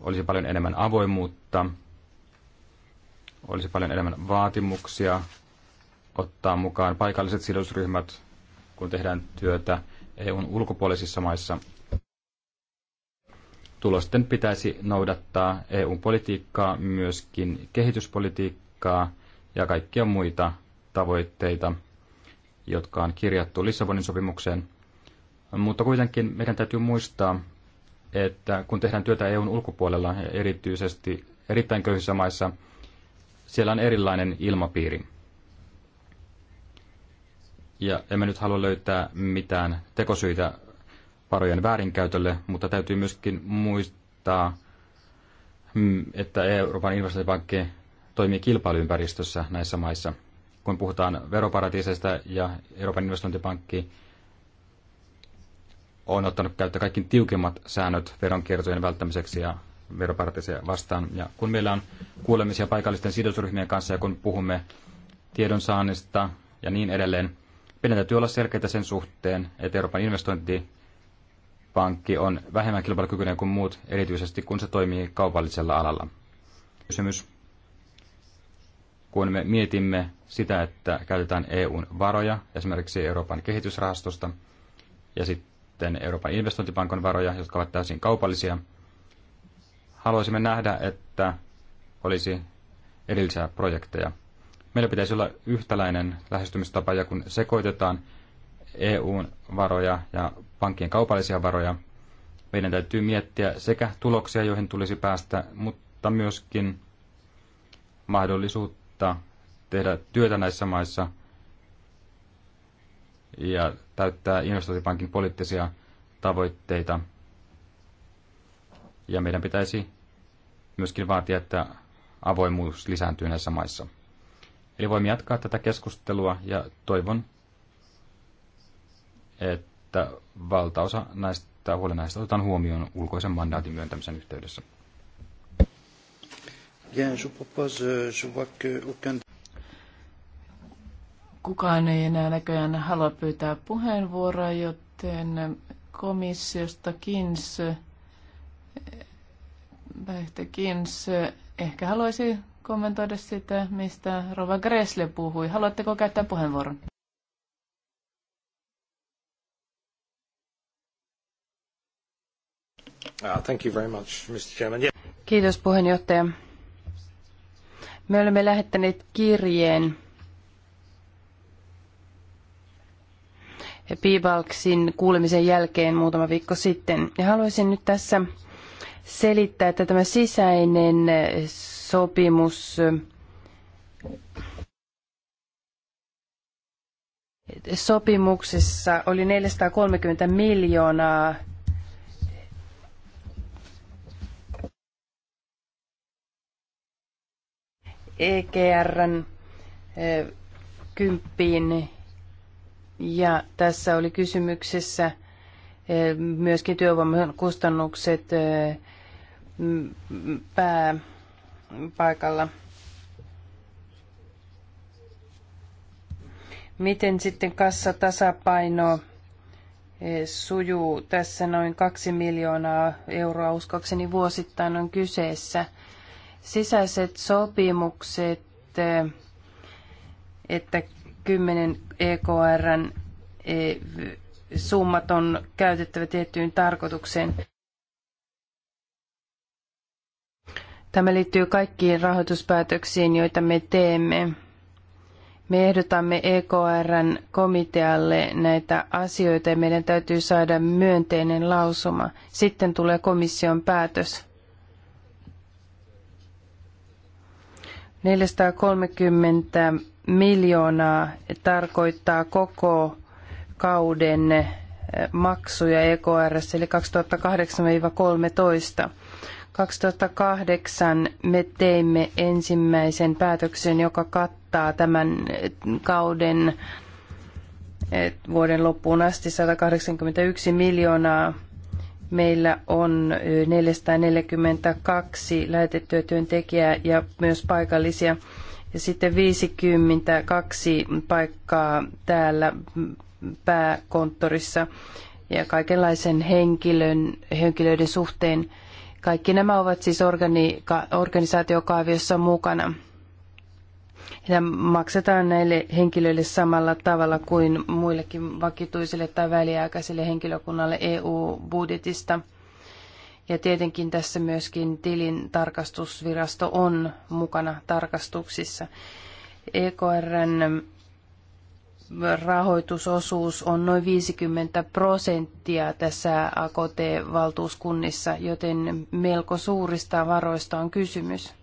Olisi paljon enemmän avoimuutta, olisi paljon enemmän vaatimuksia ottaa mukaan paikalliset sidosryhmät, kun tehdään työtä EUn ulkopuolisissa maissa, tulosten pitäisi noudattaa EU-politiikkaa, myöskin kehityspolitiikkaa ja kaikkia muita tavoitteita, jotka on kirjattu Lissabonin sopimukseen. Mutta kuitenkin meidän täytyy muistaa, että kun tehdään työtä EUn ulkopuolella, erityisesti erittäin köyhissä maissa, siellä on erilainen ilmapiiri. Ja emme nyt halua löytää mitään tekosyitä varojen väärinkäytölle, mutta täytyy myöskin muistaa, mm, että Euroopan investointipankki toimii kilpailuympäristössä näissä maissa. Kun puhutaan veroparatiiseista ja Euroopan investointipankki on ottanut käyttöön kaikki tiukimmat säännöt veronkiertojen välttämiseksi ja veroparatiiseja vastaan. Ja kun meillä on kuulemisia paikallisten sidosryhmien kanssa ja kun puhumme tiedonsaannista ja niin edelleen, meidän täytyy olla selkeitä sen suhteen, että Euroopan investointi pankki on vähemmän kilpailukykyinen kuin muut, erityisesti kun se toimii kaupallisella alalla. Kysymys. Kun me mietimme sitä, että käytetään EUn varoja, esimerkiksi Euroopan kehitysrahastosta ja sitten Euroopan investointipankon varoja, jotka ovat täysin kaupallisia, haluaisimme nähdä, että olisi erillisiä projekteja. Meillä pitäisi olla yhtäläinen lähestymistapa, ja kun sekoitetaan EUn varoja ja pankkien kaupallisia varoja. Meidän täytyy miettiä sekä tuloksia, joihin tulisi päästä, mutta myöskin mahdollisuutta tehdä työtä näissä maissa ja täyttää investointipankin poliittisia tavoitteita. Ja meidän pitäisi myöskin vaatia, että avoimuus lisääntyy näissä maissa. Eli voimme jatkaa tätä keskustelua ja toivon, että että valtaosa näistä huolenaiheista otetaan huomioon ulkoisen mandaatin myöntämisen yhteydessä. Euh, Kukaan ei enää näköjään halua pyytää puheenvuoroa, joten komissiosta Kins, Kins ehkä haluaisi kommentoida sitä, mistä Rova Gressle puhui. Haluatteko käyttää puheenvuoron? Ah, thank you very much, Mr. Chairman. Kiitos puheenjohtaja. Me olemme lähettäneet kirjeen Piibalksin kuulemisen jälkeen muutama viikko sitten. Ja haluaisin nyt tässä selittää, että tämä sisäinen sopimus sopimuksessa oli 430 miljoonaa EGRn kymppiin. Ja tässä oli kysymyksessä myöskin työvoiman kustannukset pääpaikalla. Miten sitten kassatasapaino sujuu? Tässä noin kaksi miljoonaa euroa uskokseni vuosittain on kyseessä – sisäiset sopimukset, että 10 EKRn e, summat on käytettävä tiettyyn tarkoitukseen. Tämä liittyy kaikkiin rahoituspäätöksiin, joita me teemme. Me ehdotamme EKRn komitealle näitä asioita ja meidän täytyy saada myönteinen lausuma. Sitten tulee komission päätös. 430 miljoonaa tarkoittaa koko kauden eh, maksuja EKRS, eli 2008-2013. 2008 me teimme ensimmäisen päätöksen, joka kattaa tämän eh, kauden eh, vuoden loppuun asti 181 miljoonaa Meillä on 442 lähetettyä työntekijää ja myös paikallisia. Ja sitten 52 paikkaa täällä pääkonttorissa ja kaikenlaisen henkilön, henkilöiden suhteen. Kaikki nämä ovat siis organi- organisaatiokaaviossa mukana ja maksetaan näille henkilöille samalla tavalla kuin muillekin vakituisille tai väliaikaisille henkilökunnalle EU-budjetista. Ja tietenkin tässä myöskin tilin tarkastusvirasto on mukana tarkastuksissa. EKRn rahoitusosuus on noin 50 prosenttia tässä AKT-valtuuskunnissa, joten melko suurista varoista on kysymys.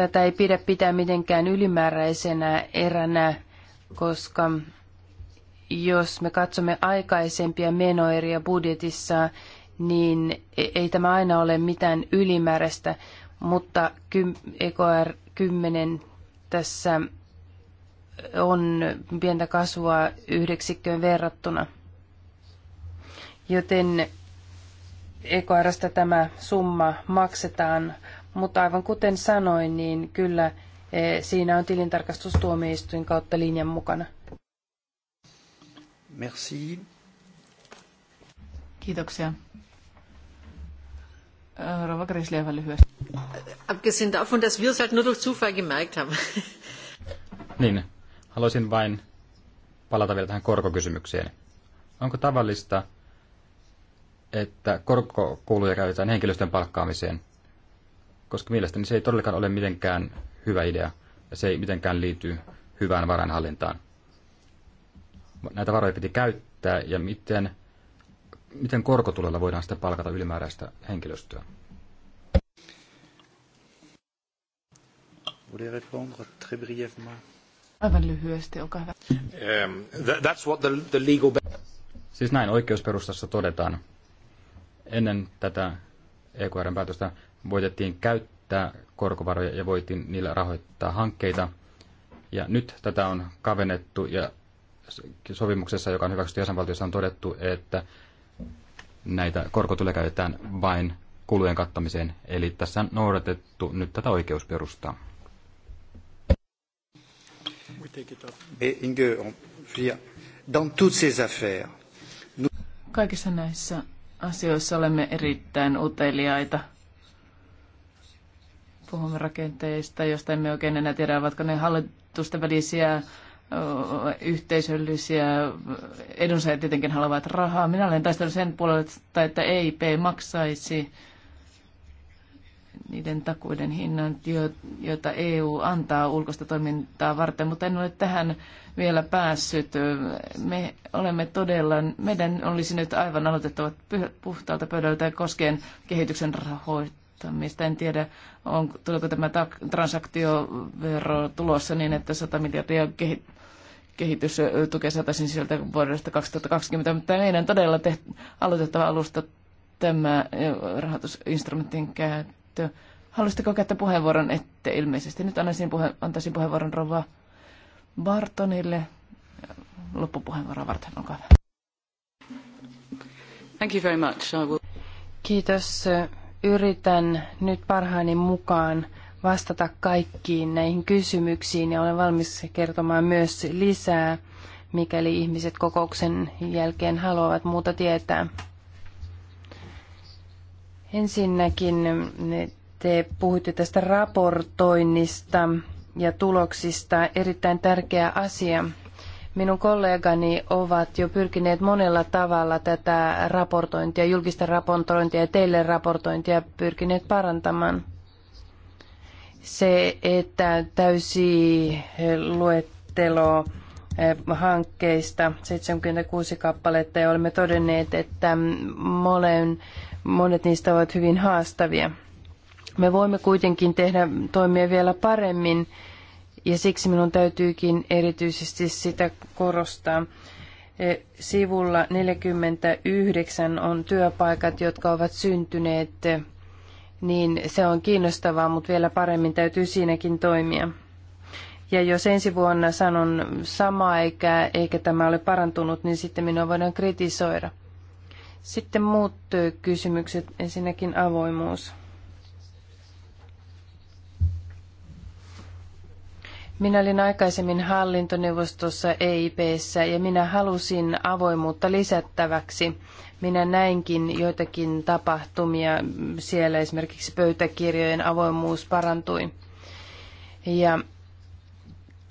Tätä ei pidä pitää mitenkään ylimääräisenä eränä, koska jos me katsomme aikaisempia menoeriä budjetissa, niin e- ei tämä aina ole mitään ylimääräistä, mutta EKR 10 tässä on pientä kasvua yhdeksikköön verrattuna. Joten EKRstä tämä summa maksetaan mutta aivan kuten sanoin, niin kyllä eh, siinä on tilintarkastustuomioistuin kautta linjan mukana. Merci. Kiitoksia. Eh, Rova Grisleva lyhyesti. Abgesehen davon, dass wir es halt nur durch Zufall gemerkt haben. <laughs> Niin, haluaisin vain palata vielä tähän korkokysymykseen. Onko tavallista, että korkokuluja käytetään henkilöstön palkkaamiseen? koska mielestäni se ei todellakaan ole mitenkään hyvä idea ja se ei mitenkään liity hyvään varainhallintaan. Näitä varoja piti käyttää ja miten, miten korkotulella voidaan sitten palkata ylimääräistä henkilöstöä. Aivan lyhyesti, olkaa hyvä. Um, that's what the, the legal... Siis näin oikeusperustassa todetaan. Ennen tätä EQRn päätöstä voitettiin käyttää korkovaroja ja voitiin niillä rahoittaa hankkeita. Ja nyt tätä on kavennettu ja sovimuksessa joka on hyväksytty jäsenvaltiossa, on todettu, että näitä korkotuloja käytetään vain kulujen kattamiseen. Eli tässä on noudatettu nyt tätä oikeusperustaa. Kaikissa näissä asioissa olemme erittäin uteliaita Puhumme rakenteista, josta emme oikein enää tiedä, ovatko ne hallitusten välisiä yhteisöllisiä edunsaajat tietenkin haluavat rahaa. Minä olen taistellut sen puolesta, että EIP maksaisi niiden takuiden hinnan, joita EU antaa ulkoista toimintaa varten, mutta en ole tähän vielä päässyt. Me olemme todella, meidän olisi nyt aivan aloitettava puhtaalta pöydältä koskien kehityksen raho- saattamista. En tiedä, on, tuleeko tämä transaktiovero tulossa niin, että 100 miljardia kehitys kehitystukea saataisiin sieltä vuodesta 2020, mutta meidän todella teht- aloitettava alusta tämä rahoitusinstrumentin käyttö. Haluaisitteko käyttää puheenvuoron? Ette ilmeisesti. Nyt antaisin, puhe- antaisin puheenvuoron Rova Bartonille. Loppupuheenvuoroa varten, olkaa hyvä. Thank you very much. I will... Kiitos yritän nyt parhaani mukaan vastata kaikkiin näihin kysymyksiin ja olen valmis kertomaan myös lisää, mikäli ihmiset kokouksen jälkeen haluavat muuta tietää. Ensinnäkin te puhuitte tästä raportoinnista ja tuloksista. Erittäin tärkeä asia. Minun kollegani ovat jo pyrkineet monella tavalla tätä raportointia, julkista raportointia ja teille raportointia pyrkineet parantamaan. Se, että täysi luettelo eh, hankkeista, 76 kappaletta, ja olemme todenneet, että molen, monet niistä ovat hyvin haastavia. Me voimme kuitenkin tehdä toimia vielä paremmin ja siksi minun täytyykin erityisesti sitä korostaa. E, sivulla 49 on työpaikat, jotka ovat syntyneet, e, niin se on kiinnostavaa, mutta vielä paremmin täytyy siinäkin toimia. Ja jos ensi vuonna sanon samaa eikä, eikä tämä ole parantunut, niin sitten minua voidaan kritisoida. Sitten muut e, kysymykset, ensinnäkin avoimuus. Minä olin aikaisemmin hallintoneuvostossa EIPssä ja minä halusin avoimuutta lisättäväksi. Minä näinkin joitakin tapahtumia siellä, esimerkiksi pöytäkirjojen avoimuus parantui. Ja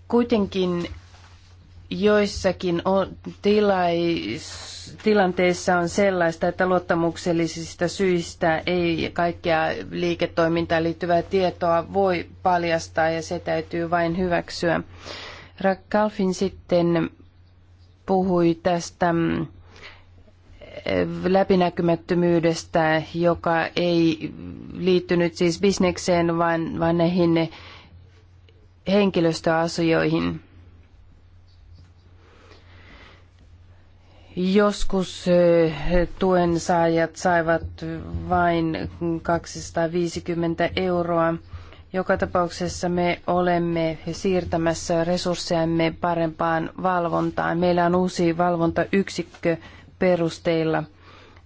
kuitenkin joissakin on tilais, tilanteissa on sellaista, että luottamuksellisista syistä ei kaikkea liiketoimintaan liittyvää tietoa voi paljastaa ja se täytyy vain hyväksyä. Rakkalfin sitten puhui tästä mm, läpinäkymättömyydestä, joka ei liittynyt siis bisnekseen, vaan, vaan näihin henkilöstöasioihin. Joskus eh, tuen saajat saivat vain 250 euroa. Joka tapauksessa me olemme siirtämässä resurssejamme parempaan valvontaan. Meillä on uusi valvontayksikkö perusteilla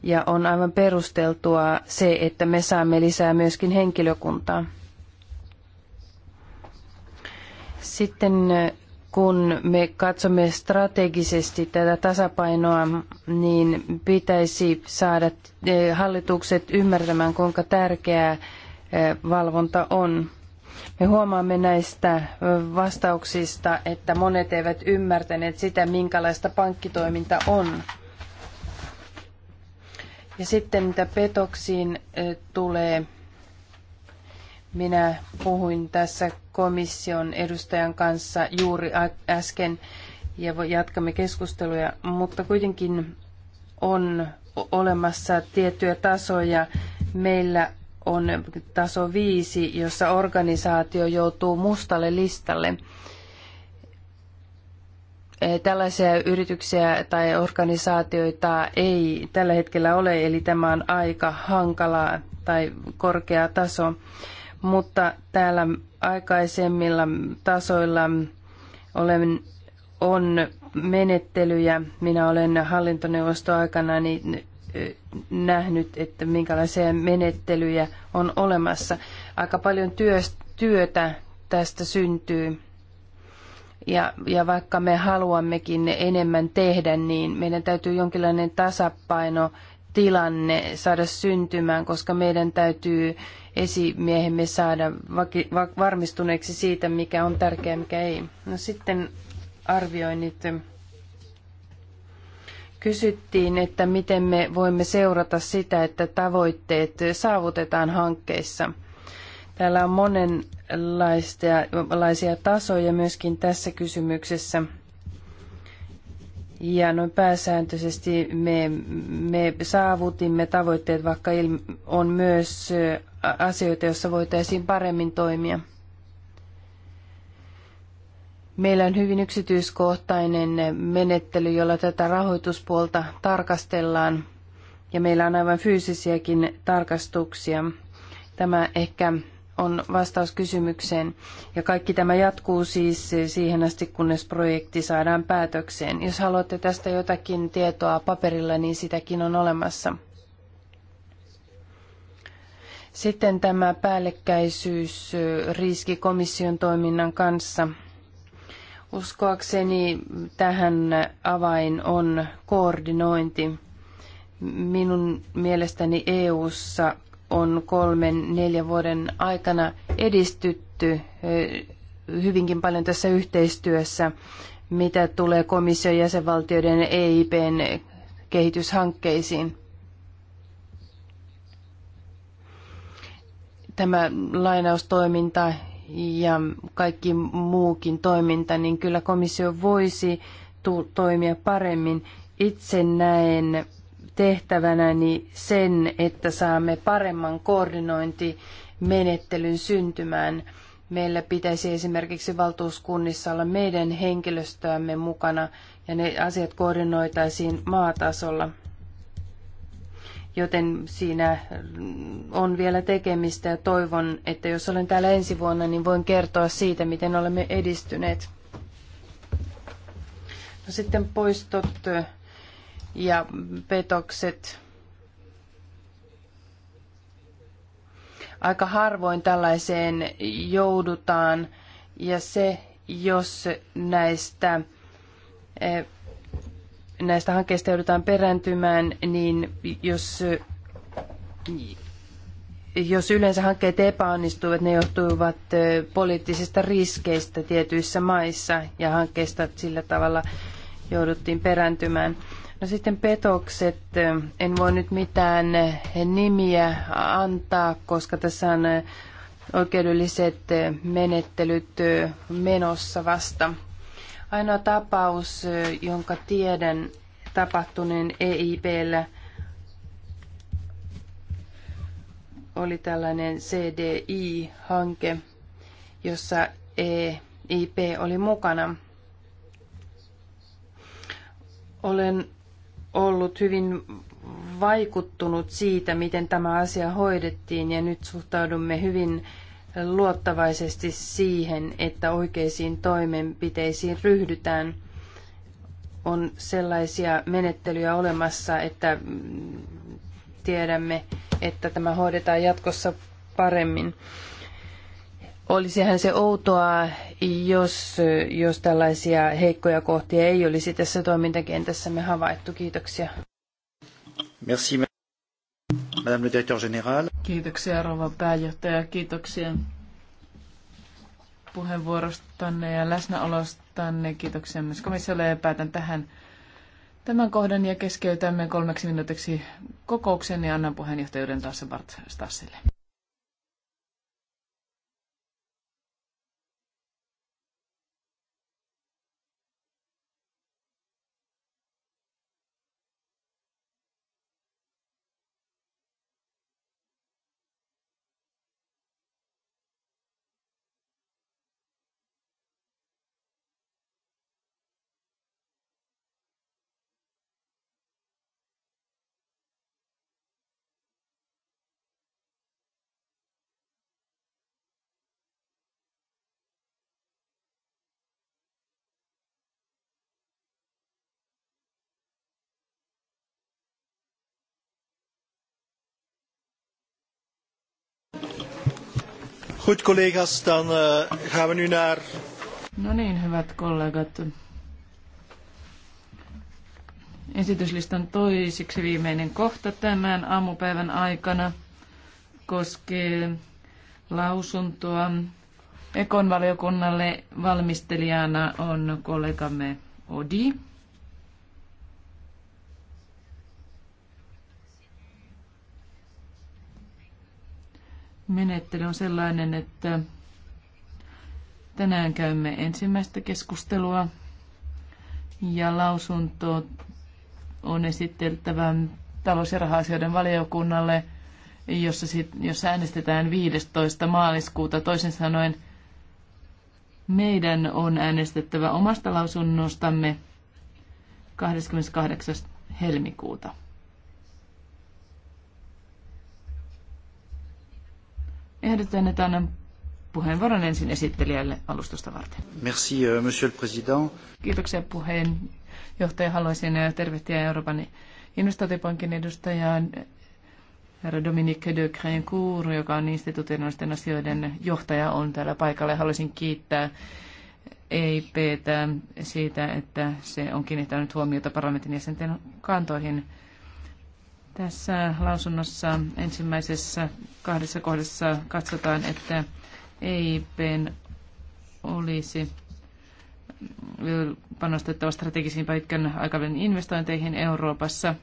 ja on aivan perusteltua se, että me saamme lisää myöskin henkilökuntaa. Sitten eh, kun me katsomme strategisesti tätä tasapainoa, niin pitäisi saada eh, hallitukset ymmärtämään, kuinka tärkeää eh, valvonta on. Me huomaamme näistä eh, vastauksista, että monet eivät ymmärtäneet sitä, minkälaista pankkitoiminta on. Ja sitten mitä petoksiin tulee, minä puhuin tässä komission edustajan kanssa juuri äsken ja jatkamme keskusteluja, mutta kuitenkin on olemassa tiettyjä tasoja. Meillä on taso viisi, jossa organisaatio joutuu mustalle listalle. Tällaisia yrityksiä tai organisaatioita ei tällä hetkellä ole, eli tämä on aika hankala tai korkea taso mutta täällä aikaisemmilla tasoilla olen, on menettelyjä. Minä olen hallintoneuvoston aikana niin nähnyt, että minkälaisia menettelyjä on olemassa. Aika paljon työtä tästä syntyy. Ja, ja vaikka me haluammekin enemmän tehdä, niin meidän täytyy jonkinlainen tasapaino tilanne saada syntymään, koska meidän täytyy esimiehemme saada varmistuneeksi siitä, mikä on tärkeää, mikä ei. No sitten arvioinnit. Kysyttiin, että miten me voimme seurata sitä, että tavoitteet saavutetaan hankkeissa. Täällä on monenlaisia tasoja myöskin tässä kysymyksessä. Ja noin pääsääntöisesti me, me saavutimme tavoitteet, vaikka on myös asioita, joissa voitaisiin paremmin toimia. Meillä on hyvin yksityiskohtainen menettely, jolla tätä rahoituspuolta tarkastellaan. Ja meillä on aivan fyysisiäkin tarkastuksia. Tämä ehkä on vastaus kysymykseen. Ja kaikki tämä jatkuu siis siihen asti, kunnes projekti saadaan päätökseen. Jos haluatte tästä jotakin tietoa paperilla, niin sitäkin on olemassa. Sitten tämä päällekkäisyysriski komission toiminnan kanssa. Uskoakseni tähän avain on koordinointi. Minun mielestäni EU:ssa on kolmen, neljän vuoden aikana edistytty hyvinkin paljon tässä yhteistyössä, mitä tulee komission jäsenvaltioiden EIPn kehityshankkeisiin. Tämä lainaustoiminta ja kaikki muukin toiminta, niin kyllä komissio voisi toimia paremmin. Itse näen tehtävänäni niin sen, että saamme paremman koordinointimenettelyn syntymään. Meillä pitäisi esimerkiksi valtuuskunnissa olla meidän henkilöstöämme mukana ja ne asiat koordinoitaisiin maatasolla. Joten siinä on vielä tekemistä ja toivon, että jos olen täällä ensi vuonna, niin voin kertoa siitä, miten olemme edistyneet. No sitten poistot ja petokset. Aika harvoin tällaiseen joudutaan ja se, jos näistä, eh, näistä hankkeista joudutaan perääntymään, niin jos jos yleensä hankkeet epäonnistuvat, ne johtuivat eh, poliittisista riskeistä tietyissä maissa ja hankkeista sillä tavalla jouduttiin perääntymään. No sitten petokset. En voi nyt mitään nimiä antaa, koska tässä on oikeudelliset menettelyt menossa vasta. Ainoa tapaus, jonka tiedän tapahtuneen EIPllä, oli tällainen CDI-hanke, jossa EIP oli mukana. Olen ollut hyvin vaikuttunut siitä, miten tämä asia hoidettiin ja nyt suhtaudumme hyvin luottavaisesti siihen, että oikeisiin toimenpiteisiin ryhdytään. On sellaisia menettelyjä olemassa, että tiedämme, että tämä hoidetaan jatkossa paremmin. Olisihan se outoa, jos, jos tällaisia heikkoja kohtia ei olisi tässä toimintakentässämme havaittu. Kiitoksia. Merci, Madame le Directeur Général. Kiitoksia rouva pääjohtaja, kiitoksia puheenvuorostanne ja läsnäolostanne. Kiitoksia myös komissiolle ja päätän tähän tämän kohdan ja keskeytämme kolmeksi minuutiksi kokouksen ja annan puheenjohtajuuden taas Bart Stassille. Goed collega's, dan eh, gaan we nu naar... No niin, hyvät kollegat. Esityslistan toisiksi viimeinen kohta tämän aamupäivän aikana koskee lausuntoa. Ekon valiokunnalle valmistelijana on kollegamme Odi. menettely on sellainen, että tänään käymme ensimmäistä keskustelua ja lausunto on esiteltävä talous- ja raha-asioiden valiokunnalle, jossa, sit, jossa äänestetään 15. maaliskuuta. Toisin sanoen meidän on äänestettävä omasta lausunnostamme 28. helmikuuta. ehdotan, että annan puheenvuoron ensin esittelijälle alustusta varten. Merci, euh, monsieur le président. Kiitoksia puheenjohtaja. Haluaisin äh, tervehtiä Euroopan investointipankin edustajaa äh, herra Dominique de Crencourt, joka on institutionaalisten asioiden johtaja, on täällä paikalla. Haluaisin kiittää EIPtä siitä, että se on kiinnittänyt huomiota parlamentin jäsenten kantoihin – tässä lausunnossa ensimmäisessä kahdessa kohdassa katsotaan, että EIPn olisi panostettava strategisiin pitkän aikavälin investointeihin Euroopassa.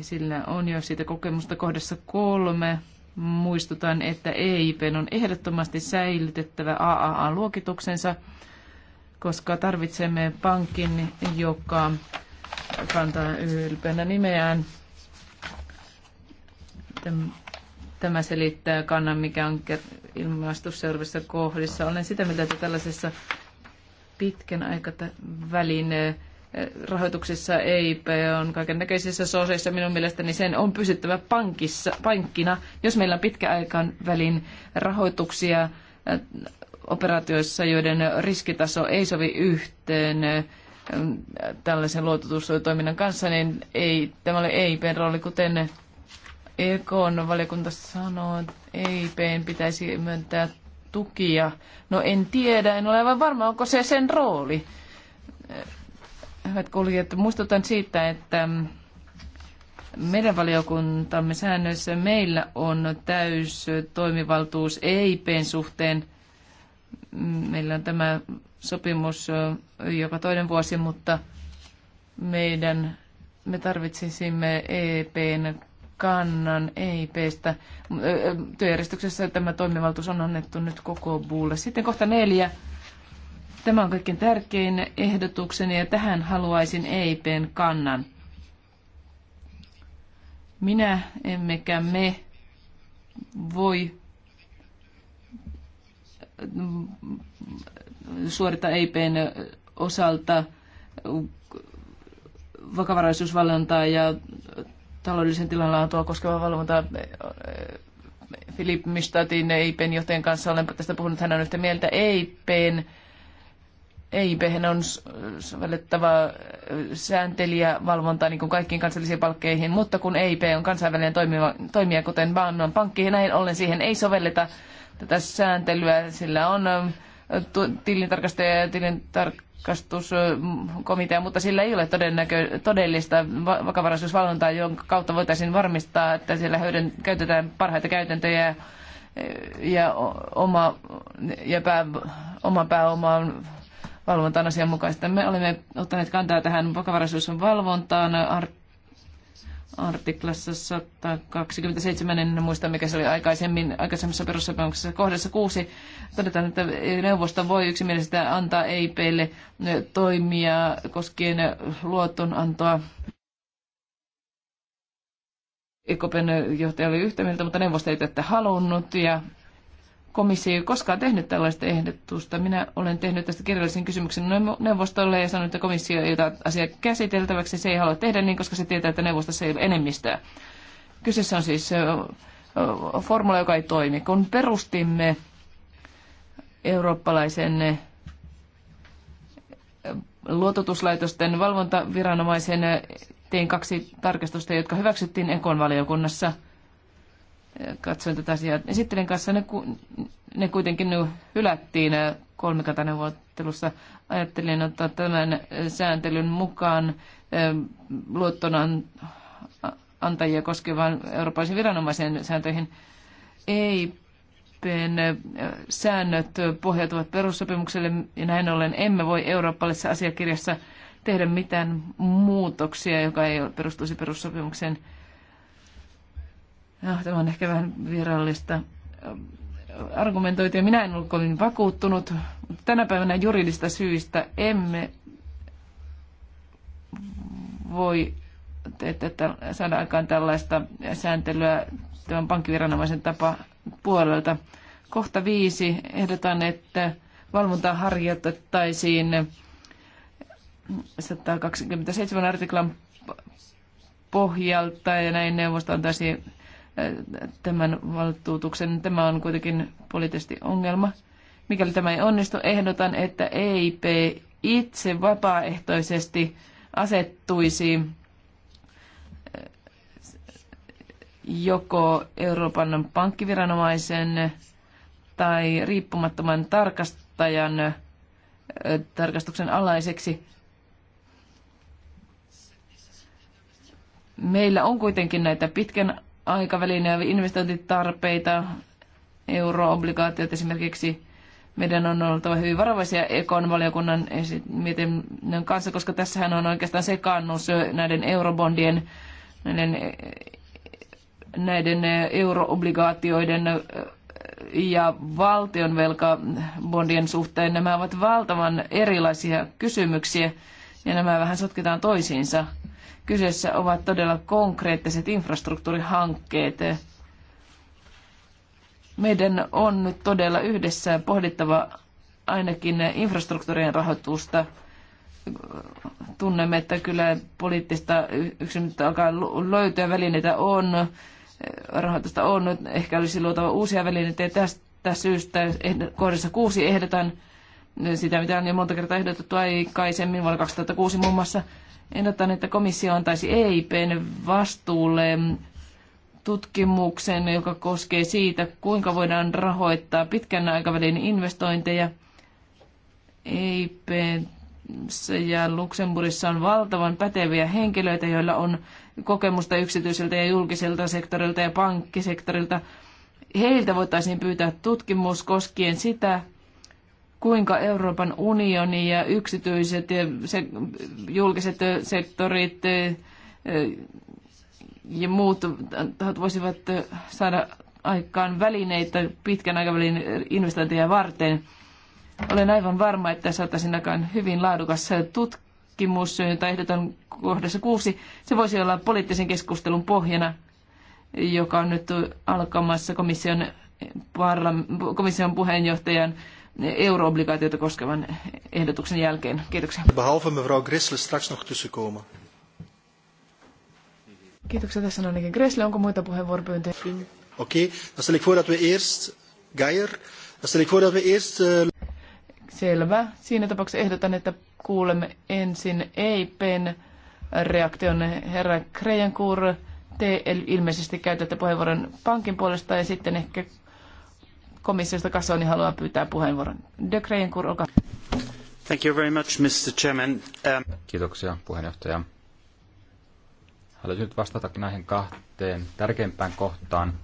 Sillä on jo siitä kokemusta kohdassa kolme. Muistutan, että EIP on ehdottomasti säilytettävä AAA-luokituksensa, koska tarvitsemme pankin, joka kantaa ylpeänä nimeään. Tämä selittää kannan, mikä on ilmaistu seuraavissa kohdissa. Olen sitä mieltä, että tällaisessa pitkän aikavälin eh, rahoituksessa EIP on kaiken näköisissä soseissa minun mielestäni sen on pysyttävä pankissa, pankkina. Jos meillä on pitkän aikan välin rahoituksia eh, operaatioissa, joiden riskitaso ei sovi yhteen eh, tällaisen luototustoiminnan kanssa, niin ei, tämä oli EIPn rooli, kuten EKn valiokunta sanoo, että EIPn pitäisi myöntää tukia. No en tiedä, en ole aivan varma, onko se sen rooli. Hyvät kuulijat, muistutan siitä, että meidän valiokuntamme säännöissä meillä on täys toimivaltuus EIPn suhteen meillä on tämä sopimus joka toinen vuosi, mutta meidän, me tarvitsisimme EPn kannan EIPstä. Työjärjestyksessä tämä toimivaltuus on annettu nyt koko buulle. Sitten kohta neljä. Tämä on kaikkein tärkein ehdotukseni ja tähän haluaisin EIPn kannan. Minä emmekä me voi suorita EIPn osalta vakavaraisuusvalvontaa ja taloudellisen tilanlaatua koskeva valvonta Filip Mistatin EIPn johtajan kanssa Olenpa tästä puhunut, hän on yhtä mieltä EIPn EIPhän on sovellettava sääntelijä valvontaa niin kuin kaikkiin kansallisiin palkkeihin, mutta kun EIP on kansainvälinen toimija, kuten maailman pankki, näin ollen siihen ei sovelleta tätä sääntelyä. Sillä on tilintarkastaja ja tilintarkastuskomitea, mutta sillä ei ole todennäkö, todellista vakavaraisuusvalvontaa, jonka kautta voitaisiin varmistaa, että siellä hyödyn, käytetään parhaita käytäntöjä ja, oma, ja pää, oma pääomaan valvontaan asianmukaista. Me olemme ottaneet kantaa tähän vakavaraisuusvalvontaan art- artiklassa 127, en muista mikä se oli aikaisemmin, aikaisemmassa perussopimuksessa kohdassa 6, todetaan, että neuvosto voi yksimielisesti antaa EIPlle toimia koskien luotonantoa. EKPn johtaja oli yhtä mieltä, mutta neuvosto ei tätä halunnut ja komissio ei koskaan tehnyt tällaista ehdotusta. Minä olen tehnyt tästä kirjallisen kysymyksen neuvostolle ja sanonut, että komissio ei ota asiaa käsiteltäväksi. Se ei halua tehdä niin, koska se tietää, että neuvostossa ei ole enemmistöä. Kyseessä on siis formula, joka ei toimi. Kun perustimme eurooppalaisen luototuslaitosten valvontaviranomaisen, tein kaksi tarkistusta, jotka hyväksyttiin Ekon valiokunnassa – katsoin tätä asiaa esittelen kanssa. Ne, ne kuitenkin hylättiin äh, kolmikantaneuvottelussa. Ajattelin ottaa tämän äh, sääntelyn mukaan äh, luottonan antajia koskevan eurooppalaisen viranomaisen sääntöihin. Ei säännöt pohjautuvat perussopimukselle ja näin ollen emme voi eurooppalaisessa asiakirjassa tehdä mitään muutoksia, joka ei perustuisi perussopimukseen. Joo, ah, tämä on ehkä vähän virallista ähm, argumentointia. Minä en ollut kovin vakuuttunut, mutta tänä päivänä juridista syistä emme voi että saada aikaan tällaista sääntelyä tämän pankkiviranomaisen tapa puolelta. Kohta viisi ehdotan, että valvontaa harjoitettaisiin 127 artiklan pohjalta ja näin neuvosto antaisi tämän valtuutuksen. Tämä on kuitenkin poliittisesti ongelma. Mikäli tämä ei onnistu, ehdotan, että EIP itse vapaaehtoisesti asettuisi eh, joko Euroopan pankkiviranomaisen tai riippumattoman tarkastajan eh, tarkastuksen alaiseksi. Meillä on kuitenkin näitä pitkän aikavälin investointitarpeita, euroobligaatiot esimerkiksi. Meidän on oltava hyvin varovaisia Ekon valiokunnan mietinnön kanssa, koska tässähän on oikeastaan sekaannus näiden eurobondien, näiden, näiden euroobligaatioiden ja valtion velkabondien suhteen. Nämä ovat valtavan erilaisia kysymyksiä ja nämä vähän sotketaan toisiinsa Kyseessä ovat todella konkreettiset infrastruktuurihankkeet. Meidän on nyt todella yhdessä pohdittava ainakin infrastruktuurien rahoitusta. Tunnemme, että kyllä poliittista yksimyyttä alkaa löytyä, välineitä on, rahoitusta on, nyt ehkä olisi luotava uusia välineitä ja tästä syystä kohdassa kuusi ehdotan sitä, mitä on jo monta kertaa ehdotettu aikaisemmin, vuonna 2006 muun muassa, Ehdotan, että komissio antaisi EIPn vastuulle tutkimuksen, joka koskee siitä, kuinka voidaan rahoittaa pitkän aikavälin investointeja. EIP ja Luxemburgissa on valtavan päteviä henkilöitä, joilla on kokemusta yksityiseltä ja julkiselta sektorilta ja pankkisektorilta. Heiltä voitaisiin pyytää tutkimus koskien sitä, kuinka Euroopan unioni ja yksityiset ja se, julkiset sektorit e, e, ja muut tahot voisivat saada aikaan välineitä pitkän aikavälin investointeja varten. Olen aivan varma, että saataisiin aikaan hyvin laadukas tutkimus, jota ehdotan kohdassa kuusi. Se voisi olla poliittisen keskustelun pohjana, joka on nyt alkamassa komission, komission puheenjohtajan euro-obligaatioita koskevan ehdotuksen jälkeen. Kiitoksia. Behalve mevrouw Gressle straks nog tussenkomen. Kiitoksia. Tässä on ainakin Onko muita puheenvuoropyyntöjä? Okei. Okay. Dan stel ik voor dat we eerst... Geier. Dan stel ik voor dat we eerst... Eh, Selvä. Siinä tapauksessa ehdotan, että kuulemme ensin EIPen reaktion herra Krejankur. Te ilmeisesti käytätte puheenvuoron pankin puolesta ja sitten ehkä komissiosta Kassoni niin haluaa pyytää puheenvuoron. De Kreenkur, olkaa Thank you very much, Mr. Chairman. Um... Kiitoksia, puheenjohtaja. Haluaisin nyt vastata näihin kahteen tärkeimpään kohtaan,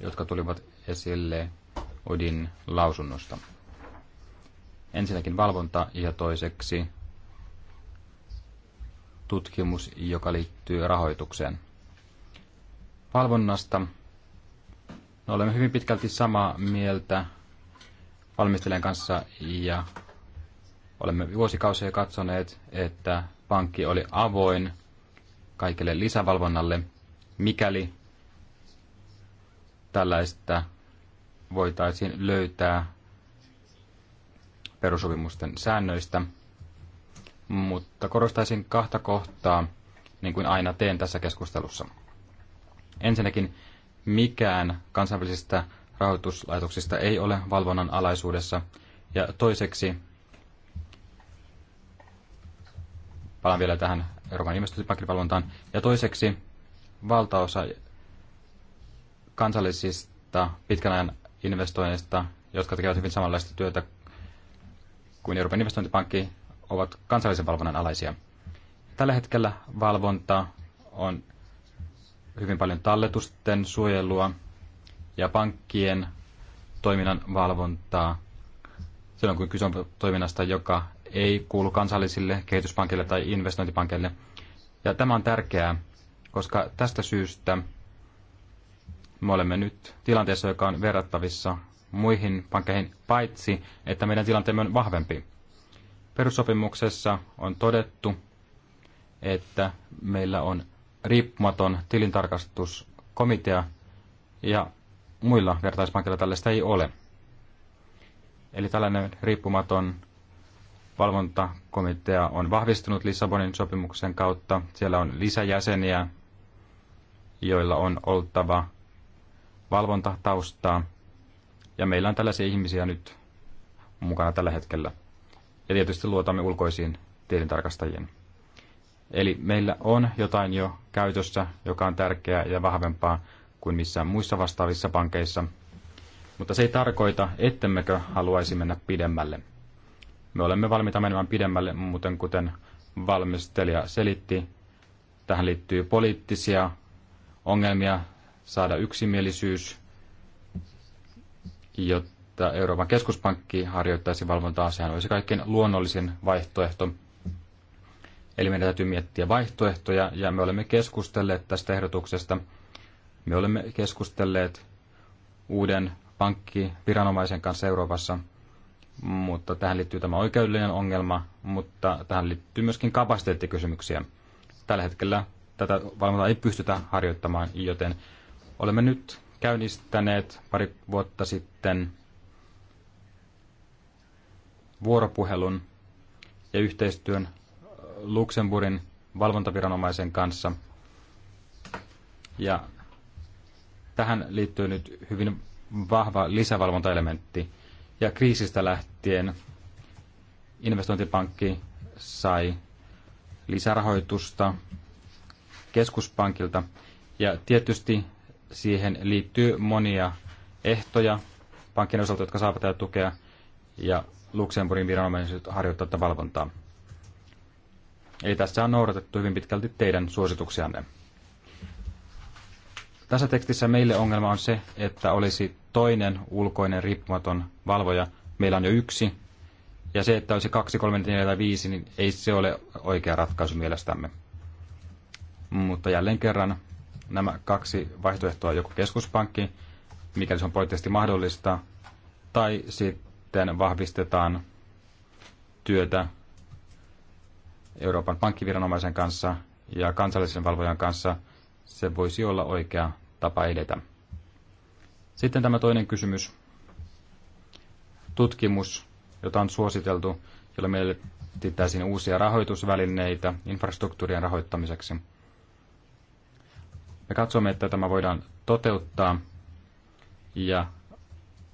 jotka tulivat esille Odin lausunnosta. Ensinnäkin valvonta ja toiseksi tutkimus, joka liittyy rahoitukseen. Valvonnasta No, olemme hyvin pitkälti samaa mieltä valmistelijan kanssa ja olemme vuosikausia katsoneet, että pankki oli avoin kaikille lisävalvonnalle, mikäli tällaista voitaisiin löytää perusopimusten säännöistä. Mutta korostaisin kahta kohtaa, niin kuin aina teen tässä keskustelussa. Ensinnäkin mikään kansainvälisistä rahoituslaitoksista ei ole valvonnan alaisuudessa. Ja toiseksi, palaan vielä tähän Euroopan investointipankin valvontaan, ja toiseksi valtaosa kansallisista pitkän ajan investoinneista, jotka tekevät hyvin samanlaista työtä kuin Euroopan investointipankki, ovat kansallisen valvonnan alaisia. Tällä hetkellä valvonta on hyvin paljon talletusten suojelua ja pankkien toiminnan valvontaa silloin, kun kyse on toiminnasta, joka ei kuulu kansallisille kehityspankille tai investointipankille. Ja tämä on tärkeää, koska tästä syystä me olemme nyt tilanteessa, joka on verrattavissa muihin pankkeihin, paitsi että meidän tilanteemme on vahvempi. Perussopimuksessa on todettu, että meillä on riippumaton tilintarkastuskomitea ja muilla vertaispankilla tällaista ei ole. Eli tällainen riippumaton valvontakomitea on vahvistunut Lissabonin sopimuksen kautta. Siellä on lisäjäseniä, joilla on oltava valvontataustaa. Ja meillä on tällaisia ihmisiä nyt mukana tällä hetkellä. Ja tietysti luotamme ulkoisiin tilintarkastajien. Eli meillä on jotain jo käytössä, joka on tärkeää ja vahvempaa kuin missään muissa vastaavissa pankeissa. Mutta se ei tarkoita, ettemmekö haluaisi mennä pidemmälle. Me olemme valmiita menemään pidemmälle, muuten kuten valmistelija selitti, tähän liittyy poliittisia ongelmia saada yksimielisyys, jotta Euroopan keskuspankki harjoittaisi valvontaa. Sehän olisi kaikkein luonnollisin vaihtoehto. Eli meidän täytyy miettiä vaihtoehtoja ja me olemme keskustelleet tästä ehdotuksesta. Me olemme keskustelleet uuden pankkiviranomaisen kanssa Euroopassa, mutta tähän liittyy tämä oikeudellinen ongelma, mutta tähän liittyy myöskin kapasiteettikysymyksiä. Tällä hetkellä tätä valvontaa ei pystytä harjoittamaan, joten olemme nyt käynnistäneet pari vuotta sitten vuoropuhelun ja yhteistyön Luxemburgin valvontaviranomaisen kanssa. Ja tähän liittyy nyt hyvin vahva lisävalvontaelementti. Ja kriisistä lähtien investointipankki sai lisärahoitusta keskuspankilta. Ja tietysti siihen liittyy monia ehtoja pankkien osalta, jotka saavat tätä tukea, ja Luxemburgin viranomaiset harjoittavat valvontaa. Eli tässä on noudatettu hyvin pitkälti teidän suosituksianne. Tässä tekstissä meille ongelma on se, että olisi toinen ulkoinen riippumaton valvoja. Meillä on jo yksi. Ja se, että olisi kaksi, kolme, neljä tai viisi, niin ei se ole oikea ratkaisu mielestämme. Mutta jälleen kerran nämä kaksi vaihtoehtoa, joko keskuspankki, mikäli se on poliittisesti mahdollista, tai sitten vahvistetaan työtä Euroopan pankkiviranomaisen kanssa ja kansallisen valvojan kanssa, se voisi olla oikea tapa edetä. Sitten tämä toinen kysymys. Tutkimus, jota on suositeltu, jolla meille etsittäisiin uusia rahoitusvälineitä infrastruktuurien rahoittamiseksi. Me katsomme, että tämä voidaan toteuttaa ja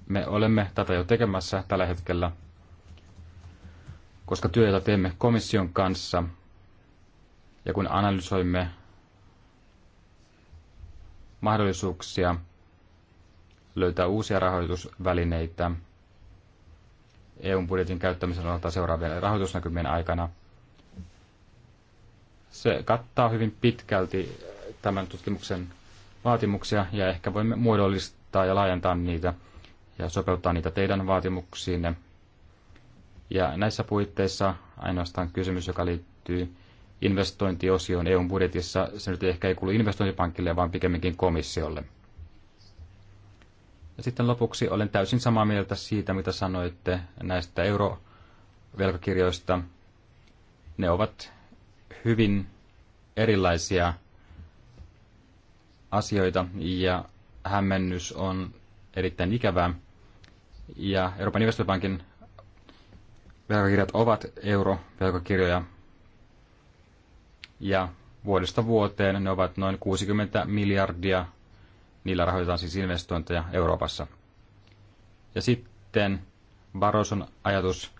me olemme tätä jo tekemässä tällä hetkellä koska työ, jota teemme komission kanssa ja kun analysoimme mahdollisuuksia löytää uusia rahoitusvälineitä EUn budjetin käyttämisen osalta seuraavien rahoitusnäkymien aikana, se kattaa hyvin pitkälti tämän tutkimuksen vaatimuksia ja ehkä voimme muodollistaa ja laajentaa niitä ja sopeuttaa niitä teidän vaatimuksiinne ja näissä puitteissa ainoastaan kysymys, joka liittyy investointiosioon EUn budjetissa, se nyt ehkä ei kuulu investointipankille, vaan pikemminkin komissiolle. Ja sitten lopuksi olen täysin samaa mieltä siitä, mitä sanoitte näistä eurovelkakirjoista. Ne ovat hyvin erilaisia asioita ja hämmennys on erittäin ikävää. Ja Euroopan investointipankin velkakirjat ovat eurovelkakirjoja ja vuodesta vuoteen ne ovat noin 60 miljardia. Niillä rahoitetaan siis investointeja Euroopassa. Ja sitten Baroson ajatus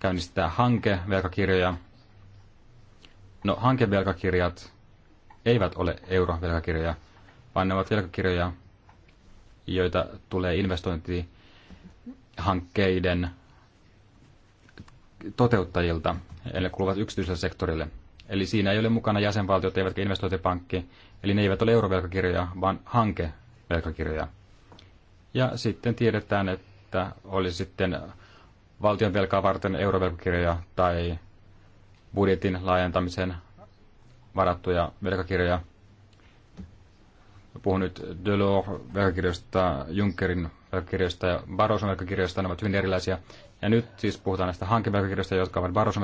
käynnistää hankevelkakirjoja. No hankevelkakirjat eivät ole eurovelkakirjoja, vaan ne ovat velkakirjoja, joita tulee investointihankkeiden toteuttajilta, eli kuluvat yksityiselle sektorille. Eli siinä ei ole mukana jäsenvaltiot eivätkä investointipankki, eli ne eivät ole eurovelkakirjoja, vaan hankevelkakirjoja. Ja sitten tiedetään, että oli sitten valtion velkaa varten eurovelkakirjoja tai budjetin laajentamisen varattuja velkakirjoja. Puhun nyt Delors-velkakirjoista, Junckerin velkakirjoista ja Barroson velkakirjoista, ne ovat hyvin erilaisia. Ja nyt siis puhutaan näistä hankevelkakirjoista, jotka ovat Barroson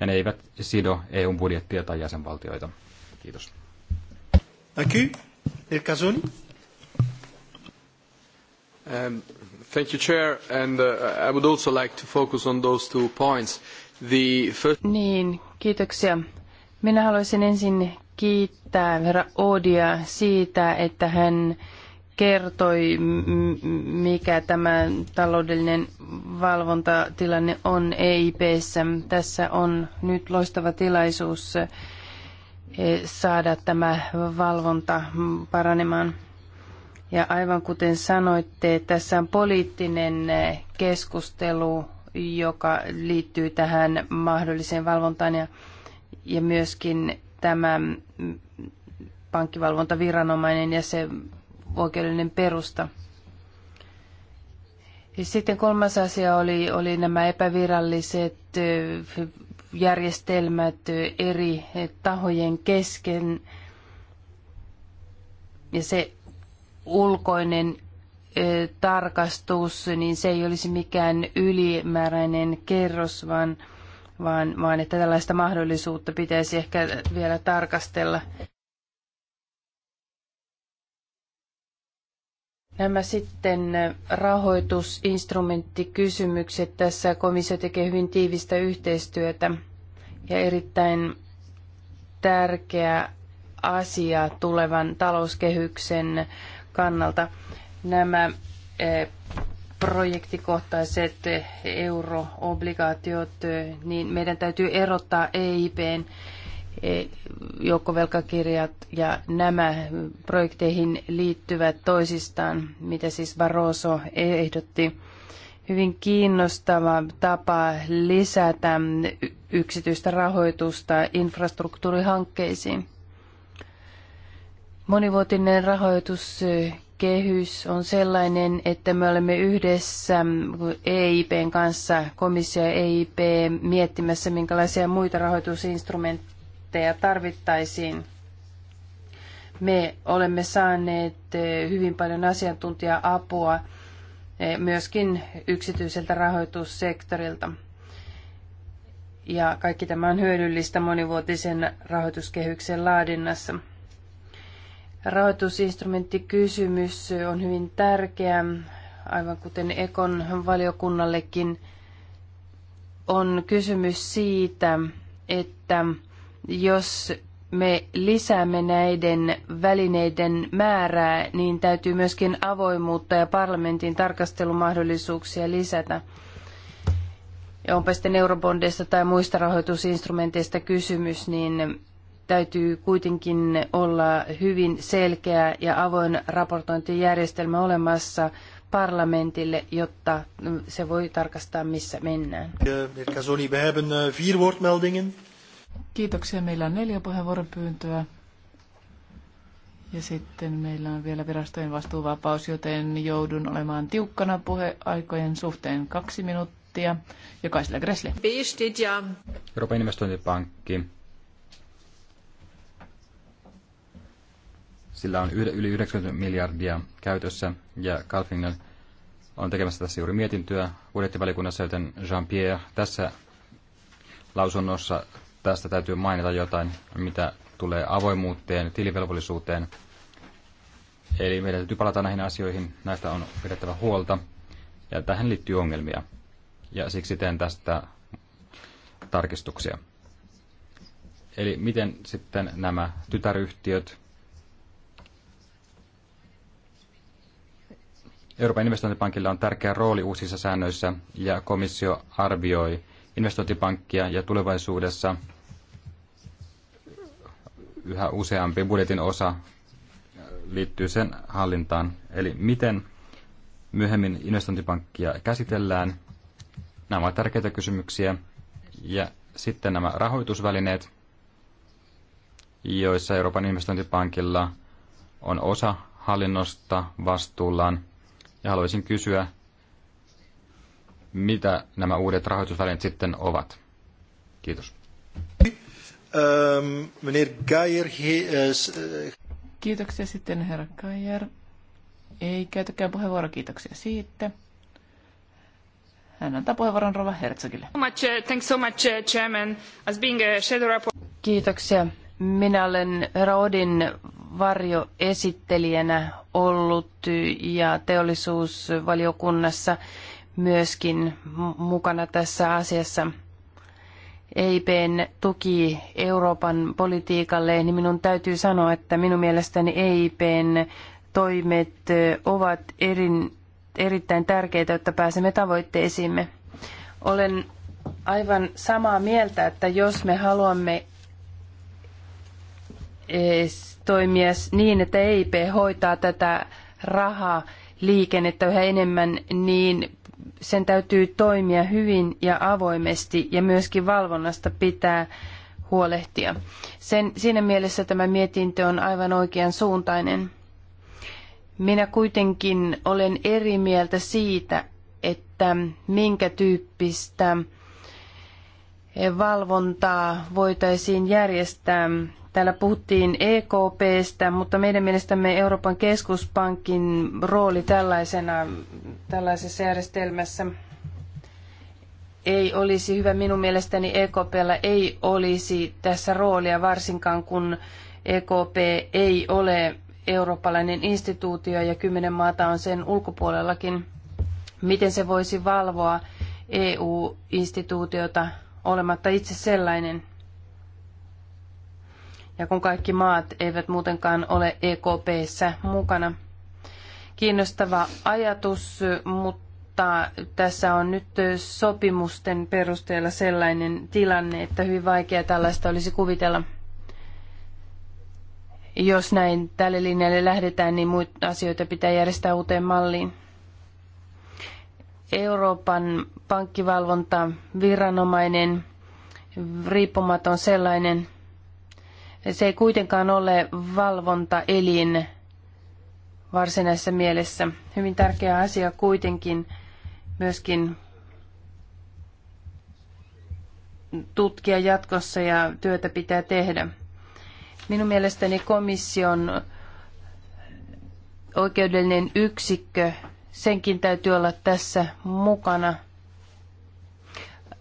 ja ne eivät sido EUn budjettia tai jäsenvaltioita. Kiitos. Thank you. Erkazoni. Um, thank you, Chair, and uh, I would also like to focus on those two points. The first... Niin, kiitoksia. Minä haluaisin ensin kiittää herra Odia siitä, että hän kertoi, mikä tämä taloudellinen valvontatilanne on EIPssä. Tässä on nyt loistava tilaisuus e, saada tämä valvonta paranemaan. Ja aivan kuten sanoitte, tässä on poliittinen e, keskustelu, joka liittyy tähän mahdolliseen valvontaan ja, ja myöskin tämä pankkivalvontaviranomainen ja se oikeudellinen perusta. Sitten kolmas asia oli, oli nämä epäviralliset järjestelmät eri tahojen kesken ja se ulkoinen tarkastus, niin se ei olisi mikään ylimääräinen kerros, vaan, vaan, vaan että tällaista mahdollisuutta pitäisi ehkä vielä tarkastella. Nämä sitten rahoitusinstrumenttikysymykset. Tässä komissio tekee hyvin tiivistä yhteistyötä ja erittäin tärkeä asia tulevan talouskehyksen kannalta. Nämä eh, projektikohtaiset euroobligaatiot, eh, niin meidän täytyy erottaa EIPn E, joukkovelkakirjat ja nämä projekteihin liittyvät toisistaan, mitä siis Barroso ehdotti. Hyvin kiinnostava tapa lisätä yksityistä rahoitusta infrastruktuurihankkeisiin. Monivuotinen rahoituskehys on sellainen, että me olemme yhdessä EIPn kanssa, komissio ja e EIP, miettimässä minkälaisia muita rahoitusinstrumentteja kontakteja tarvittaisiin. Me olemme saaneet eh, hyvin paljon asiantuntija-apua eh, myöskin yksityiseltä rahoitussektorilta. Ja kaikki tämä on hyödyllistä monivuotisen rahoituskehyksen laadinnassa. Rahoitusinstrumenttikysymys on hyvin tärkeä, aivan kuten Ekon valiokunnallekin on kysymys siitä, että jos me lisäämme näiden välineiden määrää, niin täytyy myöskin avoimuutta ja parlamentin tarkastelumahdollisuuksia lisätä. Ja onpa sitten eurobondeista tai muista rahoitusinstrumenteista kysymys, niin täytyy kuitenkin olla hyvin selkeä ja avoin raportointijärjestelmä olemassa parlamentille, jotta se voi tarkastaa, missä mennään. Meneer Casoni, we hebben eh, vier woordmeldingen. Kiitoksia. Meillä on neljä puheenvuoropyyntöä. Ja sitten meillä on vielä virastojen vastuuvapaus, joten joudun olemaan tiukkana puheaikojen suhteen kaksi minuuttia. Jokaiselle Gressle. ja Euroopan investointipankki. Sillä on yli 90 miljardia käytössä ja Kalfinger on tekemässä tässä juuri mietintöä budjettivalikunnassa, joten Jean-Pierre tässä lausunnossa tästä täytyy mainita jotain, mitä tulee avoimuuteen, tilivelvollisuuteen. Eli meidän täytyy palata näihin asioihin, näistä on pidettävä huolta, ja tähän liittyy ongelmia. Ja siksi teen tästä tarkistuksia. Eli miten sitten nämä tytäryhtiöt, Euroopan investointipankilla on tärkeä rooli uusissa säännöissä ja komissio arvioi investointipankkia ja tulevaisuudessa yhä useampi budjetin osa liittyy sen hallintaan. Eli miten myöhemmin investointipankkia käsitellään. Nämä ovat tärkeitä kysymyksiä. Ja sitten nämä rahoitusvälineet, joissa Euroopan investointipankilla on osa hallinnosta vastuullaan. Ja haluaisin kysyä, mitä nämä uudet rahoitusvälineet sitten ovat. Kiitos. Um, meneer Geyer, he, uh, Kiitoksia sitten herra Geyer. Ei käytäkään puheenvuoro, kiitoksia siitä. Hän antaa puheenvuoron Rova Herzogille. so much, eh, Chairman. As being a shadow rapport... Kiitoksia. Minä olen Raodin varjoesittelijänä ollut ja teollisuusvaliokunnassa myöskin mukana tässä asiassa. EIPn tuki Euroopan politiikalle, niin minun täytyy sanoa, että minun mielestäni EIPn toimet ovat erin, erittäin tärkeitä, jotta pääsemme tavoitteisiimme. Olen aivan samaa mieltä, että jos me haluamme toimia niin, että EIP hoitaa tätä rahaa liikennettä yhä enemmän, niin sen täytyy toimia hyvin ja avoimesti ja myöskin valvonnasta pitää huolehtia. Sen, siinä mielessä tämä mietintö on aivan oikean suuntainen. Minä kuitenkin olen eri mieltä siitä, että minkä tyyppistä valvontaa voitaisiin järjestää Täällä puhuttiin EKPstä, mutta meidän mielestämme Euroopan keskuspankin rooli tällaisena, tällaisessa järjestelmässä ei olisi hyvä. Minun mielestäni EKPllä ei olisi tässä roolia, varsinkaan kun EKP ei ole eurooppalainen instituutio ja kymmenen maata on sen ulkopuolellakin. Miten se voisi valvoa EU-instituutiota olematta itse sellainen? ja kun kaikki maat eivät muutenkaan ole EKPssä mukana. Kiinnostava ajatus, mutta tässä on nyt sopimusten perusteella sellainen tilanne, että hyvin vaikea tällaista olisi kuvitella. Jos näin tälle linjalle lähdetään, niin muita asioita pitää järjestää uuteen malliin. Euroopan pankkivalvontaviranomainen, riippumaton sellainen, se ei kuitenkaan ole valvontaelin varsinaisessa mielessä. Hyvin tärkeä asia kuitenkin myöskin tutkia jatkossa ja työtä pitää tehdä. Minun mielestäni komission oikeudellinen yksikkö, senkin täytyy olla tässä mukana –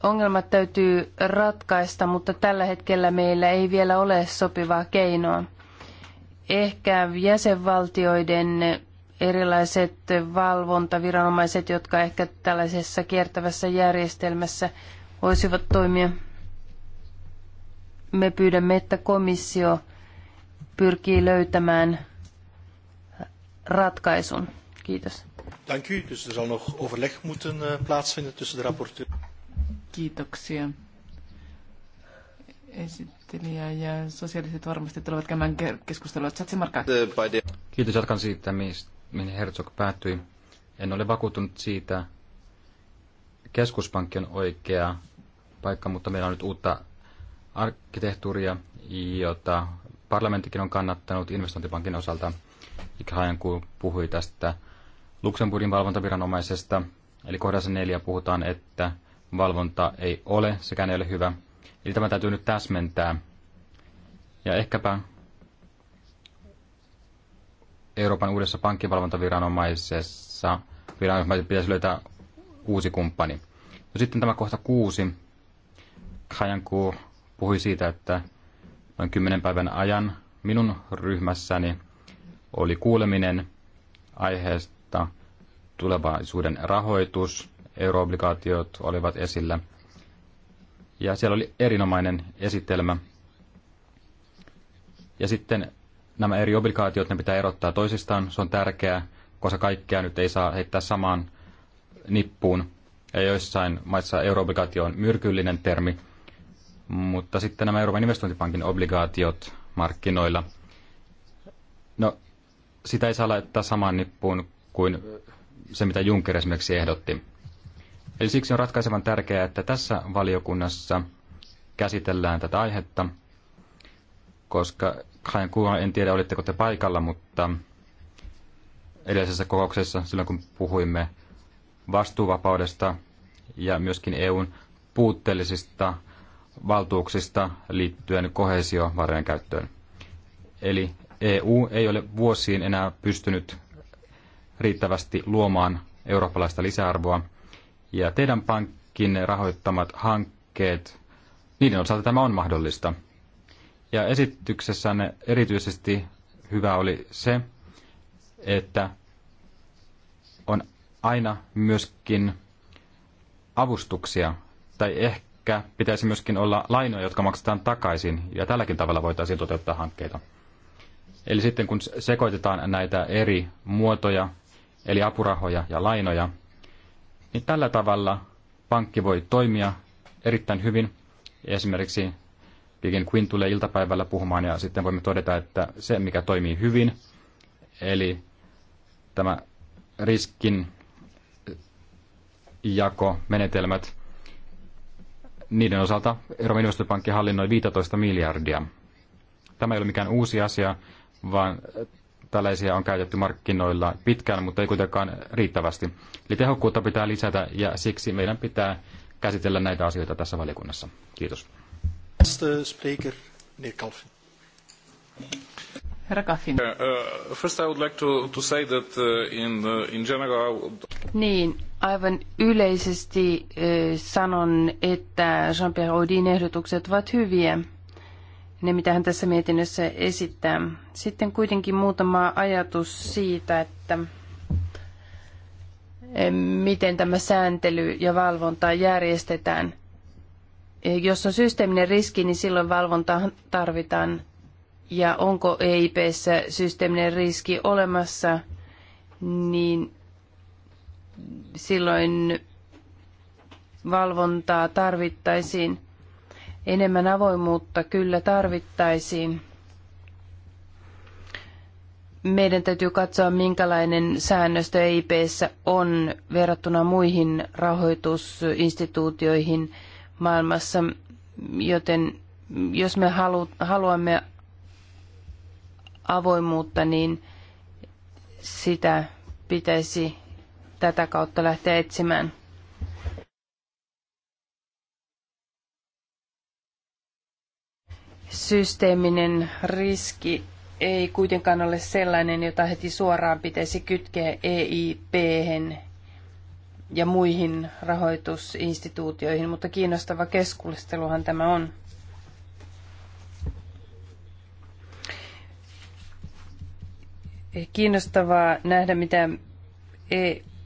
ongelmat täytyy ratkaista, mutta tällä hetkellä meillä ei vielä ole sopivaa keinoa. Ehkä jäsenvaltioiden erilaiset valvontaviranomaiset, jotka ehkä tällaisessa kiertävässä järjestelmässä voisivat toimia. Me pyydämme, että komissio pyrkii löytämään ratkaisun. Kiitos. Dank u. Dus er zal nog overleg moeten eh, plaatsvinden tussen de rapporteur. Kiitoksia esittelijä ja sosiaaliset varmasti tulevat käymään keskustelua. Chatsimarka. Kiitos, jatkan siitä, mihin Herzog päättyi. En ole vakuuttunut siitä. Keskuspankki on oikea paikka, mutta meillä on nyt uutta arkkitehtuuria, jota parlamenttikin on kannattanut investointipankin osalta. Ikhajan puhui tästä Luxemburgin valvontaviranomaisesta, eli kohdassa neljä puhutaan, että valvonta ei ole, sekään ei ole hyvä. Eli tämä täytyy nyt täsmentää. Ja ehkäpä Euroopan uudessa pankkivalvontaviranomaisessa viranomaisessa pitäisi löytää uusi kumppani. No sitten tämä kohta kuusi. Kajanku puhui siitä, että noin kymmenen päivän ajan minun ryhmässäni oli kuuleminen aiheesta tulevaisuuden rahoitus – euroobligaatiot olivat esillä. Ja siellä oli erinomainen esitelmä. Ja sitten nämä eri obligaatiot, ne pitää erottaa toisistaan. Se on tärkeää, koska kaikkea nyt ei saa heittää samaan nippuun. Ja joissain maissa euroobligaatio on myrkyllinen termi. Mutta sitten nämä Euroopan investointipankin obligaatiot markkinoilla. No, sitä ei saa laittaa samaan nippuun kuin se, mitä Juncker esimerkiksi ehdotti. Eli siksi on ratkaisevan tärkeää, että tässä valiokunnassa käsitellään tätä aihetta, koska en tiedä olitteko te paikalla, mutta edellisessä kokouksessa silloin kun puhuimme vastuuvapaudesta ja myöskin EUn puutteellisista valtuuksista liittyen kohesiovarojen käyttöön. Eli EU ei ole vuosiin enää pystynyt riittävästi luomaan eurooppalaista lisäarvoa, ja teidän pankin rahoittamat hankkeet, niiden osalta tämä on mahdollista. Ja esityksessänne erityisesti hyvä oli se, että on aina myöskin avustuksia tai ehkä pitäisi myöskin olla lainoja, jotka maksetaan takaisin ja tälläkin tavalla voitaisiin toteuttaa hankkeita. Eli sitten kun sekoitetaan näitä eri muotoja, eli apurahoja ja lainoja, niin tällä tavalla pankki voi toimia erittäin hyvin. Esimerkiksi Digin Quinn tulee iltapäivällä puhumaan ja sitten voimme todeta, että se mikä toimii hyvin, eli tämä riskin jakomenetelmät, niiden osalta Euroopan investointipankki hallinnoi 15 miljardia. Tämä ei ole mikään uusi asia, vaan Tällaisia on käytetty markkinoilla pitkään, mutta ei kuitenkaan riittävästi. Eli tehokkuutta pitää lisätä ja siksi meidän pitää käsitellä näitä asioita tässä valiokunnassa. Kiitos. Herra Kaffin. Uh, uh, first I would like to, to say that uh, in, in general... Niin, aivan yleisesti sanon, että Jean-Pierre Audin ehdotukset ovat hyviä ne, mitä hän tässä mietinnössä esittää. Sitten kuitenkin muutama ajatus siitä, että eh, miten tämä sääntely ja valvonta järjestetään. Eh, jos on systeeminen riski, niin silloin valvontaa tarvitaan. Ja onko EIPssä systeeminen riski olemassa, niin silloin valvontaa tarvittaisiin enemmän avoimuutta kyllä tarvittaisiin. Meidän täytyy katsoa, minkälainen säännöstö EIPssä on verrattuna muihin rahoitusinstituutioihin maailmassa, joten jos me haluamme avoimuutta, niin sitä pitäisi tätä kautta lähteä etsimään. systeeminen riski ei kuitenkaan ole sellainen, jota heti suoraan pitäisi kytkeä eip ja muihin rahoitusinstituutioihin, mutta kiinnostava keskusteluhan tämä on. Kiinnostavaa nähdä, mitä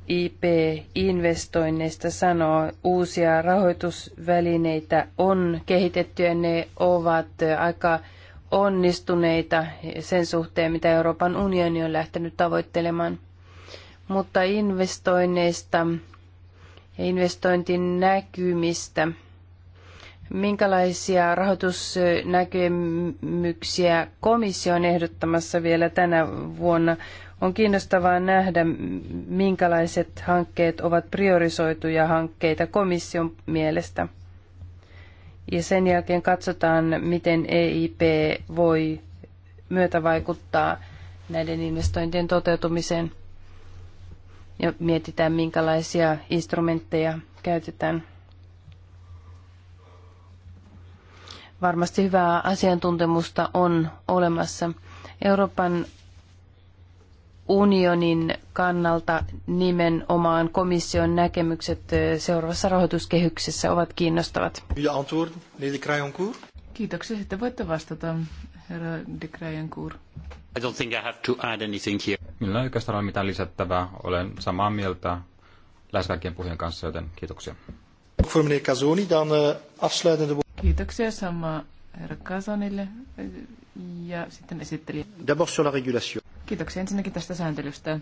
ip investoinneista sanoo, uusia rahoitusvälineitä on kehitetty ja ne ovat aika onnistuneita sen suhteen, mitä Euroopan unioni on lähtenyt tavoittelemaan. Mutta investoinneista ja investointinäkymistä, minkälaisia rahoitusnäkemyksiä komissio on ehdottamassa vielä tänä vuonna? On kiinnostavaa nähdä, minkälaiset hankkeet ovat priorisoituja hankkeita komission mielestä. Ja sen jälkeen katsotaan, miten EIP voi myötävaikuttaa näiden investointien toteutumiseen. Ja mietitään, minkälaisia instrumentteja käytetään. Varmasti hyvää asiantuntemusta on olemassa. Euroopan unionin kannalta nimenomaan komission näkemykset seuraavassa rahoituskehyksessä ovat kiinnostavat. Kiitoksia. että voitte vastata, herra de Krajankur. I don't think I have to add anything here. Minulla ei oikeastaan ole mitään lisättävää. Olen samaa mieltä lähes kaikkien puhujien kanssa, joten kiitoksia. Voor meneer Casoni dan eh, afsluitende Kiitoksia sama herra Kazonille ja sitten esittelijä. D'abord sur la régulation. Kiitoksia ensinnäkin tästä sääntelystä.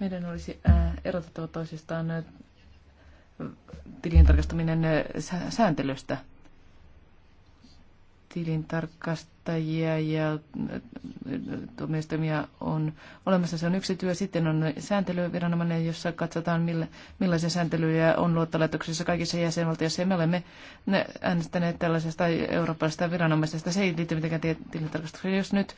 Meidän olisi äh, erotettava toisistaan äh, tilin tarkastaminen äh, sääntelystä. Tilintarkastajia ja tuomioistuimia on olemassa. Se on yksi työ. Sitten on sääntelyviranomainen, jossa katsotaan, millä, millaisia sääntelyjä on luottolaitoksissa kaikissa jäsenvaltioissa. Ja me olemme äänestäneet tällaisesta eurooppalaisesta viranomaisesta. Se ei liity mitenkään tilintarkastukseen. Jos nyt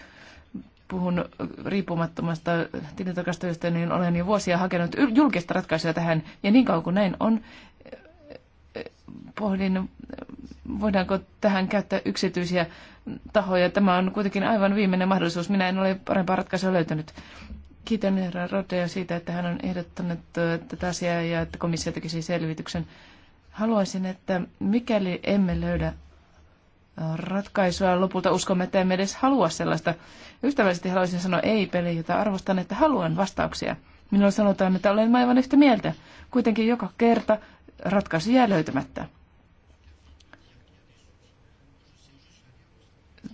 puhun riippumattomasta tilintarkastajasta, niin olen jo vuosia hakenut julkista ratkaisua tähän. Ja niin kauan kuin näin on, pohdin, voidaanko tähän käyttää yksityisiä tahoja. Tämä on kuitenkin aivan viimeinen mahdollisuus. Minä en ole parempaa ratkaisua löytänyt. Kiitän herra Rodea siitä, että hän on ehdottanut tätä asiaa ja että komissio tekisi selvityksen. Haluaisin, että mikäli emme löydä ratkaisua. Lopulta uskomme, että emme edes halua sellaista. Ystävällisesti haluaisin sanoa ei peli, jota arvostan, että haluan vastauksia. Minulle sanotaan, että olen aivan yhtä mieltä. Kuitenkin joka kerta ratkaisu jää löytämättä.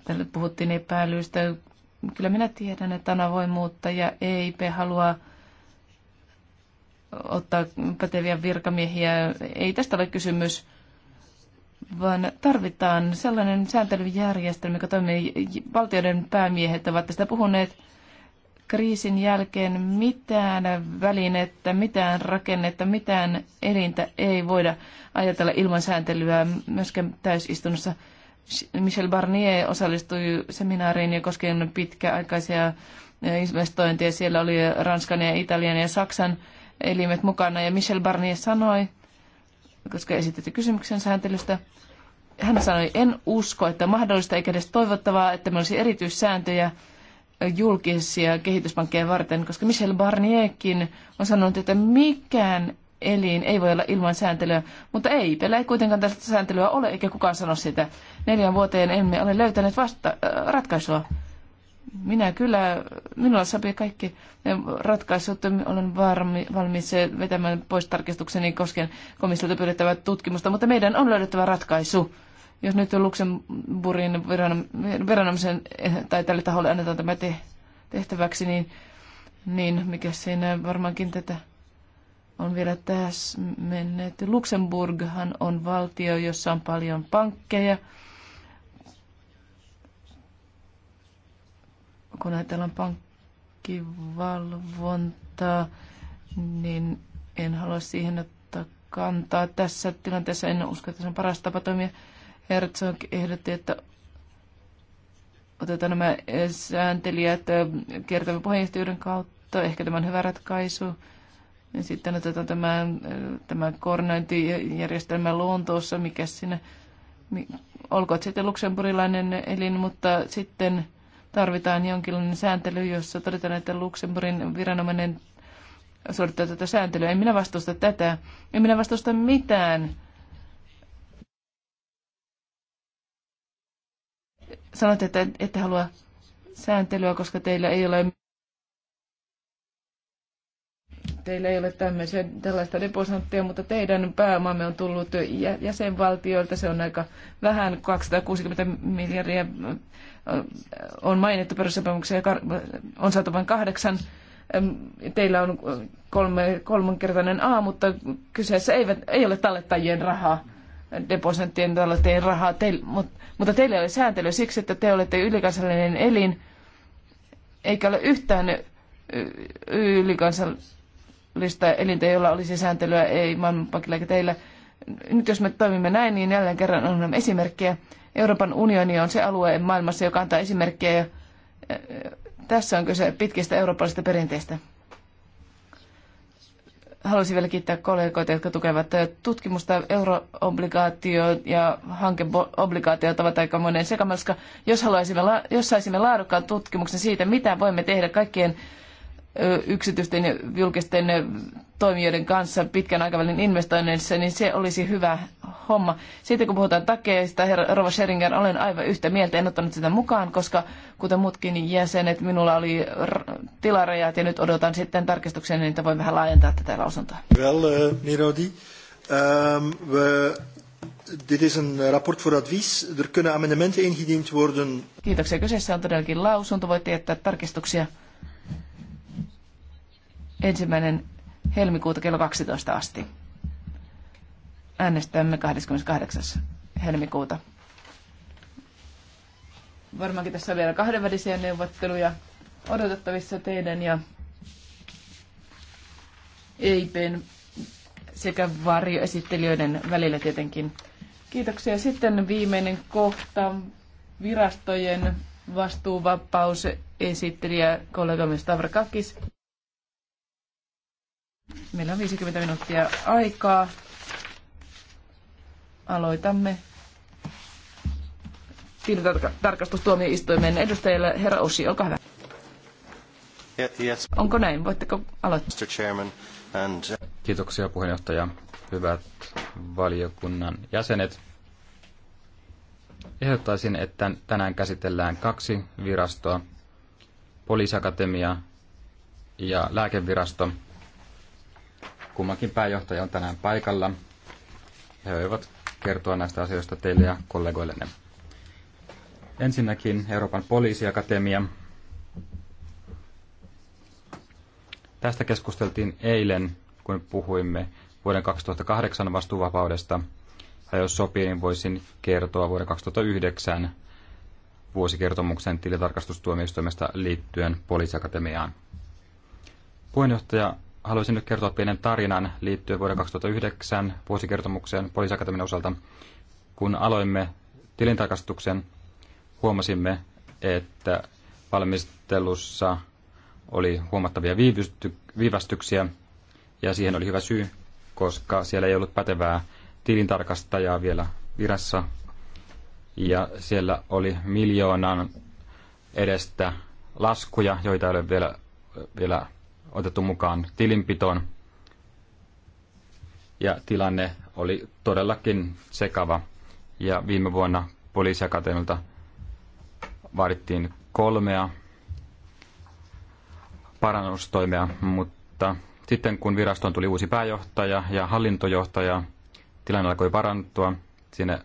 Täällä puhuttiin epäilyistä. Kyllä minä tiedän, että Ana voi muuttaa ja EIP haluaa ottaa päteviä virkamiehiä. Ei tästä ole kysymys vaan tarvitaan sellainen sääntelyjärjestelmä, joka toimii. Valtioiden päämiehet ovat tästä puhuneet kriisin jälkeen mitään välinettä, mitään rakennetta, mitään elintä ei voida ajatella ilman sääntelyä myöskään täysistunnossa. Michel Barnier osallistui seminaariin ja koskien pitkäaikaisia investointeja. Siellä oli Ranskan ja Italian ja Saksan elimet mukana ja Michel Barnier sanoi, koska esitetty kysymyksen sääntelystä, hän sanoi, en usko, että mahdollista eikä edes toivottavaa, että meillä olisi erityissääntöjä julkisia kehityspankkeja varten, koska Michel Barnierkin on sanonut, että mikään elin ei voi olla ilman sääntelyä, mutta ei, ei kuitenkaan tästä sääntelyä ole, eikä kukaan sano sitä. Neljän vuoteen emme ole löytäneet vasta- äh, ratkaisua. Minä kyllä, minulla sopii kaikki ratkaisut. Olen varmi, valmis vetämään pois tarkistukseni koskien komissiolta pyydettävää tutkimusta, mutta meidän on löydettävä ratkaisu. Jos nyt Luxemburgin veronomisen eh, tai tälle taholle annetaan tämä tehtäväksi, niin, niin mikä siinä varmaankin tätä on vielä tässä mennyt. Luxemburghan on valtio, jossa on paljon pankkeja. Kun ajatellaan pankkivalvontaa, niin en halua siihen ottaa kantaa tässä tilanteessa. En usko, että se on paras tapa toimia. Herzog ehdotti, että otetaan nämä sääntelijät kiertävän puheenjohtajuuden kautta. Ehkä tämä on hyvä ratkaisu. Ja sitten otetaan tämä, tämä koordinointijärjestelmä Lontoossa, mikä siinä, olkoon sitten luksemburilainen elin, mutta sitten tarvitaan jonkinlainen sääntely, jossa todetaan, että Luxemburgin viranomainen suorittaa tätä sääntelyä. En minä vastusta tätä. En minä vastusta mitään Sanotte että ette halua sääntelyä, koska teillä ei ole teillä ei ole tämmöisiä, tällaista deposanttia, mutta teidän pääomamme on tullut jäsenvaltioilta. Se on aika vähän, 260 miljardia äh, on mainittu perussopimuksia, on saatu vain kahdeksan. Teillä on kolme, kolmankertainen A, mutta kyseessä ei, ei ole tallettajien rahaa deposittien tuolla tein rahaa, teille, mut, mutta teillä oli sääntely siksi, että te olette ylikansallinen elin, eikä ole yhtään ylikansallista elintä, jolla olisi sääntelyä, ei maailmanpankilla eikä teillä. Nyt jos me toimimme näin, niin jälleen kerran on esimerkkejä. Euroopan unioni on se alue maailmassa, joka antaa esimerkkejä. Ja tässä on kyse pitkistä eurooppalaisista perinteistä. Haluaisin vielä kiittää kollegoita, jotka tukevat tutkimusta. Euroobligaatio ja hankeobligaatiot ovat aika monen sekamelska. Jos, haluaisimme, jos saisimme laadukkaan tutkimuksen siitä, mitä voimme tehdä kaikkien yksityisten ja julkisten toimijoiden kanssa pitkän aikavälin investoinneissa, niin se olisi hyvä homma. Siitä kun puhutaan takeista, herra Rova Scheringer, olen aivan yhtä mieltä, en ottanut sitä mukaan, koska kuten muutkin jäsenet, minulla oli tilarajat ja nyt odotan sitten tarkistuksia, niin että voin vähän laajentaa tätä lausuntoa. Wel, uh, eh, Mirodi. Um, ehm, we, dit is een rapport er kunnen amendementen ingediend worden. Kiitoksia. Kyseessä on todellakin lausunto. Voitte jättää tarkistuksia ensimmäinen helmikuuta kello 12 asti. Äänestämme 28. helmikuuta. Varmaankin tässä on vielä kahdenvälisiä neuvotteluja odotettavissa teidän ja EIPn sekä varjoesittelijöiden välillä tietenkin. Kiitoksia. Sitten viimeinen kohta, virastojen vastuuvapaus, esittelijä kollegamme Stavrakakis. Meillä on 50 minuuttia aikaa. Aloitamme tilintarkastustuomioistuimen edustajille Herra Osi, olkaa hyvä. Yes. Onko näin? Voitteko aloittaa? and... Uh, Kiitoksia puheenjohtaja. Hyvät valiokunnan jäsenet. Ehdottaisin, että tänään käsitellään kaksi virastoa, poliisiakatemia ja lääkevirasto – Kummankin pääjohtaja on tänään paikalla. He voivat kertoa näistä asioista teille ja kollegoillenne. Ensinnäkin Euroopan poliisiakatemia. Tästä keskusteltiin eilen, kun puhuimme vuoden 2008 vastuuvapaudesta. Ja jos sopii, niin voisin kertoa vuoden 2009 vuosikertomuksen tilitarkastustuomioistuimesta liittyen poliisiakatemiaan. Puheenjohtaja haluaisin nyt kertoa pienen tarinan liittyen vuoden 2009 vuosikertomukseen poliisiakatemian osalta. Kun aloimme tilintarkastuksen, huomasimme, että valmistelussa oli huomattavia viivästyksiä ja siihen oli hyvä syy, koska siellä ei ollut pätevää tilintarkastajaa vielä virassa ja siellä oli miljoonan edestä laskuja, joita ei ole vielä, vielä otettu mukaan tilinpitoon. Ja tilanne oli todellakin sekava. Ja viime vuonna poliisiakateemilta vaadittiin kolmea parannustoimea, mutta sitten kun virastoon tuli uusi pääjohtaja ja hallintojohtaja, tilanne alkoi parantua. Sinne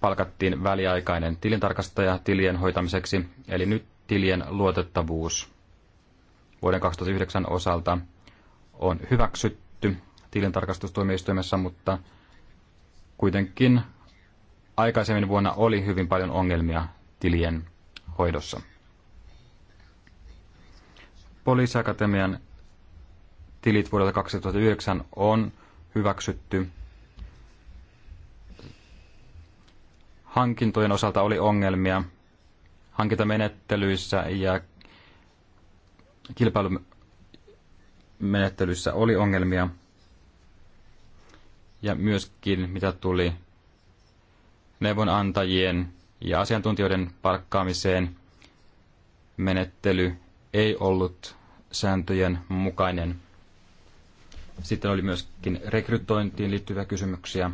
palkattiin väliaikainen tilintarkastaja tilien hoitamiseksi, eli nyt tilien luotettavuus vuoden 2009 osalta on hyväksytty tilintarkastustuomioistuimessa, mutta kuitenkin aikaisemmin vuonna oli hyvin paljon ongelmia tilien hoidossa. Poliisiakatemian tilit vuodelta 2009 on hyväksytty. Hankintojen osalta oli ongelmia hankintamenettelyissä ja kilpailumenettelyssä oli ongelmia. Ja myöskin mitä tuli neuvonantajien ja asiantuntijoiden palkkaamiseen, menettely ei ollut sääntöjen mukainen. Sitten oli myöskin rekrytointiin liittyviä kysymyksiä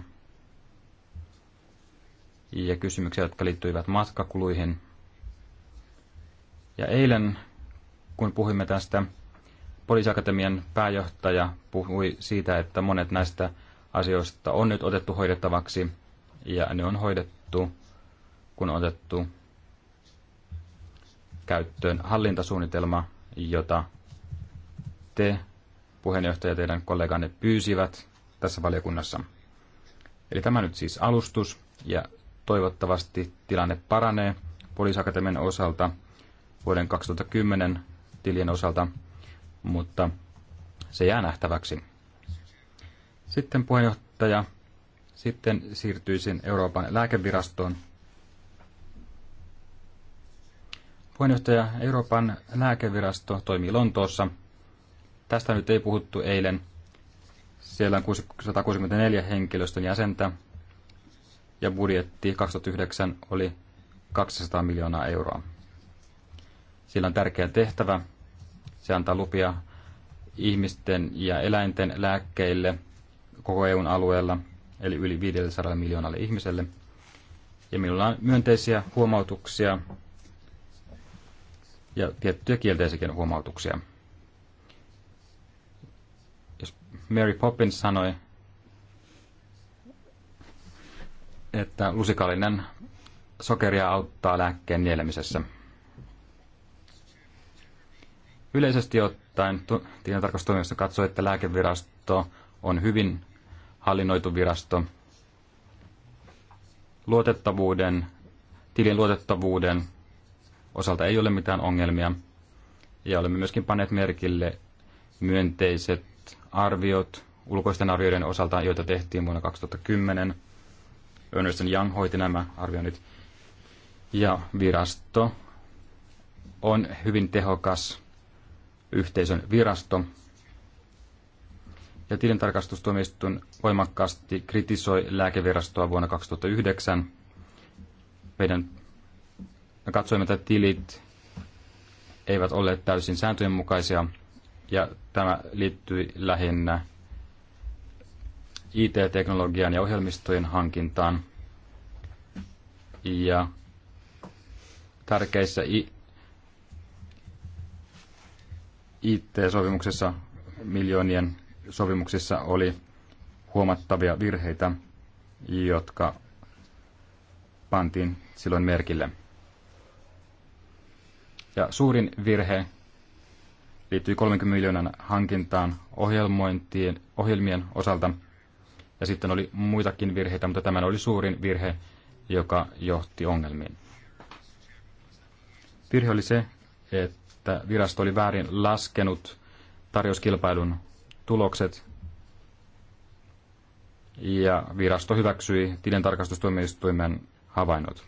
ja kysymyksiä, jotka liittyivät matkakuluihin. Ja eilen kun puhuimme tästä, poliisiakatemian pääjohtaja puhui siitä, että monet näistä asioista on nyt otettu hoidettavaksi ja ne on hoidettu, kun on otettu käyttöön hallintasuunnitelma, jota te, puheenjohtaja, teidän kolleganne pyysivät tässä valiokunnassa. Eli tämä nyt siis alustus ja toivottavasti tilanne paranee poliisiakatemian osalta vuoden 2010 tilien osalta, mutta se jää nähtäväksi. Sitten puheenjohtaja, sitten siirtyisin Euroopan lääkevirastoon. Puheenjohtaja Euroopan lääkevirasto toimii Lontoossa. Tästä nyt ei puhuttu eilen. Siellä on 164 henkilöstön jäsentä ja budjetti 2009 oli 200 miljoonaa euroa. Sillä on tärkeä tehtävä se antaa lupia ihmisten ja eläinten lääkkeille koko EUn alueella, eli yli 500 miljoonalle ihmiselle. Ja minulla on myönteisiä huomautuksia ja tiettyjä kielteisiäkin huomautuksia. Jos Mary Poppins sanoi, että lusikallinen sokeria auttaa lääkkeen nielemisessä. Yleisesti ottaen tilintarkastustoimisto katsoo, että lääkevirasto on hyvin hallinnoitu virasto. Luotettavuuden, tilin luotettavuuden osalta ei ole mitään ongelmia. Ja olemme myöskin panneet merkille myönteiset arviot ulkoisten arvioiden osalta, joita tehtiin vuonna 2010. Ernest Young hoiti nämä arvioinnit. Ja virasto on hyvin tehokas yhteisön virasto. Ja tilintarkastustuomioistuin voimakkaasti kritisoi lääkevirastoa vuonna 2009. Meidän, me katsoimme, että tilit eivät olleet täysin sääntöjen mukaisia, ja tämä liittyi lähinnä IT-teknologian ja ohjelmistojen hankintaan. Ja tärkeissä IT-sopimuksessa miljoonien sopimuksissa oli huomattavia virheitä, jotka pantiin silloin merkille. Ja suurin virhe liittyy 30 miljoonan hankintaan ohjelmointien, ohjelmien osalta. Ja sitten oli muitakin virheitä, mutta tämä oli suurin virhe, joka johti ongelmiin. Virhe oli se, että että virasto oli väärin laskenut tarjouskilpailun tulokset ja virasto hyväksyi tilintarkastustuomioistuimen havainnot.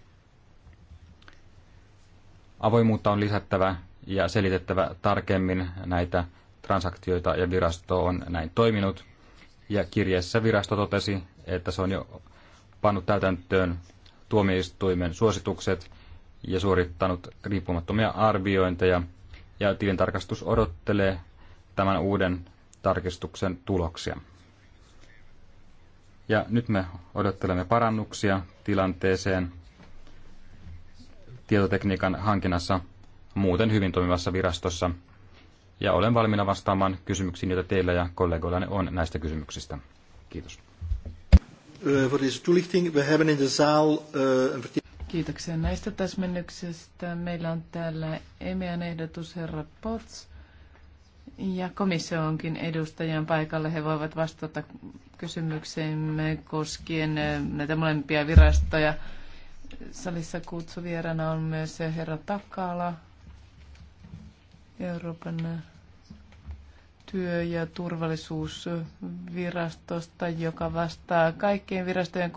Avoimuutta on lisättävä ja selitettävä tarkemmin näitä transaktioita ja virasto on näin toiminut. Ja kirjeessä virasto totesi, että se on jo pannut täytäntöön tuomioistuimen suositukset ja suorittanut riippumattomia arviointeja ja tilintarkastus odottelee tämän uuden tarkistuksen tuloksia. Ja nyt me odottelemme parannuksia tilanteeseen tietotekniikan hankinnassa muuten hyvin toimivassa virastossa. Ja olen valmiina vastaamaan kysymyksiin, joita teillä ja kollegoillanne on näistä kysymyksistä. Kiitos. Eh, Voor deze toelichting. We hebben in de zaal eh, een Kiitoksia näistä täsmennyksistä. Meillä on täällä EMEAn ehdotus herra Pots ja komissio onkin edustajan paikalle. He voivat vastata kysymykseemme koskien eh, näitä molempia virastoja. Salissa kutsuvierana on myös herra Takala, Euroopan työ- ja turvallisuusvirastosta, joka vastaa kaikkien virastojen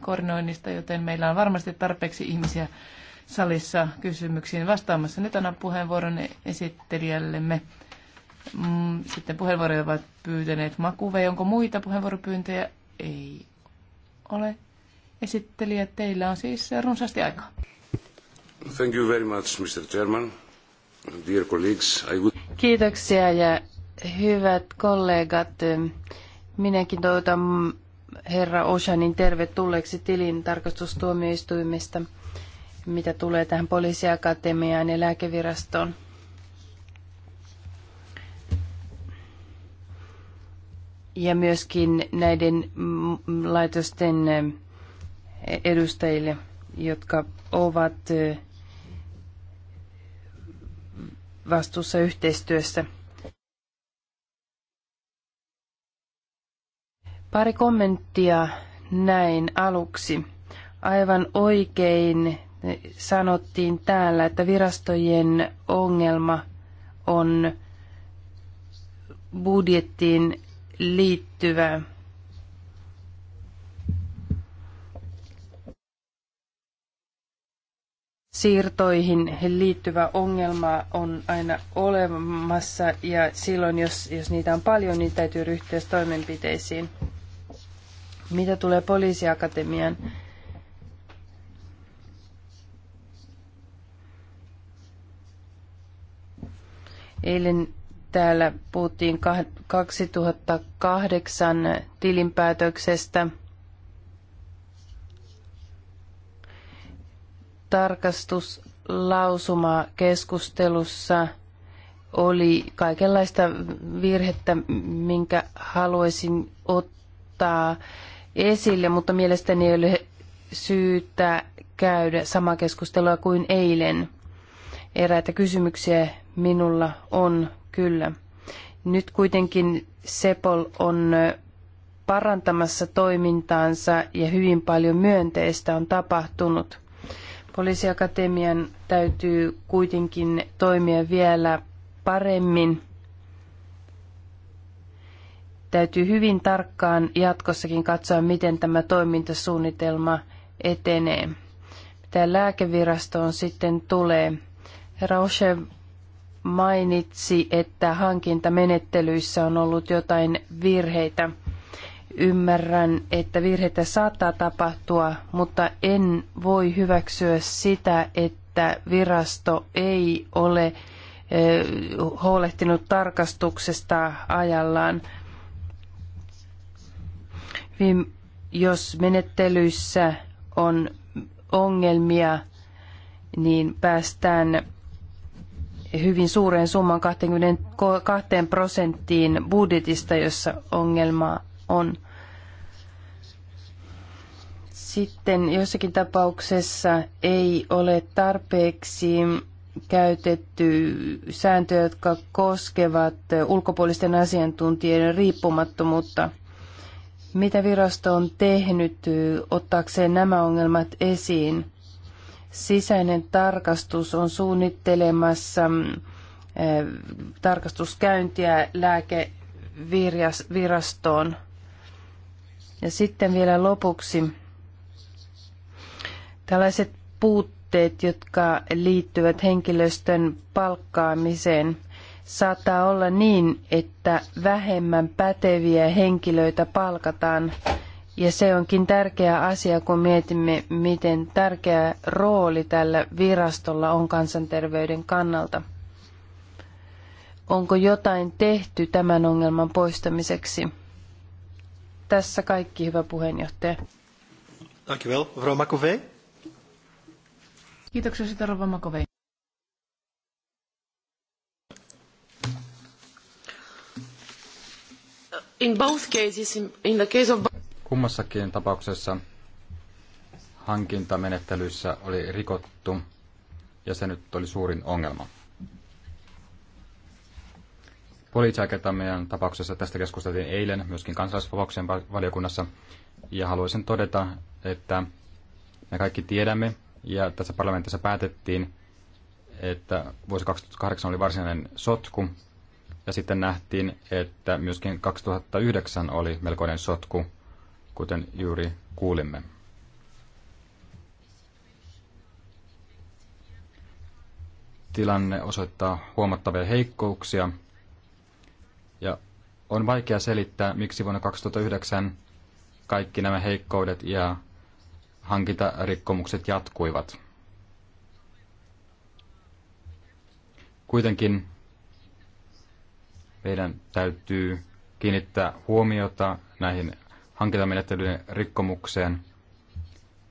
koordinoinnista, joten meillä on varmasti tarpeeksi ihmisiä salissa kysymyksiin vastaamassa. Nyt annan puheenvuoron esittelijällemme. Mm, sitten puheenvuoroja ovat pyytäneet Makuve. Onko muita puheenvuoropyyntöjä? Ei ole. Esittelijä, teillä on siis runsaasti aikaa. Thank you very much, Mr. Chairman. Dear colleagues, I would... Kiitoksia ja Hyvät kollegat, minäkin toivotan herra Oshanin tervetulleeksi tilintarkastustuomioistuimesta, mitä tulee tähän poliisiakatemiaan ja lääkevirastoon. Ja myöskin näiden laitosten edustajille, jotka ovat vastuussa yhteistyössä – Pari kommenttia näin aluksi. Aivan oikein sanottiin täällä, että virastojen ongelma on budjettiin liittyvä. siirtoihin liittyvä ongelma on aina olemassa ja silloin, jos, jos niitä on paljon, niin täytyy ryhtyä toimenpiteisiin. Mitä tulee poliisiakatemian, eilen täällä puhuttiin 2008 tilinpäätöksestä. Tarkastuslausuma keskustelussa oli kaikenlaista virhettä, minkä haluaisin ottaa esille, mutta mielestäni ei ole syytä käydä samaa keskustelua kuin eilen. Eräitä kysymyksiä minulla on kyllä. Nyt kuitenkin Sepol on parantamassa toimintaansa ja hyvin paljon myönteistä on tapahtunut. Poliisiakatemian täytyy kuitenkin toimia vielä paremmin Täytyy hyvin tarkkaan jatkossakin katsoa, miten tämä toimintasuunnitelma etenee. Tämä lääkevirasto on sitten tulee? Rauche mainitsi, että hankintamenettelyissä on ollut jotain virheitä. Ymmärrän, että virheitä saattaa tapahtua, mutta en voi hyväksyä sitä, että virasto ei ole huolehtinut tarkastuksesta ajallaan. Niin jos menettelyissä on ongelmia, niin päästään hyvin suureen summan 22 prosenttiin budjetista, jossa ongelma on. Sitten jossakin tapauksessa ei ole tarpeeksi käytetty sääntöjä, jotka koskevat ulkopuolisten asiantuntijoiden riippumattomuutta. Mitä virasto on tehnyt ottaakseen nämä ongelmat esiin? Sisäinen tarkastus on suunnittelemassa mm, tarkastuskäyntiä lääkevirastoon. Ja sitten vielä lopuksi tällaiset puutteet, jotka liittyvät henkilöstön palkkaamiseen – saattaa olla niin, että vähemmän päteviä henkilöitä palkataan. Ja se onkin tärkeä asia, kun mietimme, miten tärkeä rooli tällä virastolla on kansanterveyden kannalta. Onko jotain tehty tämän ongelman poistamiseksi? Tässä kaikki, hyvä puheenjohtaja. Kiitoksia, in both cases, in the case of... Kummassakin tapauksessa hankintamenettelyissä oli rikottu ja se nyt oli suurin ongelma. Poliitsäketämien tapauksessa tästä keskusteltiin eilen myöskin kansalaisvapauksien valiokunnassa ja haluaisin todeta, että me kaikki tiedämme ja tässä parlamentissa päätettiin, että vuosi 2008 oli varsinainen sotku ja sitten nähtiin, että myöskin 2009 oli melkoinen sotku, kuten juuri kuulimme. Tilanne osoittaa huomattavia heikkouksia ja on vaikea selittää, miksi vuonna 2009 kaikki nämä heikkoudet ja hankintarikkomukset jatkuivat. Kuitenkin meidän täytyy kiinnittää huomiota näihin hankintamenettelyiden rikkomukseen,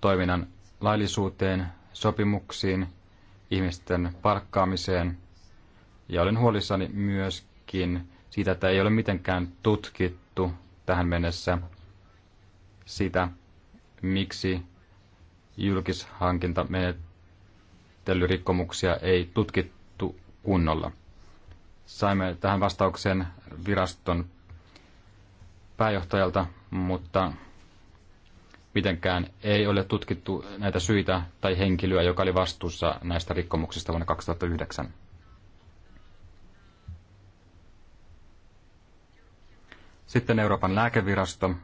toiminnan laillisuuteen, sopimuksiin, ihmisten palkkaamiseen. Ja olen huolissani myöskin siitä, että ei ole mitenkään tutkittu tähän mennessä sitä, miksi julkishankintamenettelyrikkomuksia ei tutkittu kunnolla. Saimme tähän vastauksen viraston pääjohtajalta, mutta mitenkään ei ole tutkittu näitä syitä tai henkilöä, joka oli vastuussa näistä rikkomuksista vuonna 2009. Sitten Euroopan lääkevirasto.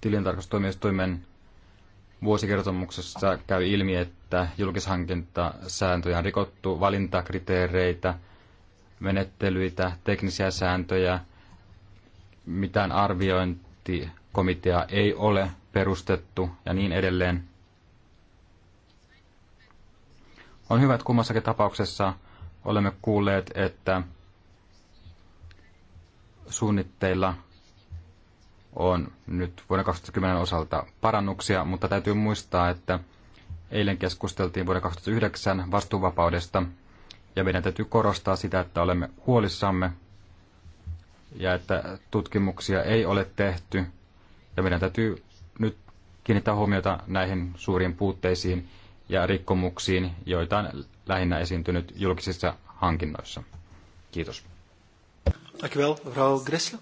Tilintarkastustoimistoimen vuosikertomuksessa käy ilmi, että julkishankintasääntöjä on rikottu, valintakriteereitä, menettelyitä, teknisiä sääntöjä, mitään arviointikomiteaa ei ole perustettu ja niin edelleen. On hyvä, että kummassakin tapauksessa olemme kuulleet, että suunnitteilla on nyt vuoden 2010 osalta parannuksia, mutta täytyy muistaa, että eilen keskusteltiin vuoden 2009 vastuuvapaudesta, ja meidän täytyy korostaa sitä, että olemme huolissamme ja että tutkimuksia ei ole tehty, ja meidän täytyy nyt kiinnittää huomiota näihin suuriin puutteisiin ja rikkomuksiin, joita on lähinnä esiintynyt julkisissa hankinnoissa. Kiitos. Dankjewel, mevrouw Gressel.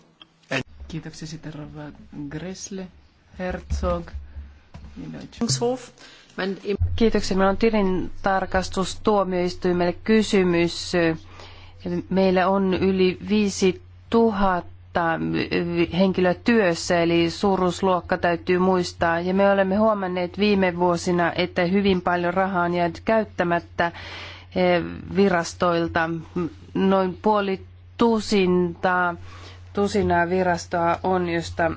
Kiitoksia sitten Rova Gressle, Herzog. Niin, no, Kiitoksia. Meillä on tilintarkastustuomioistuimelle kysymys. Meillä on yli 5000 eh, henkilöä työssä, eli suuruusluokka täytyy muistaa. Ja me olemme huomanneet viime vuosina, että hyvin paljon rahaa on jäänyt käyttämättä eh, virastoilta. Noin puoli tusintaa tusinaa virastoa on, josta,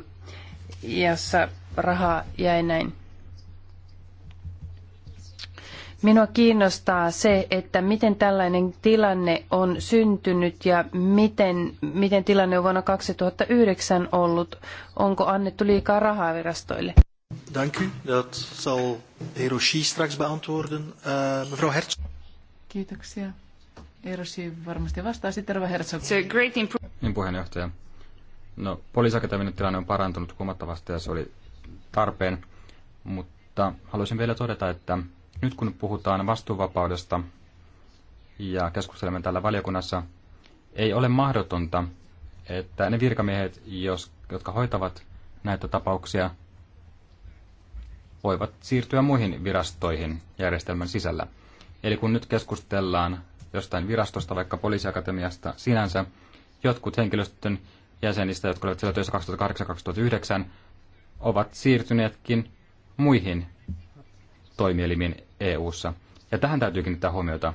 jossa raha jäi näin. Minua kiinnostaa se, että miten tällainen tilanne on syntynyt ja miten, miten tilanne on vuonna 2009 ollut. Onko annettu liikaa rahaa virastoille? Dank u. Dat zal de straks beantwoorden. Uh, mevrouw Hertz. Kiitoksia. Erosi varmasti vastaa sitten Rova Herzog. It's great improvement. Niin puheenjohtaja. No, poliisiakatemian tilanne on parantunut huomattavasti ja se oli tarpeen, mutta haluaisin vielä todeta, että nyt kun puhutaan vastuuvapaudesta ja keskustelemme täällä valiokunnassa, ei ole mahdotonta, että ne virkamiehet, jos, jotka hoitavat näitä tapauksia, voivat siirtyä muihin virastoihin järjestelmän sisällä. Eli kun nyt keskustellaan jostain virastosta, vaikka poliisiakatemiasta sinänsä, jotkut henkilöstön jäsenistä, jotka olivat siellä töissä 2008-2009, ovat siirtyneetkin muihin toimielimiin EU-ssa. Ja tähän täytyy kiinnittää huomiota.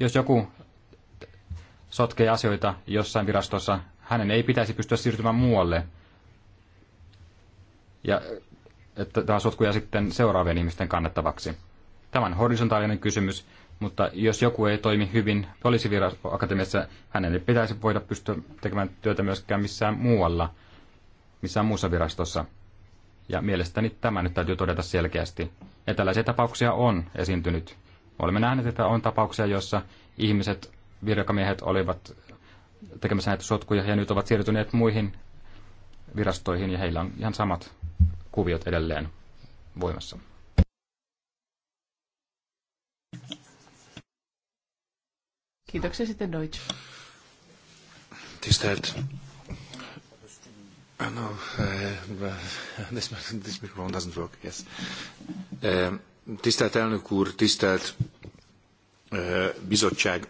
Jos joku sotkee asioita jossain virastossa, hänen ei pitäisi pystyä siirtymään muualle. Ja että tämä sotkuja sitten seuraavien ihmisten kannettavaksi. Tämä on horisontaalinen kysymys, mutta jos joku ei toimi hyvin poliisiakatemiassa, hänen ei pitäisi voida pystyä tekemään työtä myöskään missään muualla, missään muussa virastossa. Ja mielestäni tämä nyt täytyy todeta selkeästi. Ja tällaisia tapauksia on esiintynyt. Olemme nähneet, että on tapauksia, joissa ihmiset, virkamiehet olivat tekemässä näitä sotkuja ja nyt ovat siirtyneet muihin virastoihin ja heillä on ihan samat kuviot edelleen voimassa. Kiitoksia sitten Deutsch. Tisztelt. No, uh, this, this microphone doesn't work, yes. Uh, tisztelt elnök úr, tisztelt uh, bizottság.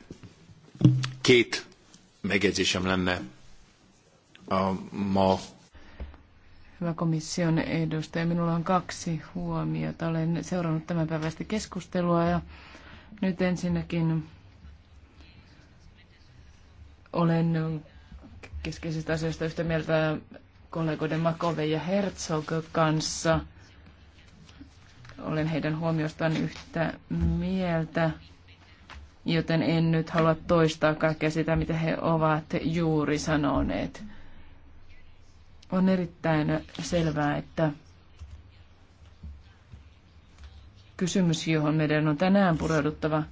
Két megjegyzésem lenne a ma Hyvä komission edustaja, minulla on kaksi huomiota. Olen seurannut tämän päivästä keskustelua ja nyt ensinnäkin olen keskeisistä asioista yhtä mieltä kollegoiden Makove ja Herzog kanssa. Olen heidän huomiostaan yhtä mieltä, joten en nyt halua toistaa kaikkea sitä, mitä he ovat juuri sanoneet. On erittäin selvää, että kysymys, johon meidän on tänään pureuduttava,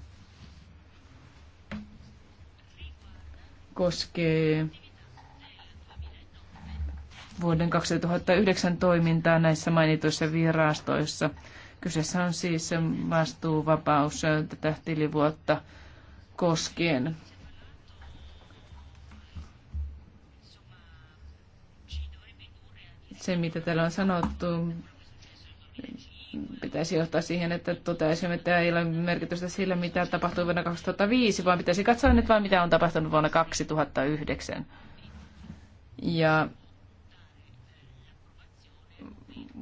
koskee vuoden 2009 toimintaa näissä mainituissa virastoissa. Kyseessä on siis vastuuvapaus tätä tilivuotta koskien. Se, mitä täällä on sanottu, pitäisi johtaa siihen, että toteaisimme, että ei ole merkitystä sillä, mitä tapahtui vuonna 2005, vaan pitäisi katsoa nyt vain, mitä on tapahtunut vuonna 2009. Ja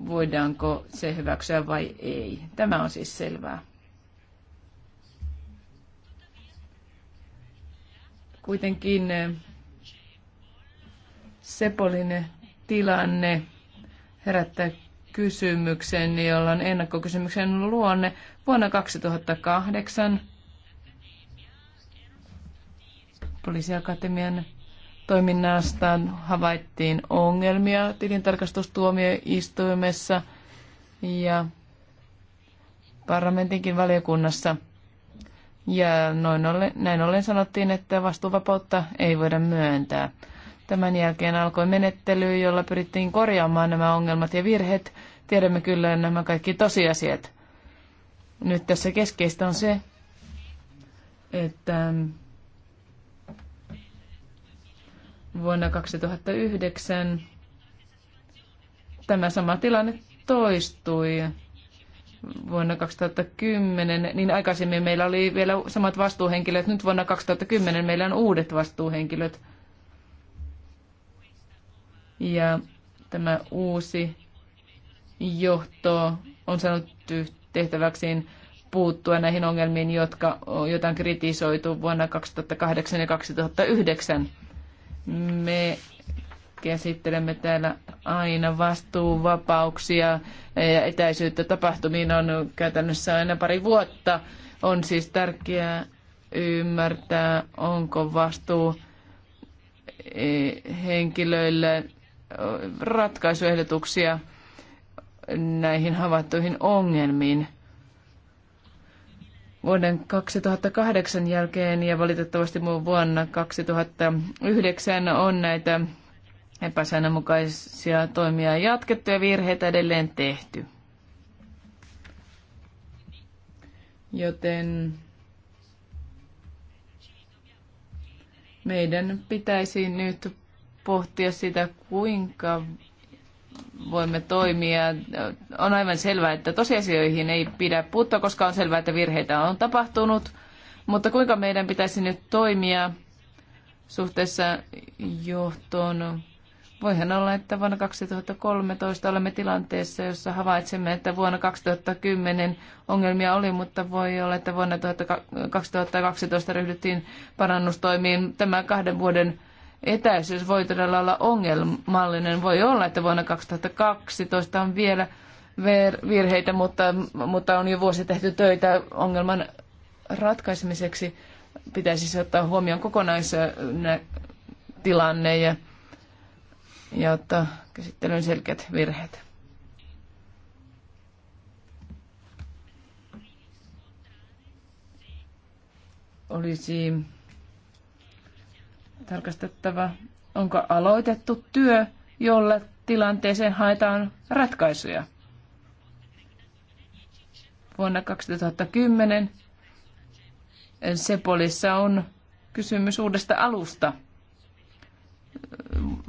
voidaanko se hyväksyä vai ei. Tämä on siis selvää. Kuitenkin eh, Sepolin tilanne herättää kysymyksen, jolla on ennakkokysymyksen luonne. Vuonna 2008 poliisiakatemian toiminnasta havaittiin ongelmia tilintarkastustuomioistuimessa ja parlamentinkin valiokunnassa. Ja noin ollen, näin ollen sanottiin, että vastuuvapautta ei voida myöntää. Tämän jälkeen alkoi menettely, jolla pyrittiin korjaamaan nämä ongelmat ja virheet. Tiedämme kyllä nämä kaikki tosiasiat. Nyt tässä keskeistä on se, että vuonna 2009 tämä sama tilanne toistui vuonna 2010, niin aikaisemmin meillä oli vielä samat vastuuhenkilöt, nyt vuonna 2010 meillä on uudet vastuuhenkilöt – ja tämä uusi johto on sanottu tehtäväksiin puuttua näihin ongelmiin, jotka, joita on kritisoitu vuonna 2008 ja 2009. Me käsittelemme täällä aina vastuuvapauksia ja etäisyyttä tapahtumiin on käytännössä aina pari vuotta. On siis tärkeää ymmärtää, onko vastuu eh, henkilöille ratkaisuehdotuksia näihin havaittuihin ongelmiin vuoden 2008 jälkeen ja valitettavasti muun vuonna 2009 on näitä epäsäännönmukaisia toimia jatkettu ja virheitä edelleen tehty. Joten meidän pitäisi nyt pohtia sitä, kuinka voimme toimia. On aivan selvää, että tosiasioihin ei pidä puuttua, koska on selvää, että virheitä on tapahtunut. Mutta kuinka meidän pitäisi nyt toimia suhteessa johtoon? Voihan olla, että vuonna 2013 olemme tilanteessa, jossa havaitsemme, että vuonna 2010 ongelmia oli, mutta voi olla, että vuonna 2012 ryhdyttiin parannustoimiin. Tämä kahden vuoden etäisyys voi todella olla ongelmallinen. Voi olla, että vuonna 2012 on vielä virheitä, mutta, mutta on jo vuosi tehty töitä ongelman ratkaisemiseksi. Pitäisi se ottaa huomioon kokonaistilanne ja, ja ottaa käsittelyyn selkeät virheet. Olisi tarkastettava, onko aloitettu työ, jolla tilanteeseen haetaan ratkaisuja. Vuonna 2010 Sepolissa on kysymys uudesta alusta.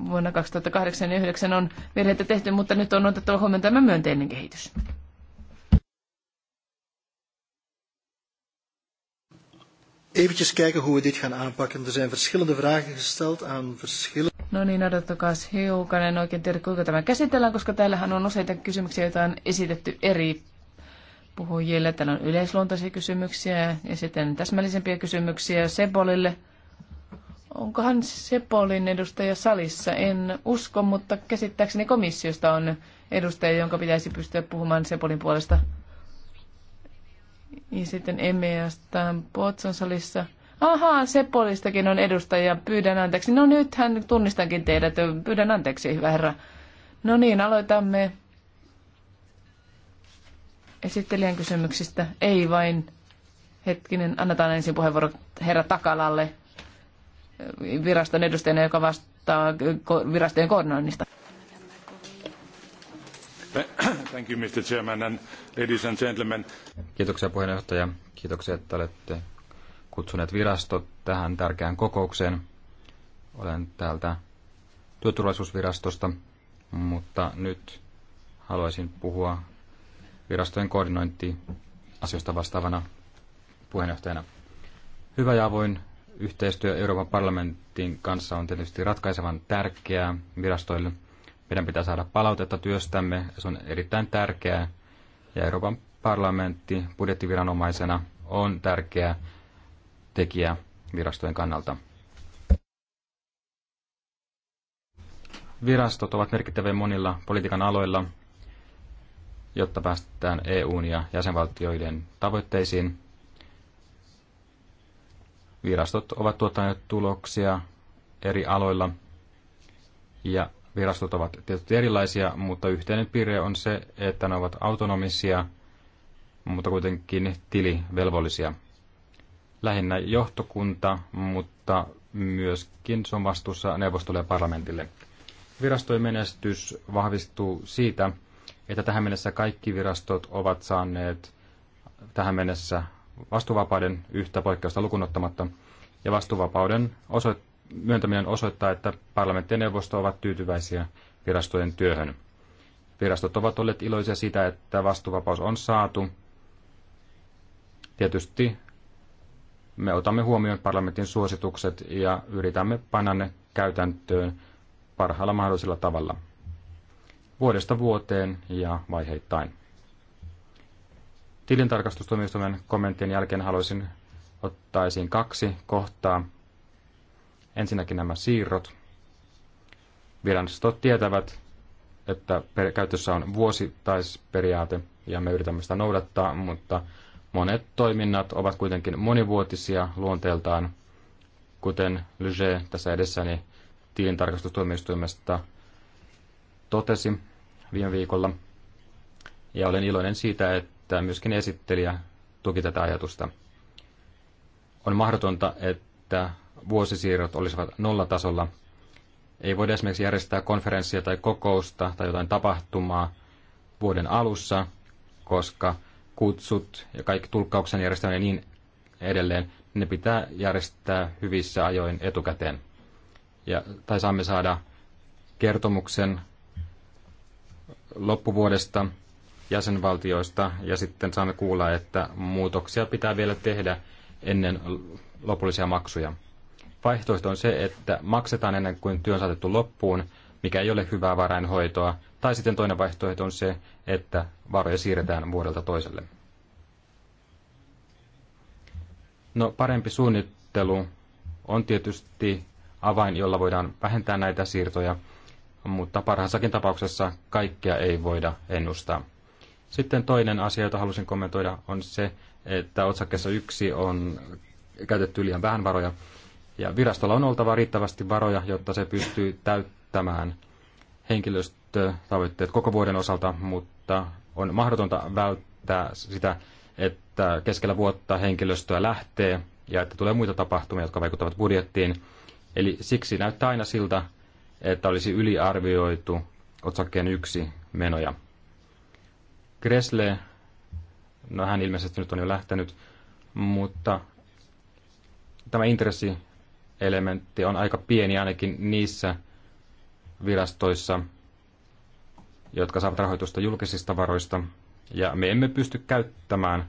Vuonna 2008 ja 2009 on virheitä tehty, mutta nyt on otettava huomioon tämä myönteinen kehitys. Even kijken hoe we dit gaan aanpakken. Er zijn verschillende vragen gesteld aan verschillende... No niin, odottakaa hiukan. En oikein tiedä, kuinka tämä käsitellään, koska täällähän on useita kysymyksiä, joita on esitetty eri puhujille. Täällä on yleisluontoisia kysymyksiä ja sitten täsmällisempiä kysymyksiä Sepolille. Onkohan Sepolin edustaja salissa? En usko, mutta käsittääkseni komissiosta on edustaja, jonka pitäisi pystyä puhumaan Sepolin puolesta. Ja sitten EMEAsta Potson salissa. Ahaa, Sepolistakin on edustaja. Pyydän anteeksi. No nythän tunnistankin teidät. Pyydän anteeksi, hyvä herra. No niin, aloitamme esittelijän kysymyksistä. Ei vain. Hetkinen, annetaan ensin puheenvuoro herra Takalalle, viraston edustajana, joka vastaa virastojen koordinoinnista. Thank you, Kiitoksia puheenjohtaja. Kiitoksia, että olette kutsuneet virastot tähän tärkeään kokoukseen. Olen täältä työturvallisuusvirastosta, mutta nyt haluaisin puhua virastojen koordinointiasioista vastaavana puheenjohtajana. Hyvä ja avoin yhteistyö Euroopan parlamentin kanssa on tietysti ratkaisevan tärkeää virastoille. Meidän pitää saada palautetta työstämme, se on erittäin tärkeää. Ja Euroopan parlamentti budjettiviranomaisena on tärkeä tekijä virastojen kannalta. Virastot ovat merkittäviä monilla politiikan aloilla, jotta päästään EUn ja jäsenvaltioiden tavoitteisiin. Virastot ovat tuottaneet tuloksia eri aloilla ja virastot ovat tietysti erilaisia, mutta yhteinen piirre on se, että ne ovat autonomisia, mutta kuitenkin tilivelvollisia. Lähinnä johtokunta, mutta myöskin se on vastuussa neuvostolle ja parlamentille. Virastojen menestys vahvistuu siitä, että tähän mennessä kaikki virastot ovat saaneet tähän mennessä vastuvapauden yhtä poikkeusta lukunottamatta, ja vastuvapauden osoittaa, myöntäminen osoittaa, että parlamentti ja neuvosto ovat tyytyväisiä virastojen työhön. Virastot ovat olleet iloisia siitä, että vastuuvapaus on saatu. Tietysti me otamme huomioon parlamentin suositukset ja yritämme panna ne käytäntöön parhaalla mahdollisella tavalla vuodesta vuoteen ja vaiheittain. Tilintarkastustoimistomen kommenttien jälkeen haluaisin ottaisiin kaksi kohtaa, Ensinnäkin nämä siirrot. Viranstot tietävät, että käytössä on vuosittaisperiaate ja me yritämme sitä noudattaa, mutta monet toiminnat ovat kuitenkin monivuotisia luonteeltaan, kuten Lyge tässä edessäni tilintarkastustuomioistuimesta totesi viime viikolla. Ja olen iloinen siitä, että myöskin esittelijä tuki tätä ajatusta. On mahdotonta, että vuosisiirrot olisivat nollatasolla. Ei voida esimerkiksi järjestää konferenssia tai kokousta tai jotain tapahtumaa vuoden alussa, koska kutsut ja kaikki tulkkauksen järjestäminen ja niin edelleen, ne pitää järjestää hyvissä ajoin etukäteen. Ja, tai saamme saada kertomuksen loppuvuodesta jäsenvaltioista ja sitten saamme kuulla, että muutoksia pitää vielä tehdä ennen lopullisia maksuja. Vaihtoehto on se, että maksetaan ennen kuin työ on saatettu loppuun, mikä ei ole hyvää varainhoitoa, tai sitten toinen vaihtoehto on se, että varoja siirretään vuodelta toiselle. No parempi suunnittelu on tietysti avain, jolla voidaan vähentää näitä siirtoja, mutta parhaassakin tapauksessa kaikkea ei voida ennustaa. Sitten toinen asia, jota halusin kommentoida, on se, että otsakkeessa yksi on käytetty liian vähän varoja. Ja virastolla on oltava riittävästi varoja, jotta se pystyy täyttämään henkilöstötavoitteet koko vuoden osalta, mutta on mahdotonta välttää sitä, että keskellä vuotta henkilöstöä lähtee ja että tulee muita tapahtumia, jotka vaikuttavat budjettiin. Eli siksi näyttää aina siltä, että olisi yliarvioitu otsakkeen yksi menoja. Kresle, no hän ilmeisesti nyt on jo lähtenyt, mutta tämä intressi elementti on aika pieni ainakin niissä virastoissa, jotka saavat rahoitusta julkisista varoista. Ja me emme pysty käyttämään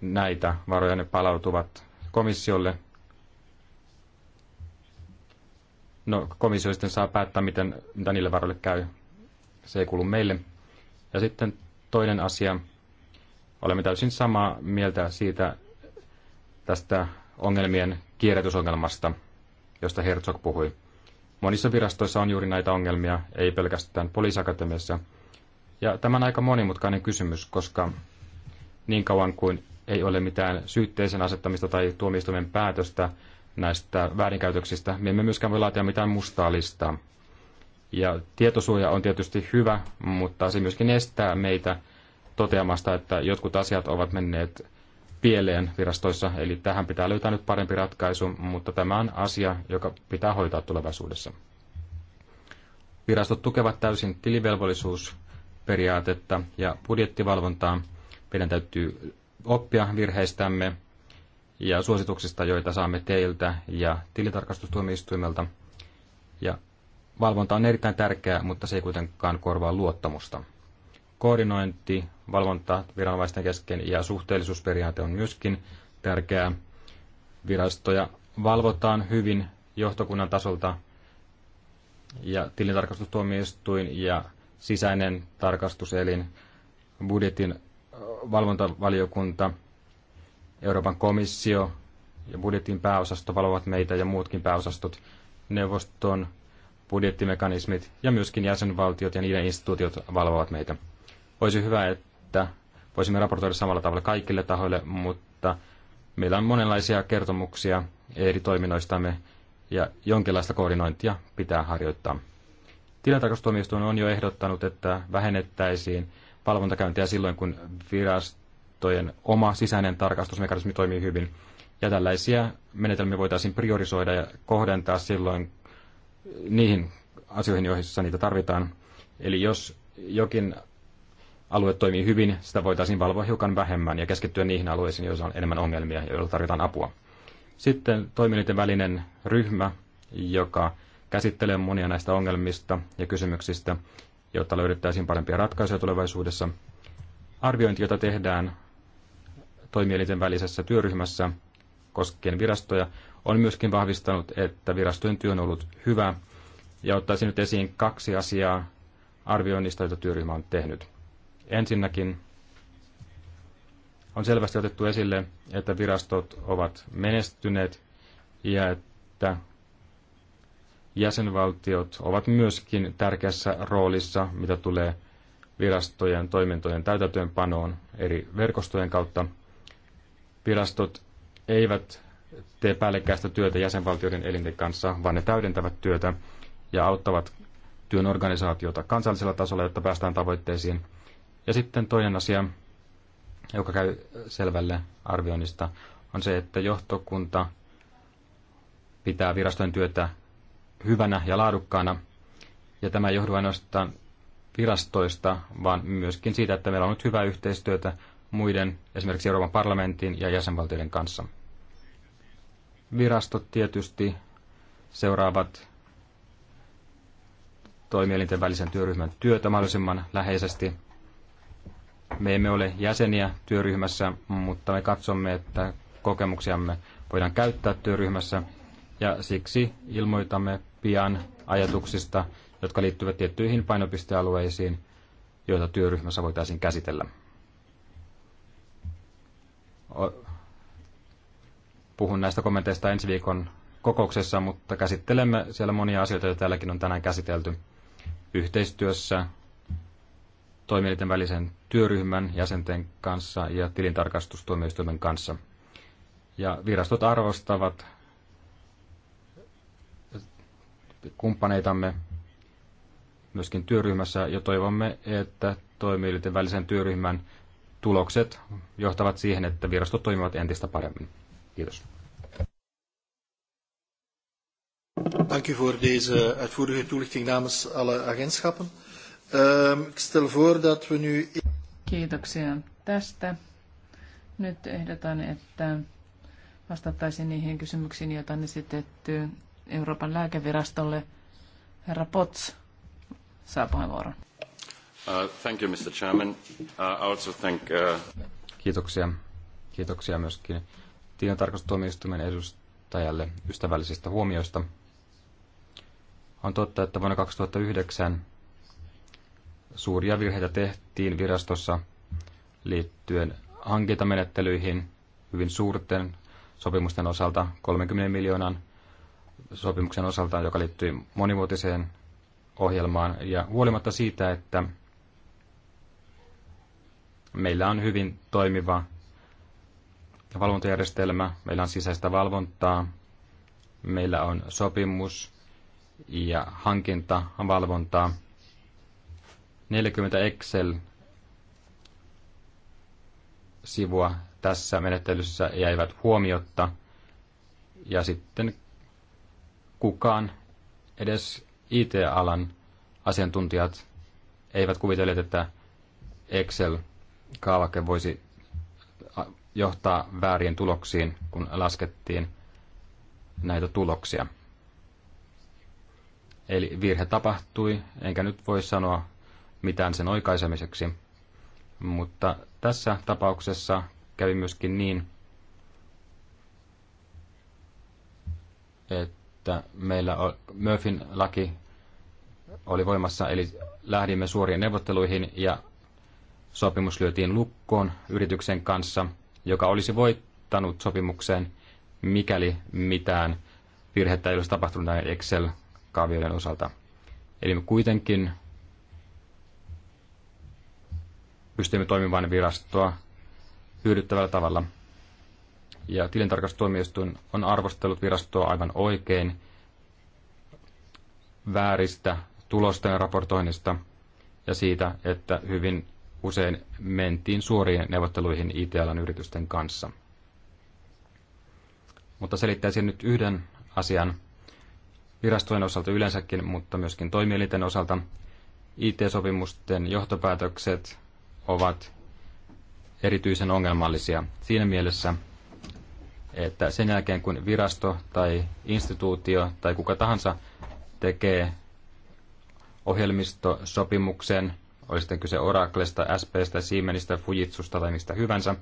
näitä varoja, ne palautuvat komissiolle. No, komissio sitten saa päättää, miten, mitä niille varoille käy. Se ei kuulu meille. Ja sitten toinen asia. Olemme täysin samaa mieltä siitä tästä ongelmien kierrätysongelmasta, josta Herzog puhui. Monissa virastoissa on juuri näitä ongelmia, ei pelkästään poliisakatemiassa. Ja tämä on aika monimutkainen kysymys, koska niin kauan kuin ei ole mitään syytteisen asettamista tai tuomioistuimen päätöstä näistä väärinkäytöksistä, me emme myöskään voi laatia mitään mustaa listaa. Ja tietosuoja on tietysti hyvä, mutta se myöskin estää meitä toteamasta, että jotkut asiat ovat menneet pieleen virastoissa, eli tähän pitää löytää nyt parempi ratkaisu, mutta tämä on asia, joka pitää hoitaa tulevaisuudessa. Virastot tukevat täysin tilivelvollisuusperiaatetta ja budjettivalvontaa. Meidän täytyy oppia virheistämme ja suosituksista, joita saamme teiltä ja tilitarkastustuomioistuimelta. Ja valvonta on erittäin tärkeää, mutta se ei kuitenkaan korvaa luottamusta. Koordinointi valvonta viranomaisten kesken ja suhteellisuusperiaate on myöskin tärkeää. Virastoja valvotaan hyvin johtokunnan tasolta ja tilintarkastustuomioistuin ja sisäinen tarkastuselin, budjetin valvontavaliokunta, Euroopan komissio ja budjetin pääosasto valvovat meitä ja muutkin pääosastot, neuvoston budjettimekanismit ja myöskin jäsenvaltiot ja niiden instituutiot valvovat meitä. Olisi hyvä, että että voisimme raportoida samalla tavalla kaikille tahoille, mutta meillä on monenlaisia kertomuksia eri toiminnoistamme ja jonkinlaista koordinointia pitää harjoittaa. Tilintarkastustuomioistuin on jo ehdottanut, että vähennettäisiin valvontakäyntiä silloin, kun virastojen oma sisäinen tarkastusmekanismi toimii hyvin. Ja tällaisia menetelmiä voitaisiin priorisoida ja kohdentaa silloin niihin asioihin, joissa niitä tarvitaan. Eli jos jokin alue toimii hyvin, sitä voitaisiin valvoa hiukan vähemmän ja keskittyä niihin alueisiin, joissa on enemmän ongelmia ja joilla tarvitaan apua. Sitten toimijoiden välinen ryhmä, joka käsittelee monia näistä ongelmista ja kysymyksistä, jotta löydettäisiin parempia ratkaisuja tulevaisuudessa. Arviointi, jota tehdään toimielinten välisessä työryhmässä koskien virastoja, on myöskin vahvistanut, että virastojen työ on ollut hyvä. Ja ottaisin nyt esiin kaksi asiaa arvioinnista, joita työryhmä on tehnyt. Ensinnäkin on selvästi otettu esille, että virastot ovat menestyneet ja että jäsenvaltiot ovat myöskin tärkeässä roolissa, mitä tulee virastojen toimintojen täytäntöönpanoon eri verkostojen kautta. Virastot eivät tee päällekkäistä työtä jäsenvaltioiden elinten kanssa, vaan ne täydentävät työtä ja auttavat työn organisaatiota kansallisella tasolla, jotta päästään tavoitteisiin. Ja sitten toinen asia, joka käy selvälle arvioinnista, on se, että johtokunta pitää virastojen työtä hyvänä ja laadukkaana. Ja tämä ei johdu ainoastaan virastoista, vaan myöskin siitä, että meillä on nyt hyvää yhteistyötä muiden, esimerkiksi Euroopan parlamentin ja jäsenvaltioiden kanssa. Virastot tietysti seuraavat toimielinten välisen työryhmän työtä mahdollisimman läheisesti. Me emme ole jäseniä työryhmässä, mutta me katsomme, että kokemuksiamme voidaan käyttää työryhmässä ja siksi ilmoitamme pian ajatuksista, jotka liittyvät tiettyihin painopistealueisiin, joita työryhmässä voitaisiin käsitellä. Puhun näistä kommenteista ensi viikon kokouksessa, mutta käsittelemme siellä monia asioita, joita täälläkin on tänään käsitelty yhteistyössä toimielinten välisen työryhmän jäsenten kanssa ja tilintarkastustuomioistuimen kanssa. Ja virastot arvostavat kumppaneitamme myöskin työryhmässä ja toivomme, että toimielinten välisen työryhmän tulokset johtavat siihen, että virastot toimivat entistä paremmin. Kiitos. Dank u voor deze eh, uitvoerige toelichting namens alle agentschappen. Ehm, ik stel voor dat we nu... Kiitoksia tästä. Nyt ehdotan, että vastattaisiin niihin kysymyksiin, joita on esitetty Euroopan lääkevirastolle. Herra Potts saa puheenvuoron. Uh, thank you, Mr. Chairman. Uh, also thank, uh... Kiitoksia. Kiitoksia myöskin tilintarkastustuomioistuimen edustajalle ystävällisistä huomioista. On totta, että vuonna 2009 Suuria virheitä tehtiin virastossa liittyen hankintamenettelyihin hyvin suurten sopimusten osalta, 30 miljoonan sopimuksen osalta, joka liittyy monivuotiseen ohjelmaan. Ja huolimatta siitä, että meillä on hyvin toimiva valvontajärjestelmä, meillä on sisäistä valvontaa, meillä on sopimus ja hankinta, valvontaa, 40 Excel-sivua tässä menettelyssä jäivät huomiotta. Ja sitten kukaan, edes IT-alan asiantuntijat, eivät kuvitelleet, että Excel-kaavake voisi johtaa väärien tuloksiin, kun laskettiin näitä tuloksia. Eli virhe tapahtui, enkä nyt voi sanoa mitään sen oikaisemiseksi. Mutta tässä tapauksessa kävi myöskin niin, että meillä Murphyn laki oli voimassa, eli lähdimme suoriin neuvotteluihin ja sopimus lyötiin lukkoon yrityksen kanssa, joka olisi voittanut sopimukseen, mikäli mitään virhettä ei olisi tapahtunut näin Excel-kaavioiden osalta. Eli me kuitenkin pystymme toimimaan virastoa hyödyttävällä tavalla. Ja tilintarkastustuomioistuin on arvostellut virastoa aivan oikein vääristä tulosten raportoinnista ja siitä, että hyvin usein mentiin suoriin neuvotteluihin IT-alan yritysten kanssa. Mutta selittäisin nyt yhden asian virastojen osalta yleensäkin, mutta myöskin toimielinten osalta. IT-sopimusten johtopäätökset ovat erityisen ongelmallisia siinä mielessä, että sen jälkeen kun virasto tai instituutio tai kuka tahansa tekee ohjelmistosopimuksen, oli sitten kyse Oraclesta, SPstä, Siemenistä, Fujitsusta tai mistä hyvänsä,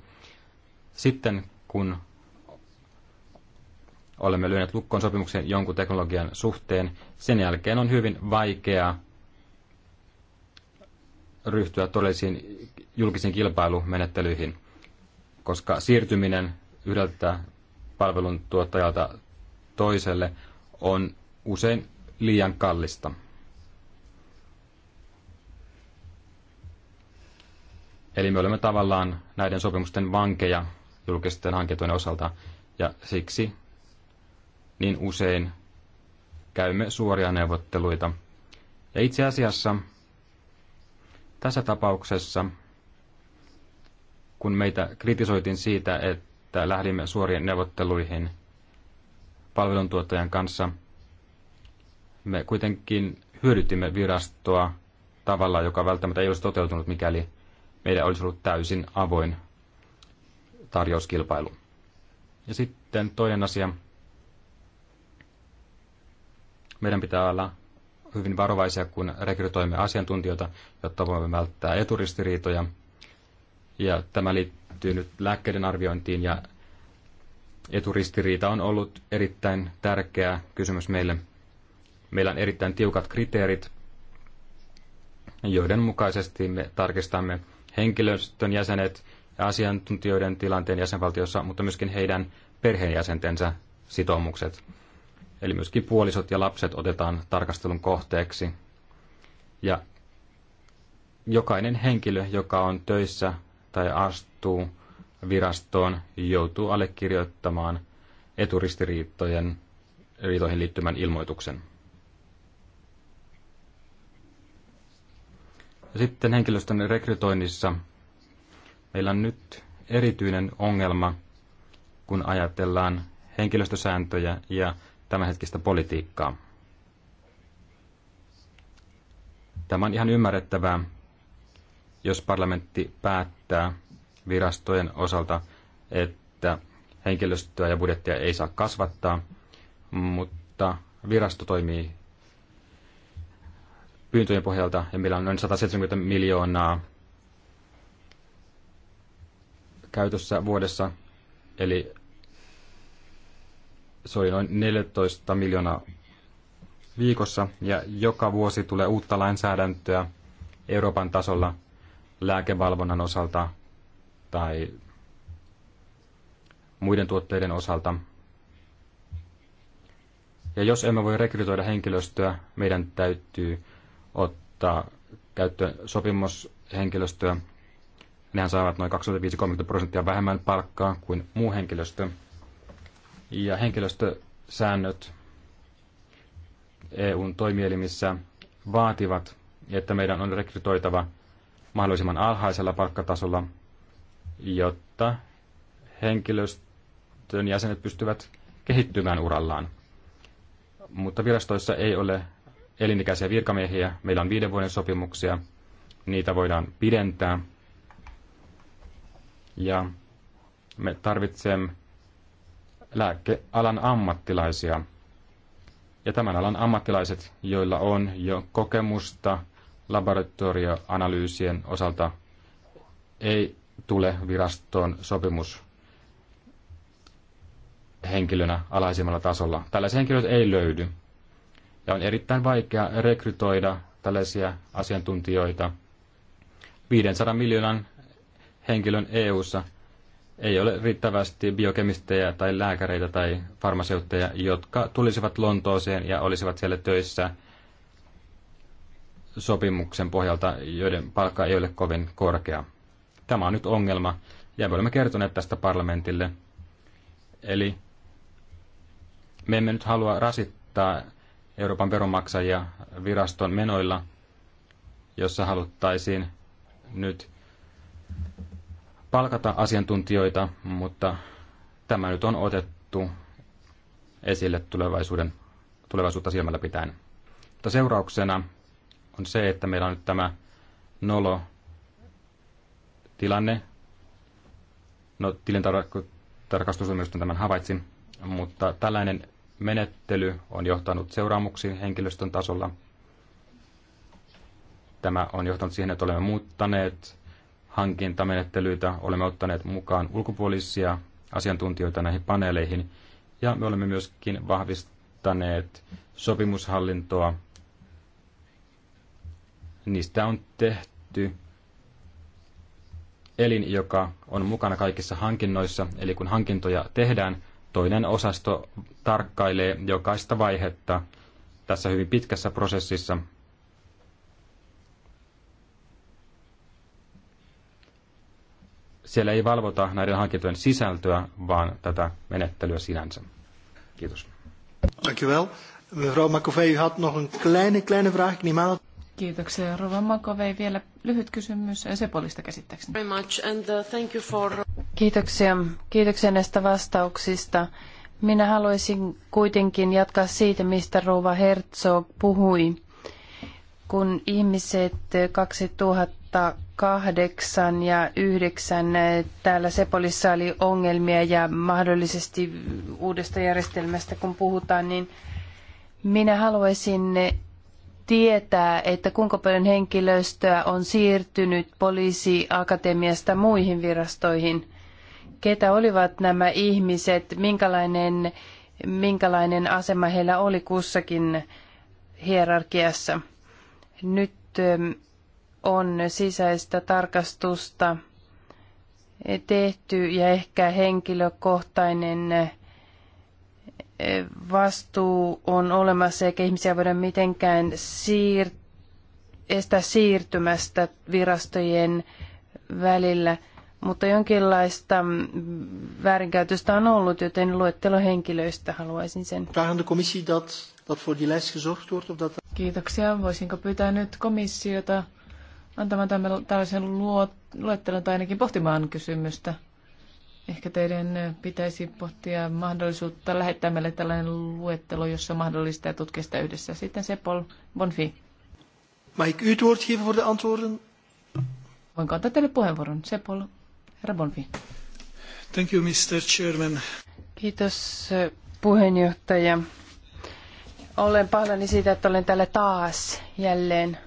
sitten kun olemme lyöneet lukkoon sopimuksen jonkun teknologian suhteen, sen jälkeen on hyvin vaikea ryhtyä todellisiin julkisiin kilpailumenettelyihin, koska siirtyminen yhdeltä palveluntuottajalta toiselle on usein liian kallista. Eli me olemme tavallaan näiden sopimusten vankeja julkisten hankintojen osalta, ja siksi niin usein käymme suoria neuvotteluita. Ja itse asiassa tässä tapauksessa kun meitä kritisoitiin siitä, että lähdimme suorien neuvotteluihin palveluntuottajan kanssa, me kuitenkin hyödyttimme virastoa tavalla, joka välttämättä ei olisi toteutunut, mikäli meidän olisi ollut täysin avoin tarjouskilpailu. Ja sitten toinen asia. Meidän pitää olla hyvin varovaisia, kun rekrytoimme asiantuntijoita, jotta voimme välttää eturistiriitoja – ja tämä liittyy nyt lääkkeiden arviointiin ja eturistiriita on ollut erittäin tärkeä kysymys meille. Meillä on erittäin tiukat kriteerit, joiden mukaisesti me tarkistamme henkilöstön jäsenet ja asiantuntijoiden tilanteen jäsenvaltiossa, mutta myöskin heidän perheenjäsentensä sitoumukset. Eli myöskin puolisot ja lapset otetaan tarkastelun kohteeksi. Ja jokainen henkilö, joka on töissä tai astuu virastoon, joutuu allekirjoittamaan eturistiriitojen riitoihin liittymän ilmoituksen. Sitten henkilöstön rekrytoinnissa meillä on nyt erityinen ongelma, kun ajatellaan henkilöstösääntöjä ja tämänhetkistä politiikkaa. Tämä on ihan ymmärrettävää, jos parlamentti päättää virastojen osalta, että henkilöstöä ja budjettia ei saa kasvattaa, mutta virasto toimii pyyntöjen pohjalta ja meillä on noin 170 miljoonaa käytössä vuodessa, eli se oli noin 14 miljoonaa viikossa ja joka vuosi tulee uutta lainsäädäntöä Euroopan tasolla lääkevalvonnan osalta tai muiden tuotteiden osalta. Ja jos emme voi rekrytoida henkilöstöä, meidän täytyy ottaa käyttöön sopimushenkilöstöä. Nehän saavat noin 25-30 prosenttia vähemmän palkkaa kuin muu henkilöstö. Ja henkilöstösäännöt EUn toimielimissä vaativat, että meidän on rekrytoitava mahdollisimman alhaisella palkkatasolla, jotta henkilöstön jäsenet pystyvät kehittymään urallaan. Mutta virastoissa ei ole elinikäisiä virkamiehiä. Meillä on viiden vuoden sopimuksia. Niitä voidaan pidentää. Ja me tarvitsemme lääkealan ammattilaisia. Ja tämän alan ammattilaiset, joilla on jo kokemusta – laboratorioanalyysien osalta ei tule viraston sopimus henkilönä alaisimmalla tasolla. Tällaisia henkilöitä ei löydy. Ja on erittäin vaikea rekrytoida tällaisia asiantuntijoita. 500 miljoonan henkilön EU:ssa ei ole riittävästi biokemistejä tai lääkäreitä tai farmaseutteja, jotka tulisivat Lontooseen ja olisivat siellä töissä sopimuksen pohjalta, joiden palkka ei ole kovin korkea. Tämä on nyt ongelma, ja me olemme kertoneet tästä parlamentille. Eli me emme nyt halua rasittaa Euroopan veronmaksajia viraston menoilla, jossa haluttaisiin nyt palkata asiantuntijoita, mutta tämä nyt on otettu esille tulevaisuuden, tulevaisuutta silmällä pitäen. Mutta seurauksena on se, että meillä on nyt tämä nolo tilanne. No, tilintarkastus myös tämän havaitsin, mutta tällainen menettely on johtanut seuraamuksiin henkilöstön tasolla. Tämä on johtanut siihen, että olemme muuttaneet hankintamenettelyitä, olemme ottaneet mukaan ulkopuolisia asiantuntijoita näihin paneeleihin ja me olemme myöskin vahvistaneet sopimushallintoa Niistä on tehty elin, joka on mukana kaikissa hankinnoissa, eli kun hankintoja tehdään, toinen osasto tarkkailee jokaista vaihetta tässä hyvin pitkässä prosessissa. Siellä ei valvota näiden hankintojen sisältöä, vaan tätä menettelyä sinänsä. Kiitos. Dankjewel. Mevrouw Makovey, u had nog een kleine, kleine vraag. Ik neem aan dat... Kiitoksia. Rova Makovei, vielä lyhyt kysymys Sepolista käsittääkseni. Very much and uh, thank you for... Kiitoksia. Kiitoksia näistä vastauksista. Minä haluaisin kuitenkin jatkaa siitä, mistä Rova Herzog puhui. Kun ihmiset 2008 ja 2009 täällä Sepolissa oli ongelmia ja mahdollisesti uudesta järjestelmästä kun puhutaan, niin minä haluaisin tietää, että kuinka paljon henkilöstöä on siirtynyt poliisiakatemiasta muihin virastoihin. Ketä olivat nämä ihmiset, minkälainen, minkälainen asema heillä oli kussakin hierarkiassa. Nyt ähm, on sisäistä tarkastusta tehty ja ehkä henkilökohtainen vastuu on olemassa eikä ihmisiä voida mitenkään estää siirtymästä virastojen välillä, mutta jonkinlaista väärinkäytöstä on ollut, joten luettelo henkilöistä haluaisin sen. Kiitoksia. Voisinko pyytää nyt komissiota antamaan tällaisen luettelon tai ainakin pohtimaan kysymystä? Ehkä teidän pitäisi pohtia mahdollisuutta lähettää meille tällainen luettelo, jossa on mahdollista ja tutkia sitä yhdessä. Sitten Sepol Bonfi. Mag ik u het woord geven voor de antwoorden? Voinko antaa teille puheenvuoron? Sepol, herra Bonfi. Thank you, Mr. Chairman. Kiitos puheenjohtaja. Olen pahoillani siitä, että olen täällä taas jälleen.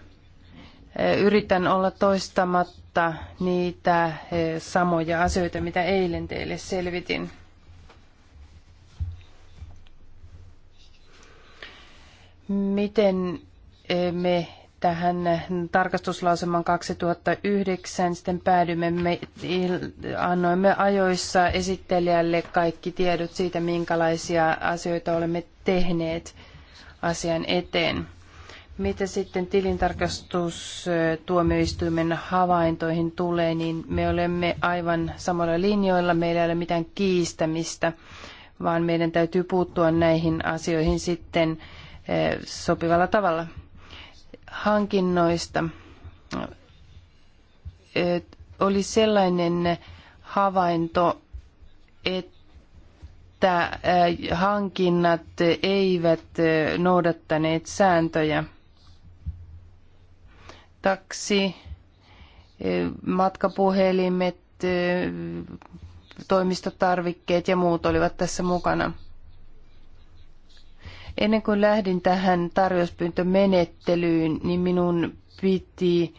Yritän olla toistamatta kautta niitä eh, samoja asioita, mitä eilen teille selvitin. Miten eh, me tähän tarkastuslauseman 2009 sitten päädymme, me annoimme ajoissa esittelijälle kaikki tiedot siitä, minkälaisia asioita olemme tehneet asian eteen. Mitä sitten tilintarkastustuomioistuimen havaintoihin tulee, niin me olemme aivan samalla linjoilla. Meillä ei ole mitään kiistämistä, vaan meidän täytyy puuttua näihin asioihin sitten eh, sopivalla tavalla. Hankinnoista eh, oli sellainen havainto, että eh, hankinnat eivät noudattaneet sääntöjä – taksi, e, matkapuhelimet, e, toimistotarvikkeet ja muut olivat tässä mukana. Ennen kuin lähdin tähän tarjouspyyntömenettelyyn, niin minun piti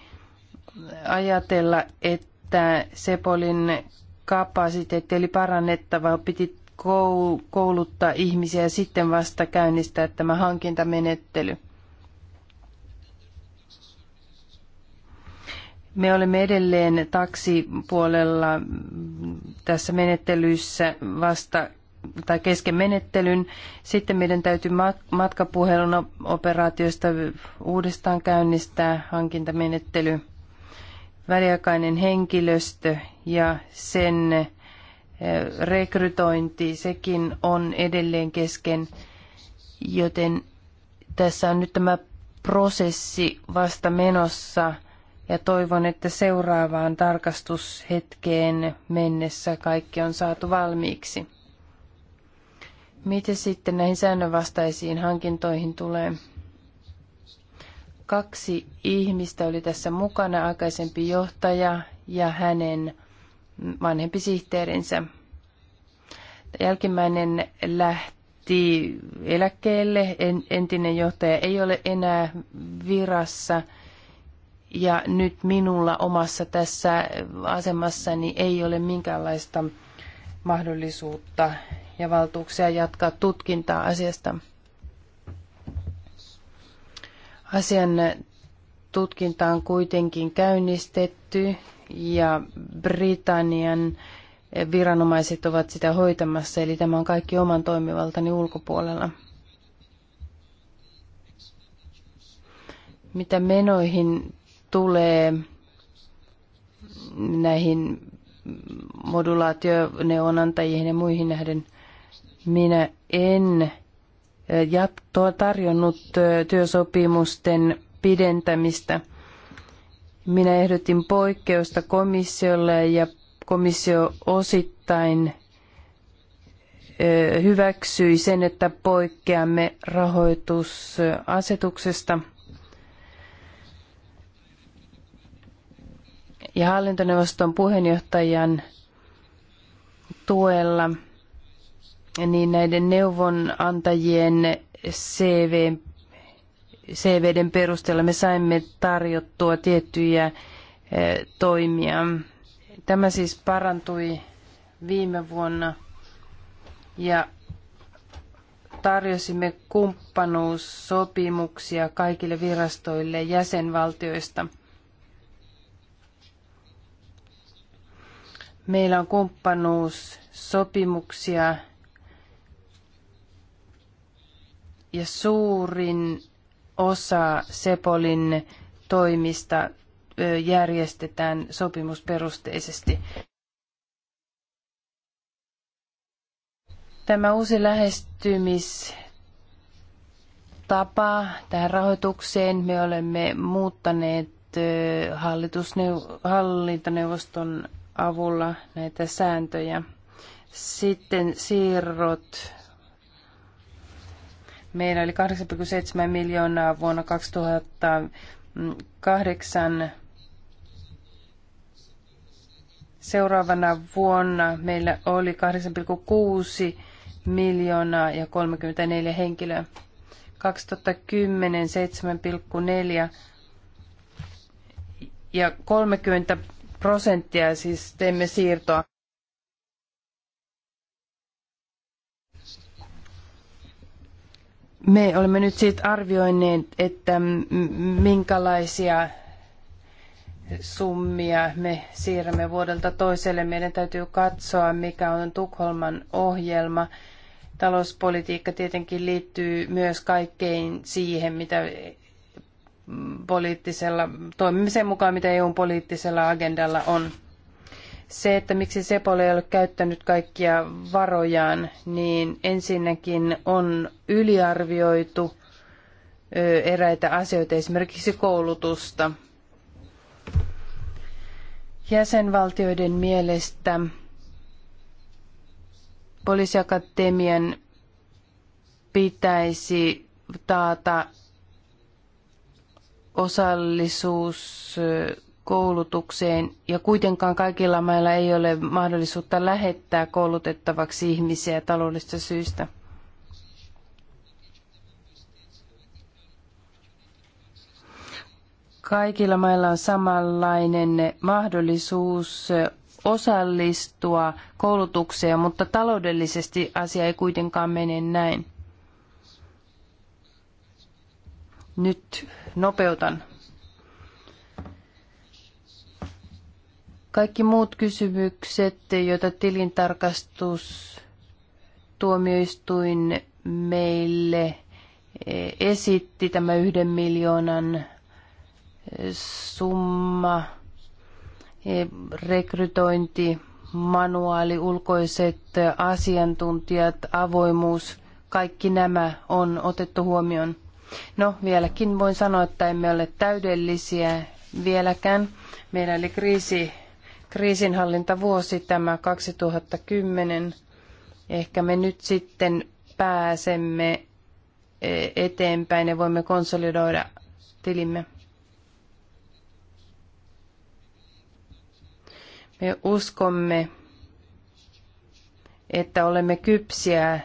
ajatella, että Sepolin kapasiteetti eli parannettava piti kouluttaa ihmisiä ja sitten vasta käynnistää tämä hankintamenettely. Me olemme edelleen taksipuolella tässä menettelyssä vasta tai kesken menettelyn. Sitten meidän täytyy matkapuhelun operaatiosta uudestaan käynnistää hankintamenettely, väliaikainen henkilöstö ja sen eh, rekrytointi, sekin on edelleen kesken, joten tässä on nyt tämä prosessi vasta menossa – ja toivon, että seuraavaan tarkastushetkeen mennessä kaikki on saatu valmiiksi. Miten sitten näihin säännönvastaisiin hankintoihin tulee? Kaksi ihmistä oli tässä mukana, aikaisempi johtaja ja hänen vanhempi sihteerinsä. Jälkimmäinen lähti eläkkeelle, entinen johtaja ei ole enää virassa – ja nyt minulla omassa tässä asemassani ei ole minkäänlaista mahdollisuutta ja valtuuksia jatkaa tutkintaa asiasta. Asian tutkinta on kuitenkin käynnistetty ja Britannian viranomaiset ovat sitä hoitamassa, eli tämä on kaikki oman toimivaltani ulkopuolella. Mitä menoihin tulee näihin modulaationeuvonantajiin ja muihin nähden, minä en äh, ja tarjonnut äh, työsopimusten pidentämistä. Minä ehdotin poikkeusta komissiolle ja komissio osittain äh, hyväksyi sen, että poikkeamme rahoitusasetuksesta – ja hallintoneuvoston puheenjohtajan tuella niin näiden neuvonantajien CV, CVden perusteella me saimme tarjottua tiettyjä eh, toimia. Tämä siis parantui viime vuonna ja tarjosimme kumppanuussopimuksia kaikille virastoille jäsenvaltioista. Meillä on kumppanuussopimuksia ja suurin osa Sepolin toimista järjestetään sopimusperusteisesti. Tämä uusi lähestymistapa tähän rahoitukseen me olemme muuttaneet hallitusneu- hallintoneuvoston avulla näitä sääntöjä. Sitten siirrot. Meillä oli 8,7 miljoonaa vuonna 2008. Seuraavana vuonna meillä oli 8,6 miljoonaa ja 34 henkilöä. 2010 7,4 ja 30 prosenttia, siis teemme siirtoa. Me olemme nyt siitä arvioineet, että minkälaisia summia me siirrämme vuodelta toiselle. Meidän täytyy katsoa, mikä on Tukholman ohjelma. Talouspolitiikka tietenkin liittyy myös kaikkein siihen, mitä poliittisella, toimimisen mukaan, mitä EUn poliittisella agendalla on. Se, että miksi Sepol ei ole käyttänyt kaikkia varojaan, niin ensinnäkin on yliarvioitu eräitä asioita, esimerkiksi koulutusta. Jäsenvaltioiden mielestä poliisiakatemian pitäisi taata osallisuus koulutukseen ja kuitenkaan kaikilla mailla ei ole mahdollisuutta lähettää koulutettavaksi ihmisiä taloudellisista syistä. Kaikilla mailla on samanlainen mahdollisuus osallistua koulutukseen, mutta taloudellisesti asia ei kuitenkaan mene näin. Nyt nopeutan. Kaikki muut kysymykset, joita tilintarkastus tuomioistuin meille e, esitti tämä yhden miljoonan e, summa, e, rekrytointi, manuaali, ulkoiset asiantuntijat, avoimuus, kaikki nämä on otettu huomioon. No, vieläkin voin sanoa, että emme ole täydellisiä vieläkään. Meillä oli kriisi, kriisinhallintavuosi tämä 2010. Ehkä me nyt sitten pääsemme e, eteenpäin ja voimme konsolidoida tilimme. Me uskomme, että olemme kypsiä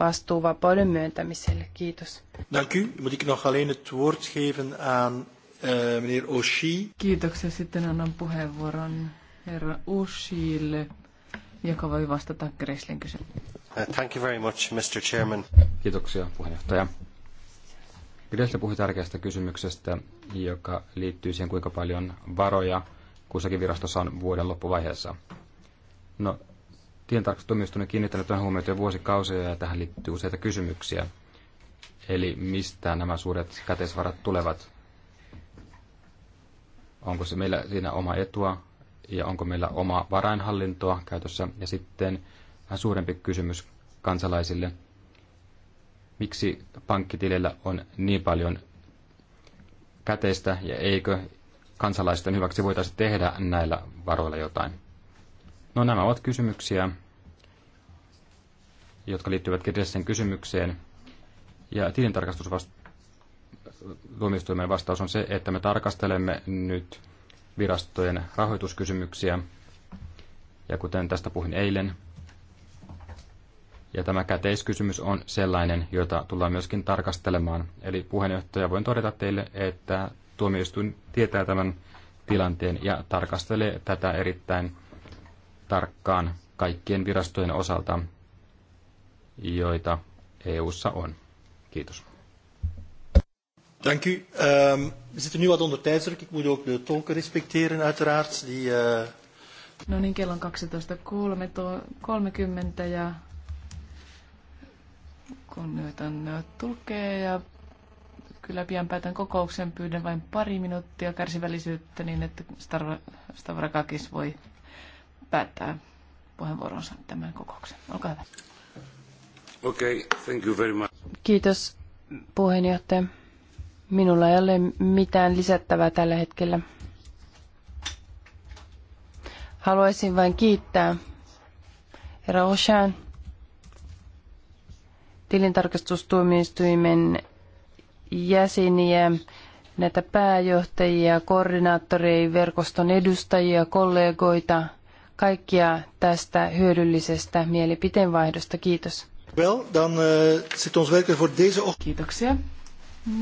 vastuuvapauden myöntämiselle. Kiitos. Dank u. Moet ik nog alleen het woord geven aan uh, meneer Oshii. Kiitoksia. Sitten annan puheenvuoron herra Oshiille, joka voi vastata Greslin kysymykseen. Eh, thank you very much, Mr. Chairman. Kiitoksia, puheenjohtaja. Gresle puhui tärkeästä kysymyksestä, joka liittyy siihen, kuinka paljon varoja kussakin virastossa on vuoden loppuvaiheessa. No, tientarkastustuomioistuin on kiinnittänyt tähän huomiota jo vuosikausia ja tähän liittyy useita kysymyksiä. Eli mistä nämä suuret käteisvarat tulevat? Onko se meillä siinä oma etua ja onko meillä oma varainhallintoa käytössä? Ja sitten vähän suurempi kysymys kansalaisille. Miksi pankkitilillä on niin paljon käteistä ja eikö kansalaisten hyväksi voitaisiin tehdä näillä varoilla jotain? No nämä ovat kysymyksiä, jotka liittyvät kirjalliseen kysymykseen. Ja tilintarkastustuomioistuimen vastaus on se, että me tarkastelemme nyt virastojen rahoituskysymyksiä. Ja kuten tästä puhuin eilen, ja tämä käteiskysymys on sellainen, jota tullaan myöskin tarkastelemaan. Eli puheenjohtaja, voin todeta teille, että tuomioistuin tietää tämän tilanteen ja tarkastelee tätä erittäin tarkkaan kaikkien virastojen osalta, joita EU:ssa on. Kiitos. Dank u. Um, we zitten nu wat onder tijdsdruk. Ik moet ook de tolken respecteren, uiteraard. Die, uh... No niin, kello on 12.30 ja kunnioitan eh, tulkkeja ja kyllä pian päätän kokouksen. Pyydän vain pari minuuttia kärsivällisyyttä niin, että Stavrakakis voi päättää puheenvuoronsa tämän kokouksen. Olkaa hyvä. Okay, thank you very much. Kiitos puheenjohtaja. Minulla ei ole mitään lisättävää tällä hetkellä. Haluaisin vain kiittää herra Oshan tilintarkastustuomioistuimen jäseniä, näitä pääjohtajia, koordinaattoreja, verkoston edustajia, kollegoita – kaikkia tästä hyödyllisestä mielipiteenvaihdosta. Kiitos. Well, dan, uh, Kiitoksia.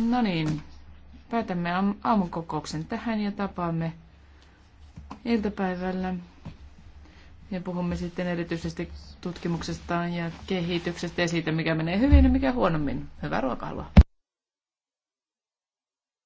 No niin, päätämme aamukokouksen tähän ja tapaamme iltapäivällä. Ja puhumme sitten erityisesti tutkimuksesta ja kehityksestä ja siitä, mikä menee hyvin ja mikä huonommin. Hyvää ruokailua.